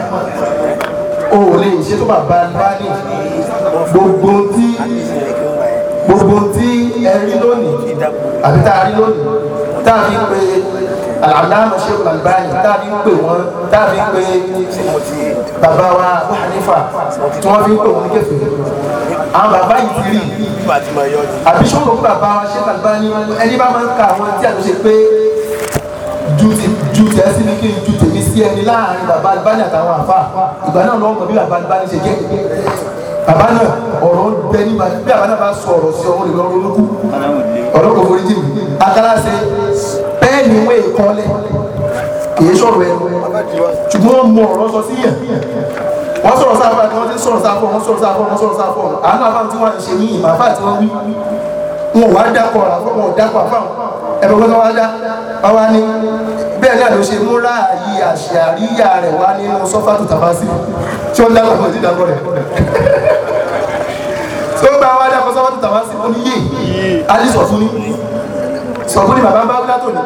o ò lè ṣe tó bàbá bá ní gbogbo tí gbogbo tí ẹ rí lónìí àbí tá a rí lónìí tá a fi pe aláàmú ṣe Albani tá a fi ń pè tá a fi pe bàbá wa Hanifa tí wọ́n fi ń pè wọ́n ní kẹfẹ́ àwọn bàbá yìí ti rí àbí sọ́kò fún bàbá wa ṣe Albani ẹni bá máa ń ka àwọn tí a ti ṣe pé ju ti ju tẹ̀ sí ni kí n ju tèmi sí ẹni láàrin bàbá Albani àtàwọn àfa ìgbà náà lọ́wọ́ kan bí bàbá Albani ṣe jẹ́ bàbá náà ọ̀rọ̀ bẹ nígbà bí bàbá náà bá sọ ọ̀rọ̀ sí ọmọ ìlú ọ̀rọ̀ olókù ọ̀rọ̀ kò forí jì mí akalase pẹ́ẹ́nì wé kọ́lẹ̀ kì í sọ̀rọ̀ ẹ ṣùgbọ́n wọ́n mú ọ̀rọ̀ sọ sí yàn wọ́n sọ̀rọ̀ sáfọ́ àti wọ́n ti sọ̀rọ̀ sáfọ́ wọ́n sọ̀rọ̀ sáfọ́ wọ́n sọ̀rọ̀ sáfọ́ àánú àfáà tí wọ́n ṣe ní ìmọ̀ àfáà tí wọ́n wí wọn ò wá dákọ̀ àfọ́ wọn ẹ̀rọ gbọ́dọ̀ wá dá wá wá ní bẹ́ẹ̀ náà ló ṣe múra àyè àṣà àríyá rẹ̀ wá nínú sọ́fà tó tàbá sí tí ó dákọ̀ mọ̀ dídàkọ̀ rẹ̀ tó gba àwọn adákọ̀ sọ́fà tó tàbá sí oní yé alẹ́ sọ̀tún ní sọ̀tún ní bàbá ń bá wúlá tòní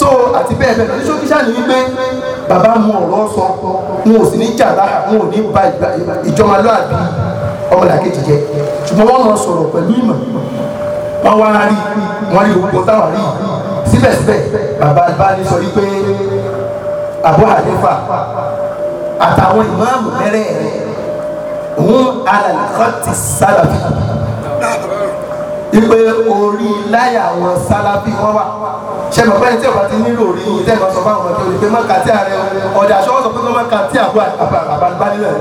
so àti bẹ́ẹ̀ bẹ́ẹ̀ lọ ní ṣókíṣà ní wípé bàbá mu ọ̀rọ̀ sọ wọn ò sì ní jà lára wọn ò ní ba ìjọba lọ́àbí ọmọlàkejì jẹ ṣùgbọ́n wọ́n mọ sọ̀rọ̀ pẹ̀lú ìmọ̀ wọn wá síbẹ̀síbẹ̀ bàbá Albani sọ wípé Abu Hanifa àtàwọn ìmáàmù mẹ́rẹ̀ẹ̀rin ń alàlùkọ́tì sálàfì ipe orí láyà àwọn sálàfì wọn wà sẹ́mi ọ̀pẹ́ ní tí ọ̀pá ti nílò orí yìí tẹ́ ìmọ̀ sọ fún àwọn ọmọdé olùgbé má kàtí ààrẹ ọ̀dà aṣọ wọn sọ pé má kàtí àbúrò àbálùbáni náà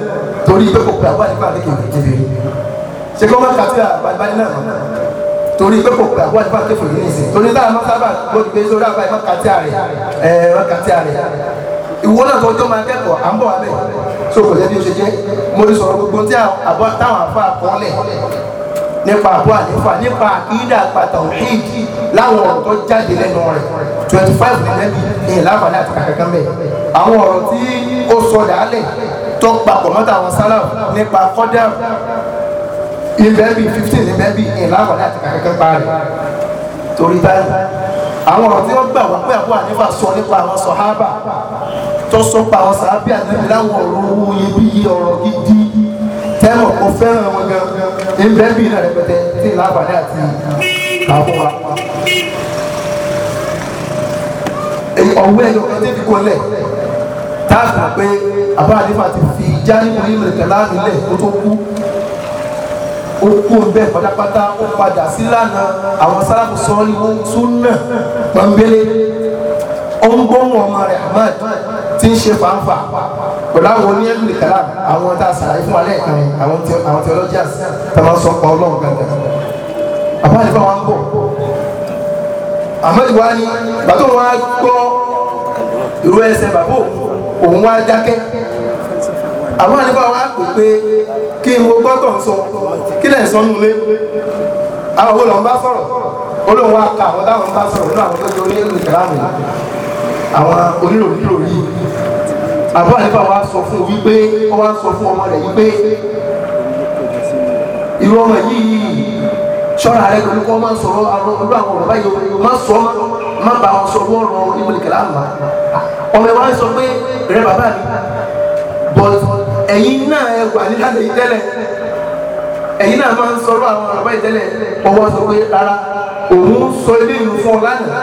torí pé kò pé àbúrò àdìpá àdìkè òkè kébé ṣe kó má kàtí àbálùbáni náà torí pé kò pé àwọn àti fàáké fòye ní ìsìn torí táwọn sábà gbọ́dọ̀ pé sórí àbá ìmọ̀ kàtí àrẹ ẹ wọn kàtí àrẹ ìwọ náà tó tó máa kẹ́kọ̀ọ́ à ń bọ̀ wálẹ̀ so kò jẹ́ bí o ṣe jẹ́ mo ti sọ̀rọ̀ gbogbo tí àbọ̀ táwọn afọ àkọọ́lẹ̀ nípa àbọ̀ àlefa nípa àkídà pàtàkì òhìdì láwọn ọ̀rọ̀ tó jáde lẹ́nu rẹ̀ twenty five nìyẹn ní ìlànà àti kàkẹ́kẹ́ mẹ́ àwọn ọ̀rọ̀ tí ó sọ dàálẹ̀ tó papọ̀ mọ́ta àwọn sálà nípa kọ́dà ibẹ̀ bíi fifteen ibẹ̀ bíi ìlànà láti kàkẹ́kẹ́ pa rẹ̀ torí báyìí àwọn ọ̀rọ̀ tí wọ́n gbà wọ́n pé àbúrò ànífà sọ nípa àwọn sọ̀hábà tó sọ pa àwọn sàábì àtẹ̀lé láwọn ọ̀rọ̀ owó iyebíye ọ̀rọ̀ gidi tẹ́wọ̀n kò fẹ́ràn wọn gan ibẹ̀ bíi náà rẹpẹtẹ tí ìlànà àti àwọn wa. ọ̀wọ́ ẹ̀yọ̀ kan tẹ́bi kọlẹ̀ táàgbà pé àbúrò ànífà ti fi jáde pẹ̀lú ìrẹ̀kẹ̀ láàrin lẹ̀ kó tó kú ó kó bẹ́ẹ̀ pátápátá ó padà sí lánà àwọn sáràkù sọ́ọ́lì wọn tún náà pọ́nbélé ó ń gbóhùn ọmọ rẹ̀ ahmed tí ń ṣe fàǹfà pẹ̀lú àwọn oníyẹ́lú ìkàlà àwọn tá a sàlàyé fún alẹ́ ìkànnì àwọn theologians tó máa sọ pa ọlọ́run gàgà àbá nípa wọn bọ̀ ahmed wa ni bàtò wọn á gbọ́ ìró ẹsẹ̀ bàbá òun wá dákẹ́ àmọ́ nípa wa kò pé kí n wo gbọ́tọ̀ ń sọ kí lẹ̀ ń sọ nulẹ̀ àwọn olóhùn bá sọ̀rọ̀ olóhùn wa ka àwọn táwọn bá sọ̀rọ̀ nínú àwọn tọ́jú orí ẹ̀rù ìkàlámù àwọn oníròyìnrò yìí àbúrò nípa wa sọ fún wípé ó wá sọ fún ọmọ rẹ̀ wípé irú ọmọ yìí ṣọ́ra rẹ̀ pẹ̀lú kọ́ máa ń sọ̀rọ̀ àwọn olú àwọn ọ̀rọ̀ báyìí má sọ má bá wọn sọ wọ́ọ̀rọ̀ ìmọ̀lẹ̀kẹ̀lá àmà ọmọ ẹ̀ wá ń sọ pé rẹ bàbá mi bọ́ọ̀lù ẹ̀yin náà ẹ wà nílànà yìí tẹ́lẹ̀ ẹ̀yin náà máa ń sọ̀rọ̀ àwọn àbá yìí tẹ́lẹ̀ ọwọ́ sọ pé ara òun sọ ilé ìlú fún ọ lánàá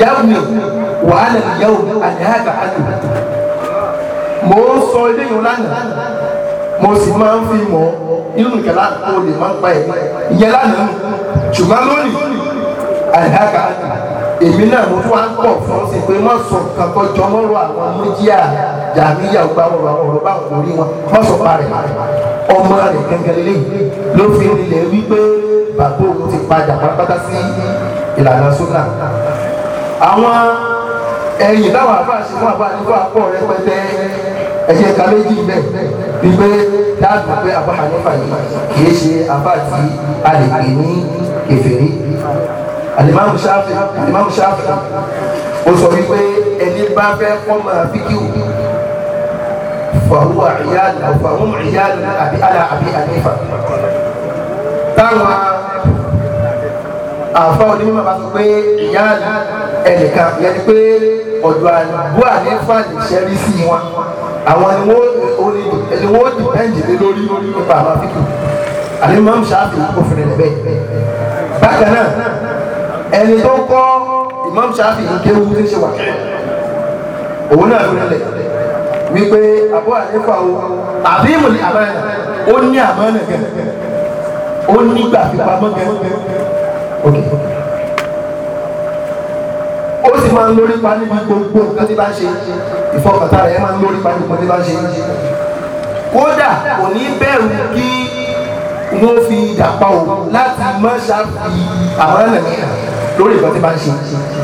yàwù ni wàhálà ìyàwó àdáyàgà àdù mò ń sọ ilé ìlú lánàá mo sì máa ń fi mọ̀ inú ìkẹlẹ àkókò lè máa ń pa ẹ̀ ìyẹn lánàá ṣùgbọ́n lónìí àdáyàgà àdù èmi náà mo tún wá ń pọ̀ fún ọ sí pé wọ́n sọ kankan jọmọ́rọ̀ àwọn méjìlá jàmíyà gba ọ̀rọ̀ àwọn ọ̀rọ̀ báwọn kò rí wọn wọn sọ pa rẹ ọmọ rẹ gẹ́gẹ́ lẹ́yìn ló fi rinlẹ̀ wípé bàbá òun ti padà pátápátá sí ìlànà sódà àwọn ẹ̀yìn táwọn àbá ṣe fún àbá nípa àpọ rẹpẹtẹ ẹ̀jẹ̀ ká méjì bẹ́ẹ̀ wípé dáàbò pé àbá hanifa yìí kìí ṣe àbá tí a lè pè ní kèfèrí alimamu Shafi alimamu Shafi ó sọ wípé ẹni bá fẹ́ kọ́ máa fi kí o fọwọ́ àyàlù fọwọ́ àyàlù àbí àlà àbí àdífà táwọn àfọ onímọ̀ bá sọ pé ìyáàlù ẹnìkan yẹn ni pé ọ̀dọ̀ àbú àdífà lè ṣẹ́rí sí wọn àwọn ni wọ́n dìpẹ́ǹdì lé lórí nípa àwọn fíkì àbí mọ́mú ṣáàbì òfin rẹ̀ bẹ́ẹ̀ bákan náà ẹni tó kọ́ Imam Shafi ìkéwu tí ń ṣe wà òun náà lórí lẹ̀ wípé àbọ̀ àlefa o àbí ìmùlẹ̀ àmánà ó ní àmánà gẹ̀ ó nígbà fipamọ́ gẹ̀ ó sì máa ń lórí pa níbi gbogbo nǹkan tí bá ń ṣe ìfọkàntà rẹ̀ máa ń lórí pa níbi nǹkan tí bá ń ṣe kódà kò ní bẹ̀rù kí wọ́n fi dàpá o láti má ṣàfi àwọn ènìyàn lórí ìgbà tí bá ń ṣe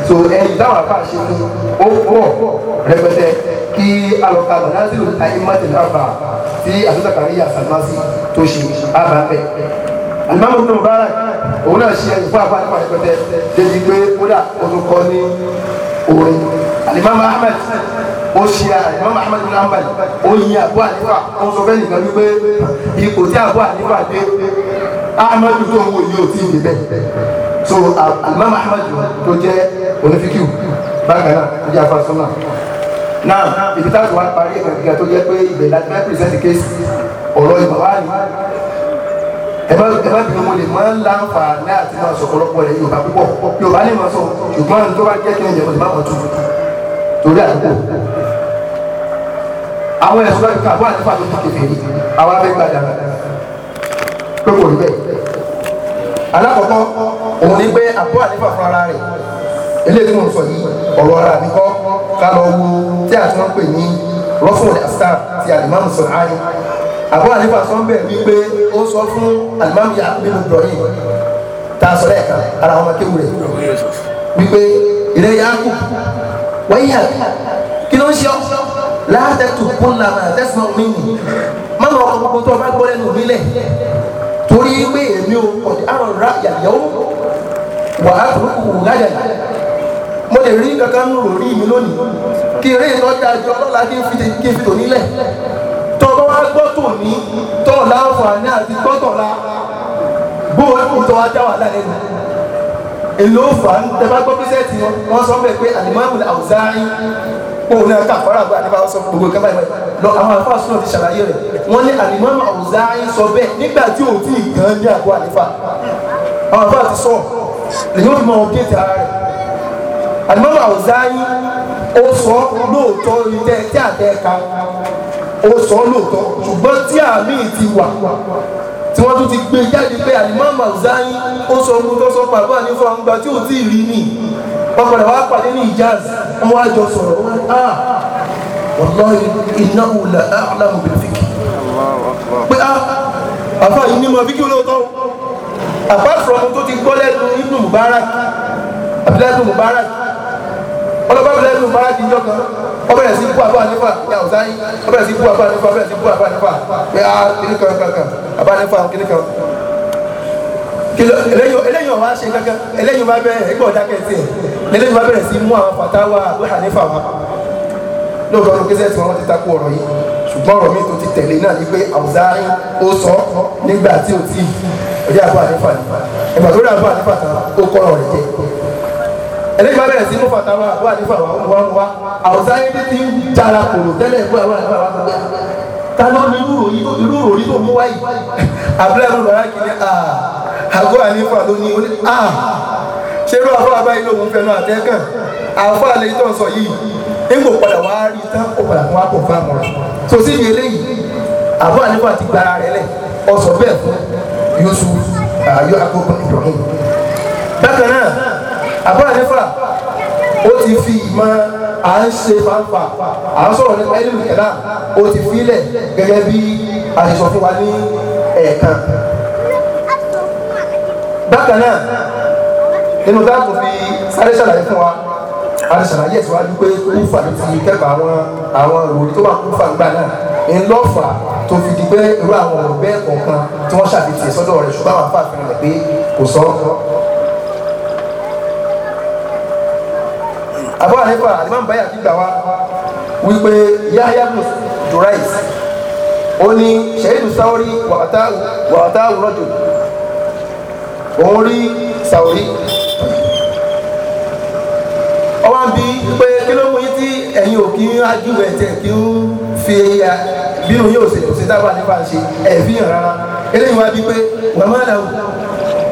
so ẹ̀yìn táwọn àbá ṣe ó pọ̀ rẹpẹtẹ kí alọ́ka mọ̀nàzírò ayé mọ́tẹ̀lá àbá tí àtúntàkàríyà sàmásì tó ṣe àbá bẹ́ẹ̀. alimami ibn mubarak òun náà ṣe ìfọ àbá nípa ìpẹtẹ débi pé kódà olùkọ́ ní orin alimami ahmed ó ṣe alimami ahmed bin hanbal ó yin àbú àlífà ó sọ fẹ́ nìkan wípé ipò tí àbú àlífà dé ahmed tó ń wò yìí ò tí ì dé so alimami ahmed tó jẹ́ onífíkìw bákan náà ó jẹ́ afásọ́nà náà ibi táwọn ti wá parí ẹ̀ka gíga tó jẹ́ pé ibẹ̀ láti fẹ́ pèsèntì kéésì ọ̀rọ̀ ìgbà wá ní ẹ bá ẹ bá bí mo lè máa ń láǹfààní àti máa sọ ọ̀pọ̀lọpọ̀ rẹ̀ Yorùbá púpọ̀ Yorùbá ní ma sọ ṣùgbọ́n tó bá jẹ́ kí n jẹ́ mo lè má kàn tu torí àdúgbò àwọn ẹ̀sùn lọ́dún kan àbúrò àti fàtó tó kéfì ní àwọn abẹ́gbẹ́ àdàbà pé kò rí bẹ́ẹ̀. alákọ̀ọ́kọ́ òun ní pé àbúrò àti fàtó ara rẹ̀ eléyìí tí mo sọ yìí ọ̀rọ̀ ara mi kọ́ ká lọ wo tí a ti wọ́n pè ní rọ́fún asam ti alimami sọ̀rọ̀ àbọ̀ àlefa sọ ń bẹ̀ wípé ó sọ fún alimami yakubu ibrahim tá a sọ lẹ́ẹ̀kan ara wọn kéwù rẹ̀ wípé ìrẹ́ yakubu wáyé yàrá kí ló ń ṣe ọ́ látẹ̀tù kúnlá máa tẹ̀sán mi nì má lọ gbogbo tó o bá gbọ́ lẹ́nu mi lẹ̀ torí pé èmi ò kọ̀dé àrùn ra yàyà ó wàhálà tó kù láyà yàyà mo lè rí kankan nù rí mi lónìí kí eré ìtọ́jú àjọ ọlọ́lá kí n fi kí n fi tò nílẹ̀ tó bá wá gbọ́ tò ní tọ́ láǹfààní àti gbọ́tọ̀la bó ìtọ́ ajá wà lálẹ́ nù èlò fà ń tẹ́fà gbọ́ pírísẹ́ẹ̀tì wọn sọ bẹ́ẹ̀ pé àlùmọ́ọ̀mù àwùzárí òun náà kà fara àgbà nípa sọ gbogbo ìkẹ́bà ìwẹ̀ lọ àwọn àfáà sọ̀rọ̀ ti ṣàlàyé rẹ̀ wọ́n ní àlùmọ́ọ̀mù àwùzárí sọ bẹ́ẹ̀ nígbà tí òun ti gan ní àgọ́ sọ alimami awuzayi ó sọ lóòótọ́ ìtẹ́ tí àtẹ ka ó sọ lóòótọ́ ṣùgbọ́n tí àmì ti wà tí wọ́n tún ti gbé e jáde pé alimami awuzayi ó sọ ohun tó sọ pàbó ànífọ àǹgbà tí ò tí ì rí ni wọ́n padà wá pàdé ní ìjáàz wọ́n wá jọ sọ̀rọ̀ wọ́n á ah, wallahi innahu la a'lamu bil pé á ah, àfa yìí ní mọ̀ fíkì olóòótọ́ apart from tó ti gbọ́ lẹ́nu ibnu mubarak abdullahi ibnu mubarak ọlọ́ba bẹ̀rẹ̀ ló mara di ìjọ kan ọbẹ̀rẹ̀ sí bú àbá nípa ya ọ̀sá yín ọbẹ̀rẹ̀ sí bú àbá nípa ọbẹ̀rẹ̀ sí bú àbá nípa ah, ya kiri kan kan kan àbá nípa kiri kan eléyìí ọba ṣe kankan eléyìí ọba bẹ̀rẹ̀ ẹgbẹ́ ọ̀dà kẹsì ẹ̀ eléyìí ọba bẹ̀rẹ̀ sí mú àwọn ṣùgbọ́n ọ̀rọ̀ mi tó ti tẹ̀lé náà ni pé àwùzárín ó sọ nígbà tí ò tí ọjọ́ àbọ̀ ànífà nípa ìgbà tó rí àbọ̀ ànífà tán kọ́ ọ̀rọ̀ rẹ̀ jẹ́ ẹlẹ́yìn bá bẹ̀rẹ̀ sí mú fata wa àbúrò àdífà wa wá wá àwòsàn ayé ti ń jara kòrò tẹ́lẹ̀ ìbú àwọn àdífà wa gbẹ ta ló ní irú òrí irú òrí tó mú wáyé abúlé àwọn bàrá kìíní àgọ́ àdífà ló ní orí ṣé irú àfọ àbáyé lòun fẹnu àtẹ́kàn àfọ àlẹ́ tó ń sọ yìí nígbò padà wá rí tán kó padà fún wa kò fún àmọ́ra tó sì ní eléyìí àfọ àdífà ti gbára rẹ lẹ̀ ọ̀sọ̀ bẹ́ẹ̀ fún Yusuf ayọ́ àgọ́ bákan náà àbúrò àlefa ó ti fi ìmọ̀ à ń ṣe fanfa à ń sọ̀rọ̀ nípa ẹlẹ́mù kẹlá ó ti filẹ̀ gẹ́gẹ́ bí a ṣe sọ fún wa ní ẹ̀ẹ̀kan. bákan náà nínú dáàbò fi sáré ṣàlàyé fún wa a ti ṣàlàyé ìsíwájú pé kúfà ló ti kẹ́kọ̀ọ́ àwọn àwọn ìròyìn tó wà kúfà gbà náà ńlọ́fà tó fi di pé irú àwọn ọ̀rọ̀ bẹ́ẹ̀ kọ̀ọ̀kan tí wọ́n ṣàfihàn sọ́dọ̀ rẹ̀ ṣùgbọ́n àwọn afáàfin rẹ̀ pé kò sọ Abu àlefa alimami báyà fi gbà wá wípé yahya bin durais ó ní ṣèyídù sáwórí wàhátá wùrọ̀jù òun rí sáwórí ọwọ́ bí pé kí ló mú yín tí ẹ̀yin ò kí ń ájú ẹ̀ tẹ̀ kí ń fi bínú yóò ṣe kò sí dábàá ṣe ẹ̀ rárá eléyìí wá bí pé wàmánà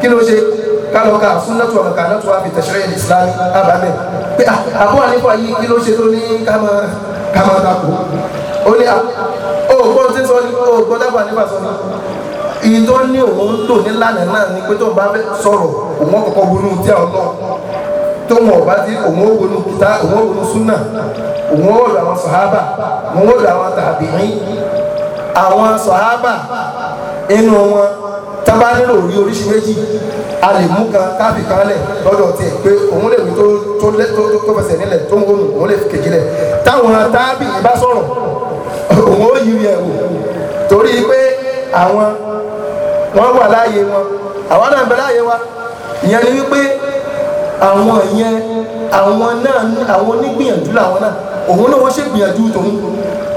kí ló ṣe kálọ̀ ká sunnatu wa makanatu wa fi tashri' al-islam abamẹ́ pé àbọ̀ ah, àníkọ̀ yìí kí ló ṣe tó ní kámá dàkú ó ní ah, òògbọ́n tí sọ ní òògbọ́n dábọ̀ àníkọ̀ sọ ní ìtọ́ ní òun tò nílànà náà ni pé tó ń bá sọ̀rọ̀ òun kọ̀kọ́ wọnú tí a lọ tó wọn ò bá ti òun ó wọnú kìtá òun ó wọnú súnà òun ó lọ àwọn sàhábà òun ó lọ àwọn tàbíìn àwọn sàhábà inú wọn tá a bá nílò orí oríṣi méjì a lè mú kan káfí kan lẹ̀ lọ́dọ̀ tiẹ̀ pé òun lè wí tó tó tó fẹsẹ̀ nílẹ̀ tó ń gbóhùn òun lè fi kejì lẹ̀ táwọn tábì bá sọ̀rọ̀ òun ó yiri ẹ̀ wò torí pé àwọn wọ́n wà láàyè wọn àwọn náà bẹ láàyè wa ìyẹn ni wípé àwọn yẹn àwọn náà àwọn onígbìyànjú làwọn náà òun náà wọ́n ṣègbìyànjú tòun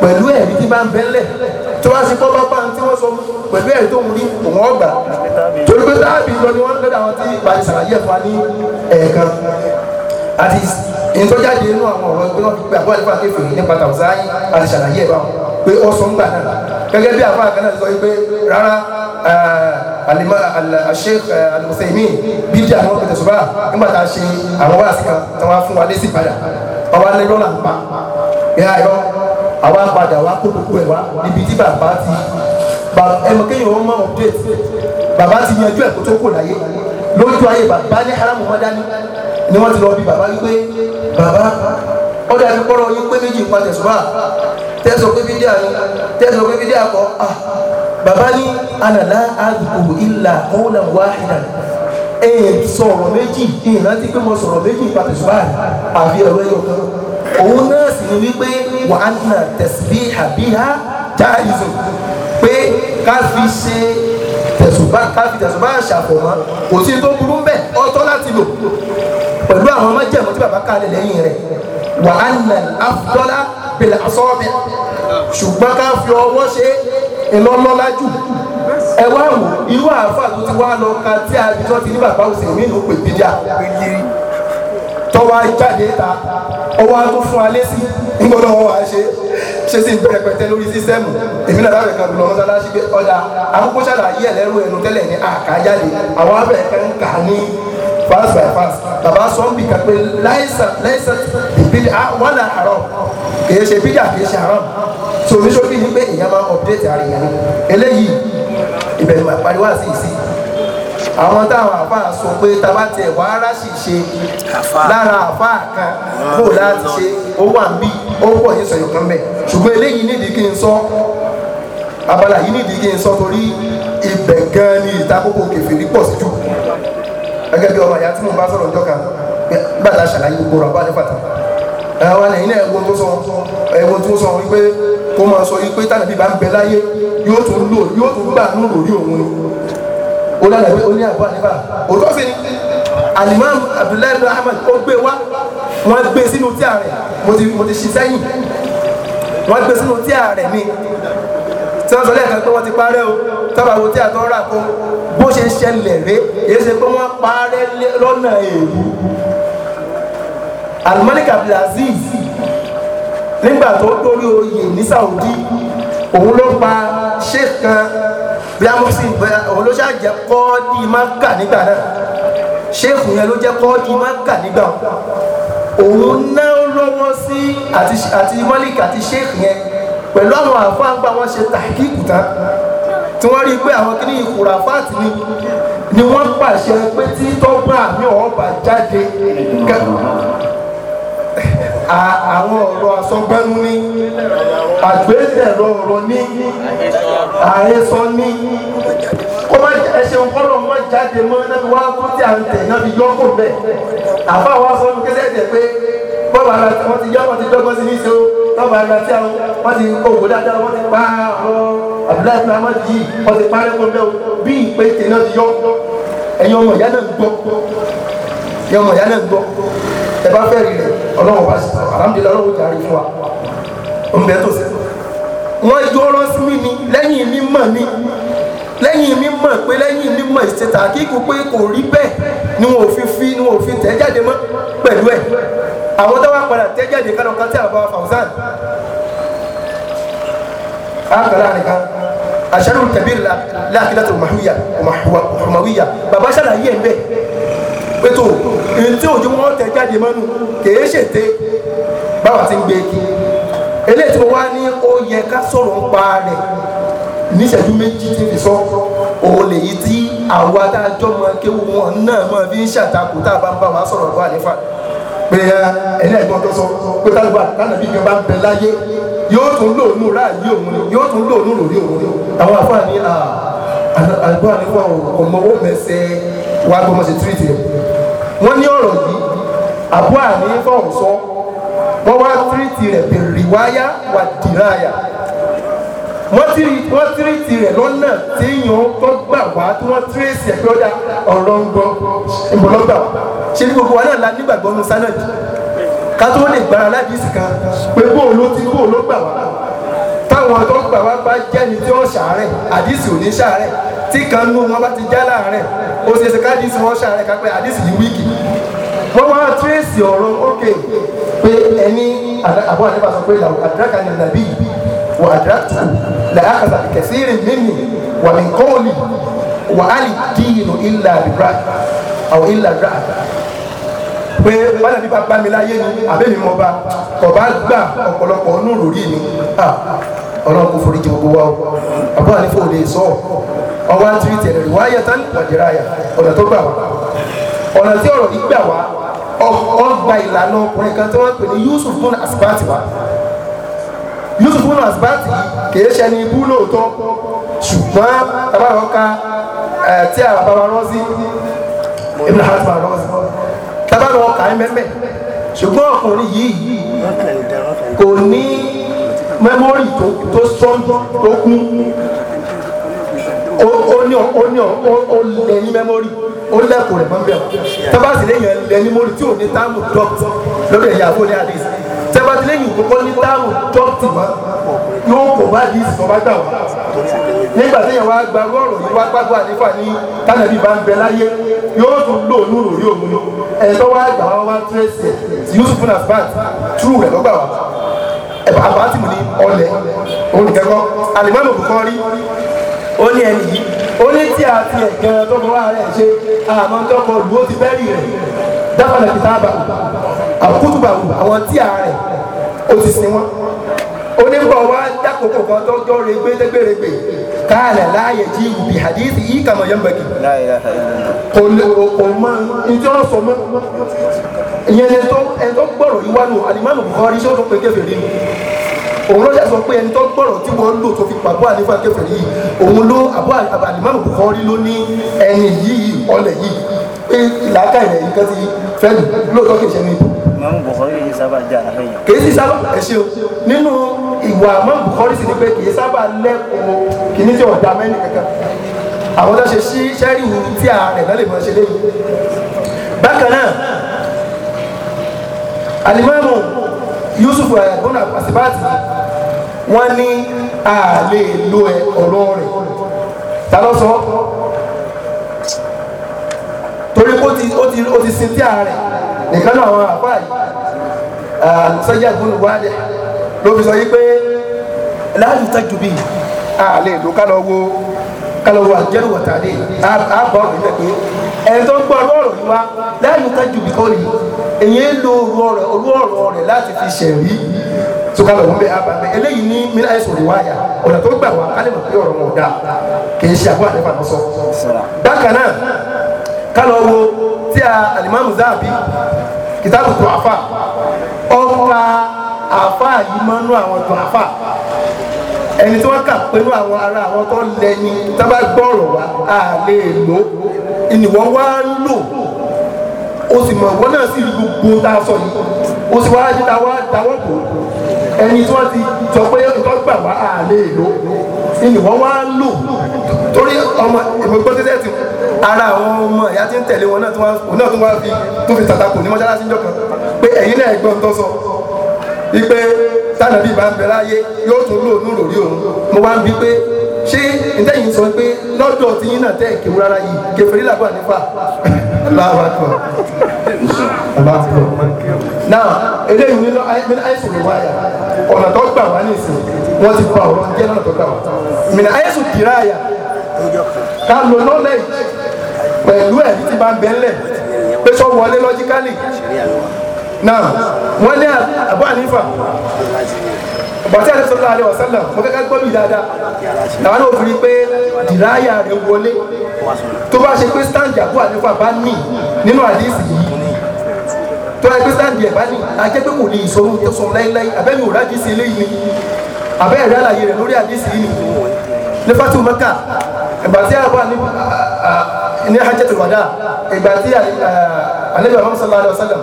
pẹ̀lú ẹ̀rí tí bá ń bẹ́lẹ̀ tó wá sí kọ́ bá bá ń tí wọ́n sọ fún pẹ̀lú ẹ̀rí tó ń rí òun ọgbà torí pé táàbì lọ ni wọ́n ń lọ́dọ̀ àwọn tí ìgbà ìsàlàyé ẹ̀fọn ní ẹ̀ẹ̀kan àti ìtọ́jáde inú àwọn ọ̀rọ̀ ìgbẹ́ wọn fi pé àbúrò àdúrà kéfì nípa tàwùsá yìí àti ṣàlàyé ẹ̀ báwọn pé ó sọ ń gbà náà gẹ́gẹ́ bí àbúrò àgbẹ̀ náà sọ pé rárá alima al-sheikh al bíi di àwọn pẹ̀tẹ̀sọ́bà nígbà tá a ṣe àwọn wáàsí kan tí wọ́n á fún wa lé sí padà ọba lẹ́rọ́ là ń pa ìhà ìrọ́ àwa padà wá kó gbogbo ẹ̀ wá níbi tí bàbá ti ẹmọ kéèyàn wọn máa update bàbá ti yanjú ẹ̀ kó tó kò láyé lójú ayé bàbá ní haramu wọn dání ni wọ́n ti lọ bí bàbá wípé bàbá ọ̀dà mi kọ́rọ̀ yín pé méjì nípa tẹ̀sùmá tẹ́sọ̀ pé fídíà ni tẹ́sọ̀ pé fídíà kọ́ ah bàbá ní ànàlá àdùkù ìlà kọ́ọ̀là wáhìnà ẹ̀ sọ̀rọ̀ méjì ìrántí pé mo sọ̀rọ̀ méjì nípa tẹ̀sùmá àbí ẹ̀rọ ẹ̀yọ̀ kan òun náà sì ni wípé wàhánà tẹ̀síbí àbíhá jáàyè pé ká fi ṣe tẹ̀sùbá ká fi tẹ̀sùbá ṣàfọ̀mọ́ kò sí tó burú bẹ́ẹ̀ ọtọ́ láti lò pẹ̀lú àwọn májẹ̀mú tí bàbá kalẹ̀ lẹ́yìn rẹ̀ wà á nà áfúdọ́lá bẹ̀lẹ̀ àsọ́ọ̀bẹ̀ ṣùgbọ́n ká fi ọwọ́ ṣe ìlọ́lọ́lá jù ẹ wá wò irú àáfà tó ti wá lọ ka tí a bí tó ti ní bàbá òsè mí ló pè bídíà tọ́wọ́ jáde ta ọwọ́ á tún fún alẹ́ sí nígbọ́dọ̀ wọn wá ṣe ṣe sì ń pẹrẹpẹtẹ lórí sísẹ́mù èmi náà láwọn ẹ̀ka lọ mọ́sálásí pé ọ̀dà àkókò ṣàlàyé ẹ̀lẹ́rú ẹnu tẹ́lẹ̀ ní àkájáde àwọn abẹ́ ẹ̀ka ń kà ní pass by pass bàbá sọ́ńbì kan pé láìsà láìsà ìbílẹ̀ wọn là àárọ̀ kì í ṣe bídà kì í ṣe àárọ̀ so ní sókè ní pé èèyàn máa update ara èèyàn eléyìí ìbẹ̀rù àpariwá sí àwọn táwọn àfáà sọ pé tábà tiẹ̀ wàá ráṣì ṣe lára àfáà kan kó láti ṣe ó wà ń bíi ó pọ̀ ní sọ̀yọ̀ kan bẹ̀ ṣùgbọ́n eléyìí nídìí kí n sọ abala yìí nídìí kí n sọ torí ibẹ̀ gan ni ìtakókò kẹfìrí pọ̀ sí jù gẹ́gẹ́ bí ọmọ ìyá tí mo bá sọ̀rọ̀ ọjọ́ kan gbàdá ṣàlàyé gbogbo rà bá ní pàtàkì àwọn ẹ̀yìn náà ẹ̀wọ̀n tó sọ ẹ̀wọ̀n tó sọ wípé kó máa sọ wípé tàbí bá ń bẹ láyé yóò tún lò yóò tún gbà ń lò rí òun ni ó lọ́nà ìwé oní àbúrò òótọ́ sí ni alimami Abdullahi Ahmad ó gbé wọ́n gbé sínú tí ààrẹ mo ti mo ti ṣí sẹ́yìn wọ́n gbé sínú tí ààrẹ ni tí wọ́n sọ lẹ́ẹ̀kan pé wọ́n ti parẹ́ o tọ́ba wo tí a tọ́ rà kó bó ṣe ṣẹlẹ̀ ré èyí ṣe pé wọ́n parẹ́ lọ́nà èrú Al-Malik Abdulaziz nígbà tó dórí oyè ní Saudi òun ló pa sheikh kan bí amúsí òun ló ṣàjẹ́ kọ́ di Mákà nígbà náà sheikh yẹn ló jẹ́ kọ́ di Mákà nígbà náà òun náà lọ́wọ́ sí àti mọ́líkì àti sheikh yẹn pẹ̀lú àwọn àfáàgbà wọn ṣe tàkíkù tán tí wọ́n rí i pé àwọn kìíní ìkùrà fáàtì ni ni wọ́n pàṣẹ pé tí tọ́gbà mi ò bá jáde àwọn ọ̀rọ̀ àsọgbẹ́nu ní àgbélẹ̀rọ̀ ọ̀rọ̀ ní àhesọ ní ẹ ṣeun kọ́ lọ́mọ jáde mọ́ náà wá kó tí à ń tẹ̀ náà fi yọ́ kò bẹ́ẹ̀ àbá wa sọ fún kẹsẹ̀ tẹ̀ pé bọ́ọ̀lù ara wọn ti yọ́ wọn ti dọ́gbọ́n sí ní so tọ́ba ara tí wọn ti owó dáadáa wọn ti pa àwọn abdullahi fún amadu yìí wọn ti parí kó bẹ́ẹ̀ bí ìpè tẹ̀ náà ti yọ́ ẹ̀yin ọmọ ìyá náà gbọ́ ẹ̀yin ọmọ ìyá náà gbọ́ ẹ bá fẹ́ rí rẹ̀ ọlọ́run wá sí alhamdulilayi ọlọ́run jàre fún wa ọmọ ìyá tó sẹ́kọ̀ọ́ wọ́n yọ ọ́rọ́ sí mi ni lẹ́yìn mi mi lẹ́yìn mímọ̀ pé lẹ́yìn mímọ̀ ìṣètà kíkú pé kò rí bẹ́ẹ̀ ni wọn ò fi fi ni wọn ò fi tẹ̀ jáde mọ́ pẹ̀lú ẹ̀ àwọn tó wá padà tẹ́ jáde kánú kan tí àbá fàwùsàn àkàrà nìkan àṣàrù kabir lákìlátò mahwiya bàbá ṣàlàyé ẹ̀ bẹ́ẹ̀ pé tó ntí òjò wọn tẹ̀ jáde mọ́nu kìí ṣètè báwa ti ń gbé kí eléyìí tí mo wá ní ó yẹ ká sọ̀rọ̀ ń pa rẹ̀ níṣẹ́jú méjì tí fi sọ òun lèyí tí àwa tá a jọ mọ kéwu wọn náà mọ bí ń ṣàtakò tá a bá ń bá wọn sọ̀rọ̀ lọ́wọ́ àlefa pé ẹni ẹ̀gbọ́n tó sọ pé tálíbà lánàá bí kan bá ń bẹ láyé yóò tún lò nù ráàyè òun ni yóò tún lò nù lórí òun ni àwọn àfáàní àgbọ̀ àlefa ọmọ owó mẹsẹ̀ wàá gbọmọ ṣe tírìtì wọn ní ọ̀rọ̀ yìí àbúrò àní fọ̀ọ̀ sọ wọ́n wá tírìtì rẹ̀ bẹ̀rẹ̀ wáyà wà dìráyà wọ́n tiri wọ́n tiri tirẹ̀ lọ́nà tí yàn tó gbà wá tí wọ́n tírèsì ẹ̀ lọ́dà ọ̀rọ̀ ń gbọ́ ìbọ̀lọ́gbà ṣe ní gbogbo wa náà la nígbàgbọ́ nu sanad ká tó lè gbára aládìsí kan pé bóun ló ti bóun ló gbà wá táwọn tó gbà wá bá jẹ́ni tí wọ́n ṣàárẹ̀ àdìsí ò ní ṣàárẹ̀ tí kan nú wọn bá ti já láàárẹ̀ ó ṣe é ṣe kádìsí wọn ṣàárẹ̀ kápẹ́ àdìsí yìí wíìkì wọ́n wá tírèsì ọ̀rọ̀ ókè pé ẹni àbọ̀ àdébàsọ pé làwọn àdúrà kan ní nàbí yìí وأدركتني لأخذ بكثير مني ومن قولي وعلي الدين إلا برأي أو إلا برأي pé bọ́lá bí bá bá mi láyé ni àbẹ́mi mọ́ bá ọba gbà ọ̀pọ̀lọpọ̀ ọ̀nù lórí mi ọlọ́run kò foríjì gbogbo wa o àbọ̀ àlefò lè sọ ọwọ́ àti rí tẹ̀lé wáyé tán wàjẹ́rẹ́ àyà ọ̀nà tó gbà wá ọ̀nà tí ọ̀rọ̀ yìí gbà wá ọgbà ìlànà ọkùnrin kan tí wọ́n pè ní Yusuf fún asipáàtì wa Yusuf ibn Asbat kìí ṣe ni ibú lóòótọ́ ṣùgbọ́n bàbá àwọn ka tí a bàbá wa rán sí ibn Hazm bàbá rán sí bàbá àwọn ka ẹ mẹ́mẹ́ ṣùgbọ́n ọkùnrin yìí kò ní mẹ́mórì tó strong tó kún ó ní ó ní ó lẹ́yìn mẹ́mórì ó lẹ́kùn rẹ̀ mọ́ bẹ́ẹ̀ tọ́ba sì lẹ́yìn lẹ́yìn mẹ́mórì tí ò ní táàmù dọ́t lórí ẹ̀yà àbúrò ní àdéhùn lẹ́yìn òkókó ní táwọn tọ́tì wá yóò kò bá di ìsìn ọba gbà wá nígbà téèyàn wá gba rọrùn yìí wá gbàgbọ́ àdífà ní tánàbí bá ń bẹ láyé yóò tún lò ní òrí òun ni ẹ̀tọ́ wá gbà wá wá tírẹ̀sì tí yusuf náà bá tú rẹ̀ lọ́gbà wá ẹ̀bà àbátìmù ní ọlẹ̀ olùkẹ́kọ̀ọ́ alimami olùkọ́ rí ó ní ẹni yìí ó ní tí a ti ẹ̀gẹ́ tọkọ wá rẹ̀ ṣe àmọ́ tọkọ ó ti sin wọn onígbà wa dákòókò kan tó jọ regbé lẹ́gbẹ̀rẹ̀gbẹ̀ káàlẹ̀ láàyè tí ibi hadith yìí kàmọ̀ yẹn bẹ̀kì kò lè kò mọ ìjọ sọ mọ ìyẹn ẹni tó ẹni tó gbọ́rọ̀ yìí wá nù alimami Bukhari ṣé ó sọ pé kèfèrí ni òun ló yà sọ pé ẹni tó gbọ́rọ̀ tí wọ́n lò tó fi pàbó àlefa kèfèrí yìí òun ló àbó alimami Bukhari ló ní ẹni yìí ọlẹ̀ yìí pé làákà ìrẹ̀yìn kan ti fẹ́ lóòótọ́ kìí ṣe ní ibò ìmọ̀mù Bukhari yìí sábà jẹ́ àlàfẹ́ yẹn. kì í sì sábà ẹ ṣe o nínú ìwà ìmọ̀mù Bukhari sì ni pé kì í sábà lẹ́kùn kì í ní tí ọ̀dà mẹ́rin kankan àwọn tó ṣe sí sẹ́rí ìhun tí a rẹ̀ lọ́lẹ̀ mọ́ ṣe léyìn. bákan náà alimami Yusuf ayagona eh, asibati wọn ní a lè lo ẹ ọ̀rọ̀ rẹ̀ ta ló sọ torí ó ti sin tí a rẹ̀ nìkan náà àwọn àfáà yìí sẹ́yìn àgbọ̀nù wálé ló fi sọ yí pé láàyè tẹ́jú bíi àlè ló kálọ̀ wo kálọ̀ wo àjẹrù wọ̀tàdé àbọ̀ òyìnbẹ̀ pé ẹni tó ń gbọ́ ọ̀rọ̀ yìí wá láàyè tẹ́jú bíi kọ́ọ̀lì èyí ń lo olú ọ̀rọ̀ rẹ̀ láti fi ṣẹ̀rí sukalo wọn bẹ abamẹ eléyìí ní mina ayé sọ̀rọ̀ wáyà ọ̀nà tó gbà wá alẹ́ mọ̀ pé ọ̀rọ̀ wọn dà kìí ṣe àbúrò àdébà lọ́sọ̀. bákan náà kálọ̀ wo tí a alimami zahabi kìtàbù tó àfà ọ̀ka àfà yìí máa ń nú àwọn tó àfà ẹni tí wọ́n kà pẹ̀lú àwọn ará àwọn tó lẹ́yìn tábà gbọ́rọ̀ wá a lè lò ìnìwọ́n wá lò ó sì mọ̀ wọ́n náà sì gbogbo tá a sọ yìí ó sì wá dídá wá dáwọ́ bò ẹni tí wọ́n ti sọ pé nǹkan gbà wá a lè lò ìnìwọ́n wá lò torí ọmọ ìmọ̀gbọ́n tẹ́tẹ́ ti kú ara àwọn ọmọ ìyá tí ń tẹ̀lé wọn náà tó wá fi tó fi tàtàkù ní mọ́ṣáláṣí jọ kan pé ẹ̀yin náà gbọ́n tó sọ wípé tánàbí bá ń bẹ láyé yóò tún lò ní lórí òun mo wá ń bi pé ṣé ntẹ́yìn sọ pé lọ́dọ̀ tí yín náà tẹ́ ìkéwú rárá yìí kẹfẹ́rí làbọ̀ nípa aláwàkọ̀ aláwàkọ̀ náà eléyìí nínú àìsùn ló wáyà ọ̀nà tó gbà wá nìsín wọ́n ti pa ọ̀rọ̀ jẹ́ lọ́nà tó gbà wá mìíràn àìsùn kìráyà ká lo knowledge pẹ̀lú ẹ̀rí tí bá ń bẹ ńlẹ̀ pé sọ wọlé lọ́jíkálì náà wọ́n ní àbọ̀ ànífà bàtí àti sọ́lá àlẹ́ ọ̀sánà mo kẹ́kẹ́ gbọ́ mi dáadáa làwọn náà fi rí pé dìráyà rẹ̀ wọlé tó bá ṣe pé stand àbọ̀ ànífà bá nì nínú àdísì yìí tó bá ṣe pé stand ẹ̀ bá nì ajẹ́ pé kò ní ìṣòro tó sọ láíláí abẹ́mi ò rájí sí eléyìí ni abẹ́ ẹ̀rí àlàyé rẹ̀ lórí àdísì yìí ni nípa tí mo mọ́kà ìgbà tí àbọ̀ ànífà ní hajjatul wada ìgbà tí anabi muhammad sallallahu alayhi wa sallam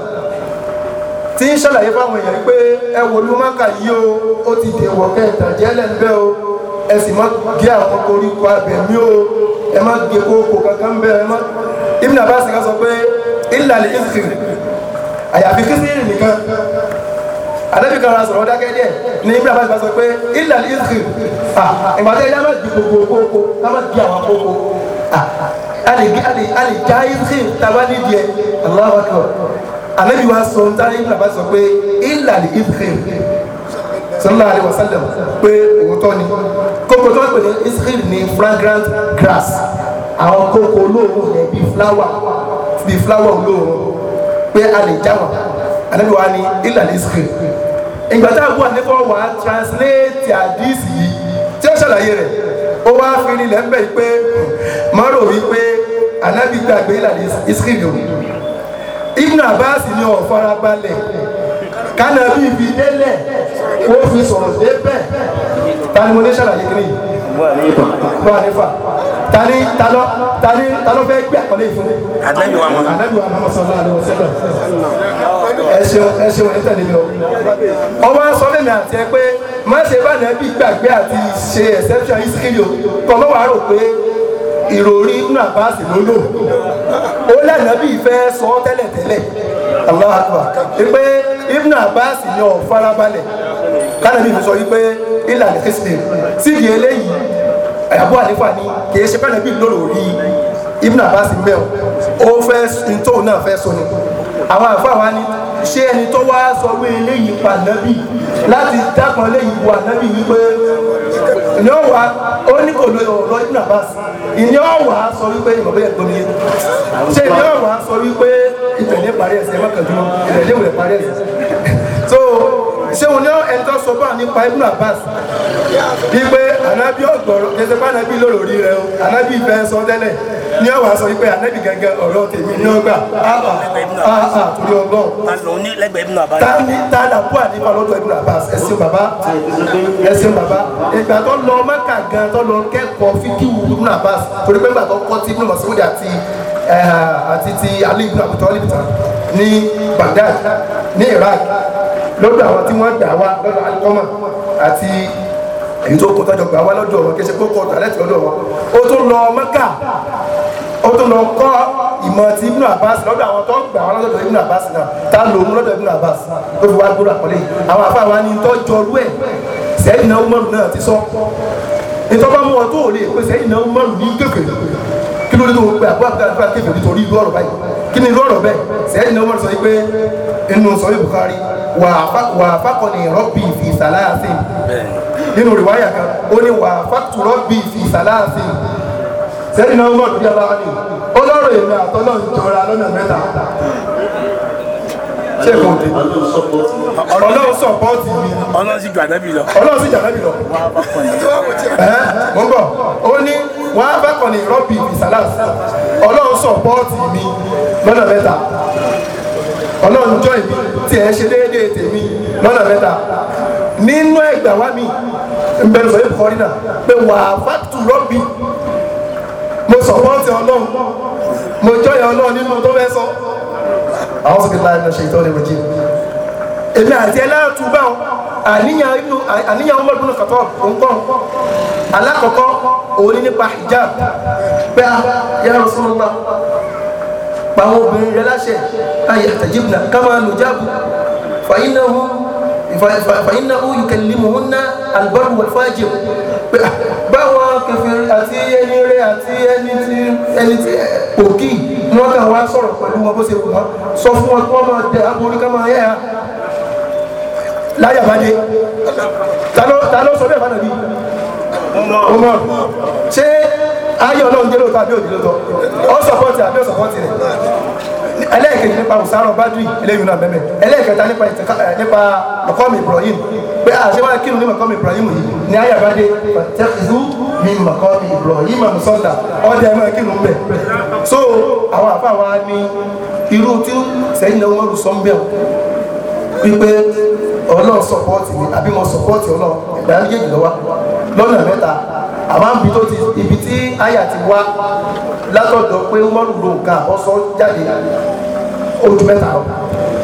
tí ń ṣàlàyé fáwọn èèyàn pé ẹ wò ló máa kà yí o ó ti dèwọ̀ kẹ́ ìtàjẹ́ lẹ́nbẹ́ o ẹ sì má gé àwọn koríko abẹ̀mí o ẹ má gé kókó kankan bẹ́ẹ̀ ẹ má Ibn Abbas kan sọ pé ìlàlẹ̀ ìfìr àyàfi kí sí nìkan anabi kan ra sọ̀rọ̀ dákẹ́ díẹ̀ ní Ibn Abbas sọ pé ìlàlẹ̀ ìfìr ìgbà tí ẹ yá má gé kókó kókó ká má gé àwọn kókó ali ali ali jaiz khir tabali diẹ Allahu akbar anabi wa sọ n taara ibùdó abasọ pé ilà lè ifkhir sallallahu alayhi wa sallam pé òótọ́ ni kókó tó ń pè ní fragrant grass àwọn kókó olóòórùn yẹn bíi flower bíi flower olóòórùn pé a lè jáwọ́ anabi wa ni ilà lè ifkhir ìgbà tá a gbọ́ ànífọ́ wà á translate àdìsí yìí tí ó ṣàlàyé rẹ̀ ó wá fi ní lẹ́ńbẹ̀ yìí pé mọ́rò wípé anábì gbàgbé ìlànà ìsìkìlì o Ibn Abbas ni ó farabalẹ̀ kánábì fi délẹ̀ ó fi sọ̀rọ̀ débẹ̀ tani mo ní sàlàyé kiri bó àlefa tani talọ tani talọ fẹ́ gbé àkọlé yìí fún mi. anabi wa mọ anabi wa mọ sọlá alẹ wọn sẹlẹ ẹ ṣeun ẹ ṣeun ẹ tẹ̀lé mi o. ọmọ sọ fún mi àti ẹ pé má ṣe bá nàbí gbàgbé àti ṣe ẹsẹ fíà ìsìkìlì o kọ mọ wàá rò pé ìròrí inú àbáàsì ló lò ó lànà bíi fẹ́ sọ ọ́ tẹ́lẹ̀tẹ́lẹ̀ Akbar pé ibùnà àbáàsì ni ọ̀ farabalẹ̀ kánàbí fi sọ wípé ìlànà kristi sídìí eléyìí àyàbọ̀ àlefa ni kì í ṣe kánàbí lòrò rí ibùnà àbáàsì mẹ́ọ̀ ó fẹ́ ntòun náà fẹ́ sọ ni àwọn àfáà wa ni ṣé ẹni tó wá sọ wí eléyìí pa nábì láti dákan eléyìí wà nábì wípé ni ó wà ó ní kò lóye ọ̀rọ̀ ibn abbas ìní ọ̀wà sọ wípé ìmọ̀ bẹ́ẹ̀ tó níye ṣe ìní ọ̀wà sọ wípé ìtẹ̀lé parí ẹ̀sẹ̀ mọ́kàndínlọ́ ìtẹ̀lé ìwẹ̀ parí ẹ̀sẹ̀ so ṣé òun ní ẹ̀ńtọ́ sọ bá nípa Ibn Abbas wípé ànábì ọ̀gbọ̀rọ̀ kẹsẹ̀ bá ànábì lọ́rọ̀ rí rẹ o ànábì fẹ́ sọ tẹ́lẹ̀ ní ọ̀wà sọ wípé ànábì gẹ́gẹ́ ọ̀rọ̀ tèmi ní ọgbà áhà ah, áhà ah, ah, torí ọgbọ́n tani àbú àníbà lọ́dọ̀ Ibn Abbas ẹ̀sìn bàbá ẹ̀sìn bàbá ìgbà tó lọ Mẹ́kà gan tó lọ kẹ́kọ̀ọ́ fíkìwù Ibn Abbas torí pé ìgbà tó kọ́ ti Ibn Mas'ud àti eh, àti ti Ali ibn Abi Talib ní Baghdad ní Iraq lọ́dọ̀ àwọn tí wọ́n gbà wá lọ́dọ̀ alikọ́mà àti èyí tó kọ́ tọ́jọ́ gbà wá lọ́dọ̀ wọn kí ẹ ṣe kó kọ́ tàlẹ́tì lọ́dọ̀ wọn ó tún lọ Mẹ́kà ó tún lọ kọ́ ìmọ̀ ti Ibn Abbas lọ́dọ̀ àwọn tó ń gbà wá lọ́dọ̀ Ibn Abbas náà tá ló mú lọ́dọ̀ Ibn Abbas ló fi wá gbọ́dọ̀ àkọlé àwọn afá wa ni tó jọrú ẹ̀ sẹ́yìn náà Umaru náà ti sọ ìtọ́ba mú ọ tó kí ló dé tó gbé àbúrò àbúrò àbúrò àkẹ́fẹ́ nítorí irú ọ̀rọ̀ báyìí kí ni irú ọ̀rọ̀ bẹ́ẹ̀ sẹ́yìn náà wọ́n sọ pé inú sọ́yìn Bukhari wà á fákọ̀ ní rọ́bì fi sàlàsì nínú rìwáyà kan ó ní wà á fákọ̀ rọ́bì fi sàlàsì sẹ́yìn náà wọ́n bí ara ni ọlọ́rọ̀ èmi àtọ́nà jọra lọ́nà mẹ́ta ṣé kò dé ọlọ́run sọ̀pọ́ọ̀tì mi ọlọ́run sì gbàdábì lọ ọlọ́run sì gbàdábì lọ mọ́ bọ̀ ó ní wọ́n á bá kàn ní rọ́bì ìsàlásì ọlọ́run sọ̀pọ́ọ̀tì mi lọ́nà mẹ́ta ọlọ́run jọ ìbí tí ẹ̀ ṣe déédéé tèmi lọ́nà mẹ́ta nínú ẹgbà wá mi ń bẹ̀rù sọ yóò kọrin náà pé wà á fàtú rọ́bì mo sọ̀pọ́ọ̀tì ọlọ́run mo jọyọ̀ ọlọ́run nínú tó fẹ́ sọ àwọn sọ̀kì láì lọ ṣe ìtọ́ni mo jí èmi àti ẹ láàtú báwọn àníyàn ọmọdún kàtọ́ òǹkọ́ alákọ̀ọ́kọ́ òun nípa hijab pé a yà Rasulullah pàwọn obìnrin rẹ láṣẹ ayé àtàjìbìnà ká máa lò jáàbù fàyínà ó yù kẹlẹ́ mọ̀ hún náà albaru wal fajir pé báwọn kẹfìrì àti ẹni rẹ àti ẹni tí ẹni tí òkì wọn kà wá sọ̀rọ̀ pẹ̀lú wọn bó ṣe wù wọn sọ fún wọn kí wọn máa tẹ aborí ká yẹ ya láyàbádé ta ló sọ bẹ́ẹ̀ fánàbí umar ṣé ayé ọlọ́run dé lóòótọ́ àbí òdì ọ sọpọ́tì àbí ọ̀sọpọ́tì rẹ̀ ẹlẹ́ẹ̀kejì nípa ọ̀sáró bádùí eléyìí náà bẹ́ẹ̀ ẹlẹ́ẹ̀kẹta nípa mọ̀kọ́mù ibrahim pé àṣewáyé kírun ibrahim yìí n'i ayé àbádé ibrahim àmùsọ́ndà ọ̀dẹ ẹ̀mọ́ kírun bẹ̀ so àwọn wa irú tí sẹ́yìn náà wọ́n rù wípé mi àbí mo lọ́nà mẹ́ta àmọ́ ibi tó ti ibi tí àyà ti wá látọ̀dọ̀ pé umaru lo nǹkan àkọ́sọ́ jáde ojú mẹ́ta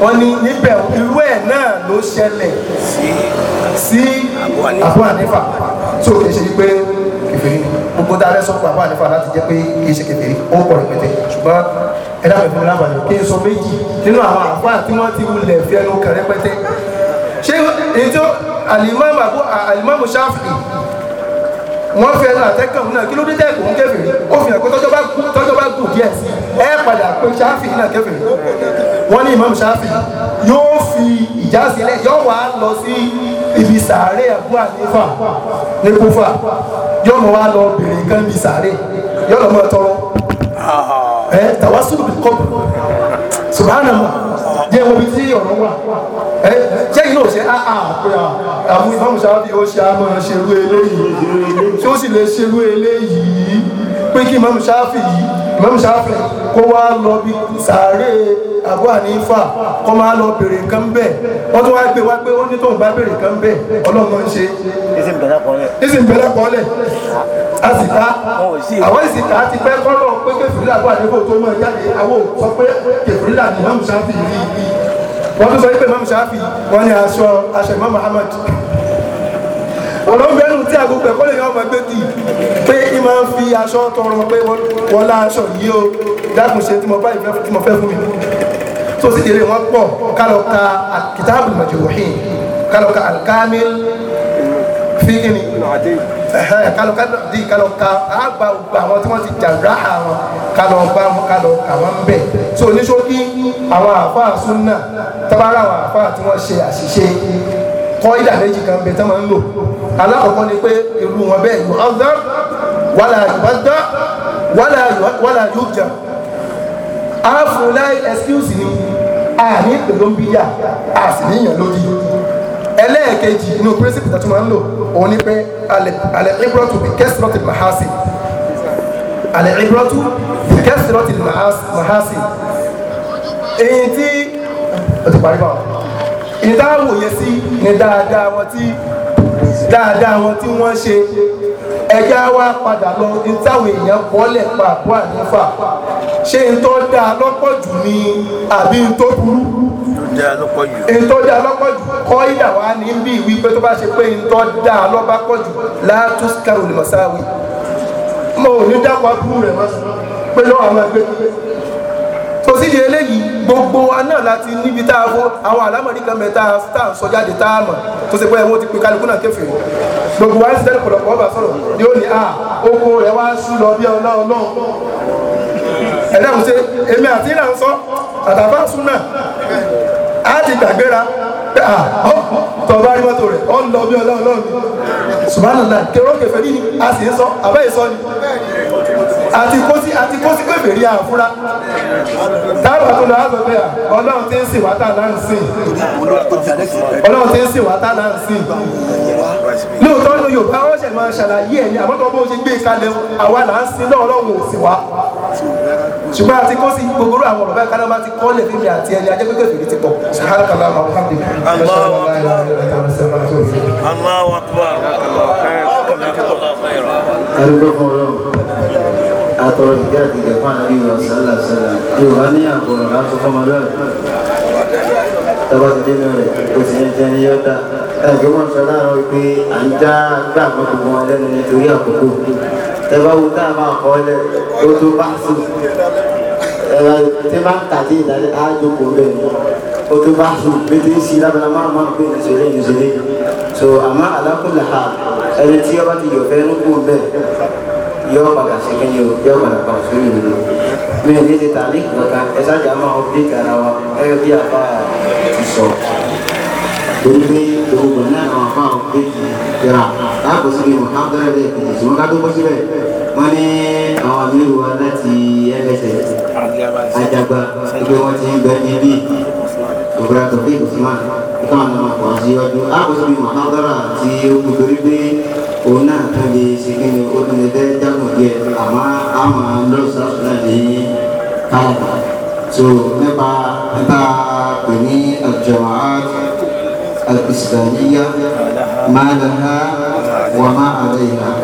wọ́n ní níbẹ̀ irú ẹ̀ náà ló ṣẹlẹ̀ sí Abu Hanifa tí ò lè ṣe pé kèfèrí gbogbo dáadé sọ pé Abu Hanifa láti jẹ́ pé kì í ṣe kèfèrí ó pọ̀ rẹpẹtẹ ṣùgbọ́n ẹ̀dá pẹ̀lú lábàlẹ̀ kí n sọ méjì nínú àwọn àfáà tí wọ́n ti wulẹ̀ fi ẹnu kẹrẹpẹtẹ ṣé èyí tó alimami Abu alimami Shafi'i wọ́n fi ẹnu àtẹ́kàn náà kí ló dé tẹ́kù ń kẹfì ó fi hàn pé tọ́jọ́ bá gùn tọ́jọ́ bá gùn díẹ̀ ẹ padà pé ṣáfì náà kẹfì wọ́n ní ìmáàmù ṣáfì yóò fi ìjà yóò wá lọ sí ibi sàárè Abu Hanifa ní yóò mọ̀ wá lọ bèrè nǹkan ibi sàárè yóò lọ mọ̀ tọrọ ẹ tàwa sùn kọ́ subhanallah jẹ́ wọ́n bí tí ọ̀rọ̀ wà ẹ jẹ́yìn náà ṣe áà ah, ah, pé ah, àwọn ìbámu ṣáábì ó ṣe àmọ́ ṣerú eléyìí tí ó sì lè ṣerú eléyìí pé kí ìmáàmù ṣááfì yìí ìmáàmù ṣááfì kó wá lọ bí sàárè Abu Hanifa kó máa lọ bèrè nǹkan bẹ́ẹ̀ wọ́n tún wá gbé wá pé ó ní tóun bá bèrè nǹkan bẹ́ẹ̀ ọlọ́run ń ṣe. ìsìn bẹ̀rẹ̀ kọ́lẹ̀. ìsìn a sì ká àwọn ìsìn ká ti pẹ́ kọ́lọ̀ pé kẹfìrìlà Abu Hanifa tó máa jáde àwọn ò sọ pé kẹfìrìlà ni ìmáàmù yìí wọ́n tún sọ pé mọ́mù sáfì wọ́n ní aṣọ aṣọ ìmọ̀ Muhammad ọ̀rọ̀ bẹ́ẹ̀nù tí àgùnbẹ̀ kọ́lé yọ ọmọ ẹgbẹ́ tì pé ì máa ń fi aṣọ tọrọ pé wọ́n lá aṣọ yìí o dákun ṣe tí mo bá ìfẹ́ tí mo fẹ́ fún mi tó sì dèrè wọn pọ̀ kálọ̀ ka kìtàbù màjòwòhìn kálọ̀ ka alkamil fíkìnì kálọ̀ ka di kálọ̀ ka àgbà àwọn tí wọ́n ti jàdúrà àwọn kálọ̀ bá wọn kálọ̀ àwọn bẹ̀ tó oníṣókí àwọn àáfàá súnà tábàárà àwọn àáfàá tí wọ́n ṣe àṣìṣe kọ́ ìdá méjì kan bẹ tí wọ́n ń lò alákọ̀ọ́kọ́ ni pé irú wọn bẹ́ẹ̀ yóò ọ̀dọ́ wàlà àyùbádá wàlà àyùjà àfúnláì excuse ni àní ìpèlómbíyà àsìníyàn lódì ẹlẹ́ẹ̀kejì inú principle tó máa ń lò òun ni pé alẹ́ ibrọ́tù bí kẹ́sìrọ́tì mahasi alẹ́ ibrọ́tù bí kẹ́sìrọ́tì mahasi èyí tí ó ti parí báwọn ìdáwò yẹn sí ni dáadáa wọn tí dáadáa wọn tí wọ́n ṣe ẹja wa padà lọ ní táwọn èèyàn bọ́lẹ̀ pa àbọ̀ ànífà ṣé n tó dáa lọ́pọ̀ jù ni àbí n tó burú n tó dáa lọ́pọ̀ jù kọ́ ìdà wa ní bí wípé tó bá ṣe pé n tó dáa lọ́pọ̀ pọ̀ jù látúnṣ kárò lè mọ̀ sáwì mo ò ní dápọ̀ àbúrò rẹ̀ mọ́ pé lọ́wọ́ àwọn ẹgbẹ́ so sídìí eléyìí gbogbo wa náà láti níbi tá a fọ àwọn àlámọ̀rí kan mẹ́ta tá à ń sọ jáde tá a mọ̀ tó ṣe pé ẹ̀wọ̀n ti pe kálukú náà kéfì gbogbo wa ń sẹ́ni pọ̀lọpọ̀ ọba sọ̀rọ̀ yóò ní a oko rẹ̀ wá sú lọ bí ọlá ọlọ́run ẹ̀dá kò ṣe èmi àti ìlà ń sọ àtàfà sún náà á ti gbàgbéra tọba rí mọ́tò rẹ̀ ọ́n lọ bí ọlá ọlọ́run subhanallah kẹrọ kẹfẹ́ ní ni a sì ń sọ àbẹ́ ìsọ ni àti kó sí àti kó sí pé bèrè àfúrá táwọn tó lọ àgbẹ̀ bẹ́ẹ̀ ah, ọlọ́run tí ń sìn wá tà láà ń sìn ọlọ́run tí ń sìn wá tà láà ń sìn lóòótọ́ ní Yorùbá wọ́n ṣẹ̀ máa ṣàlàyé ẹ̀yìn àmọ́ tó bó ṣe gbé e kalẹ̀ àwa là ń sin náà ọlọ́run ò sì wá ṣùgbọ́n àti kó sí gbogbo àwọn ọ̀rọ̀ báyìí kánáà bá ti kọ́ lè fi mi àti ẹni ajẹ́ pé ti pọ̀ ṣùgbọ́n kàlá àwọn ọ̀hún kàdé atọrọ ìgbà ìgbà fún àlàyé wa sálà sálà yorùbá ní àkọrọ láti fọmọ lọrẹ tọba ti dénú rẹ o ti yẹn jẹun yọ dá ẹgbẹ́ wọn sọ láàárọ̀ wípé à ń já gbà kan gbogbo wọn lẹ́nu nítorí àkókò tẹbá wo tá a máa kọ ọ lẹ o tó bá sùn ẹ tẹ bá ń ìdálẹ á jókòó bẹ́ẹ̀ o tó bá sùn pété sí lábala máa máa gbé nìṣẹlẹ nìṣẹlẹ so àmọ́ alákùnlé ha ẹni tí ọba ti yọ fẹ ló bẹ́ẹ̀ yóò padà sí kíni o yóò padà padà sí òyìnbó lọ mi ò ní ti tà ní kankan ẹ sájà máa ń bí gara wa ẹ bí àbá ti sọ torí pé gbogbo náà àwọn afá àwọn péjì ra láàbò síbi wọn ká bẹ̀rẹ̀ bẹ́ẹ̀ kejì tí wọ́n ká tó bọ́ síbẹ̀ wọ́n ní àwọn àmìlú wa láti fss ajagba pé wọ́n ti ń bẹ níbí òkúra tòfé ìkùsùmáà nípa àwọn ọmọ kan sí ọdún láàbò síbi wọn ká bẹ̀rẹ̀ àti okùn torí pé òun náà tún lè ṣe kí ni ó tún lè bẹ́ẹ̀ làwọn àwọn lọ́sọ̀rọ̀sọ̀rọ̀ ní kálífà tó nípa nípa pè ní al-jama'at al-islamiyya ma laha wa ma alayha.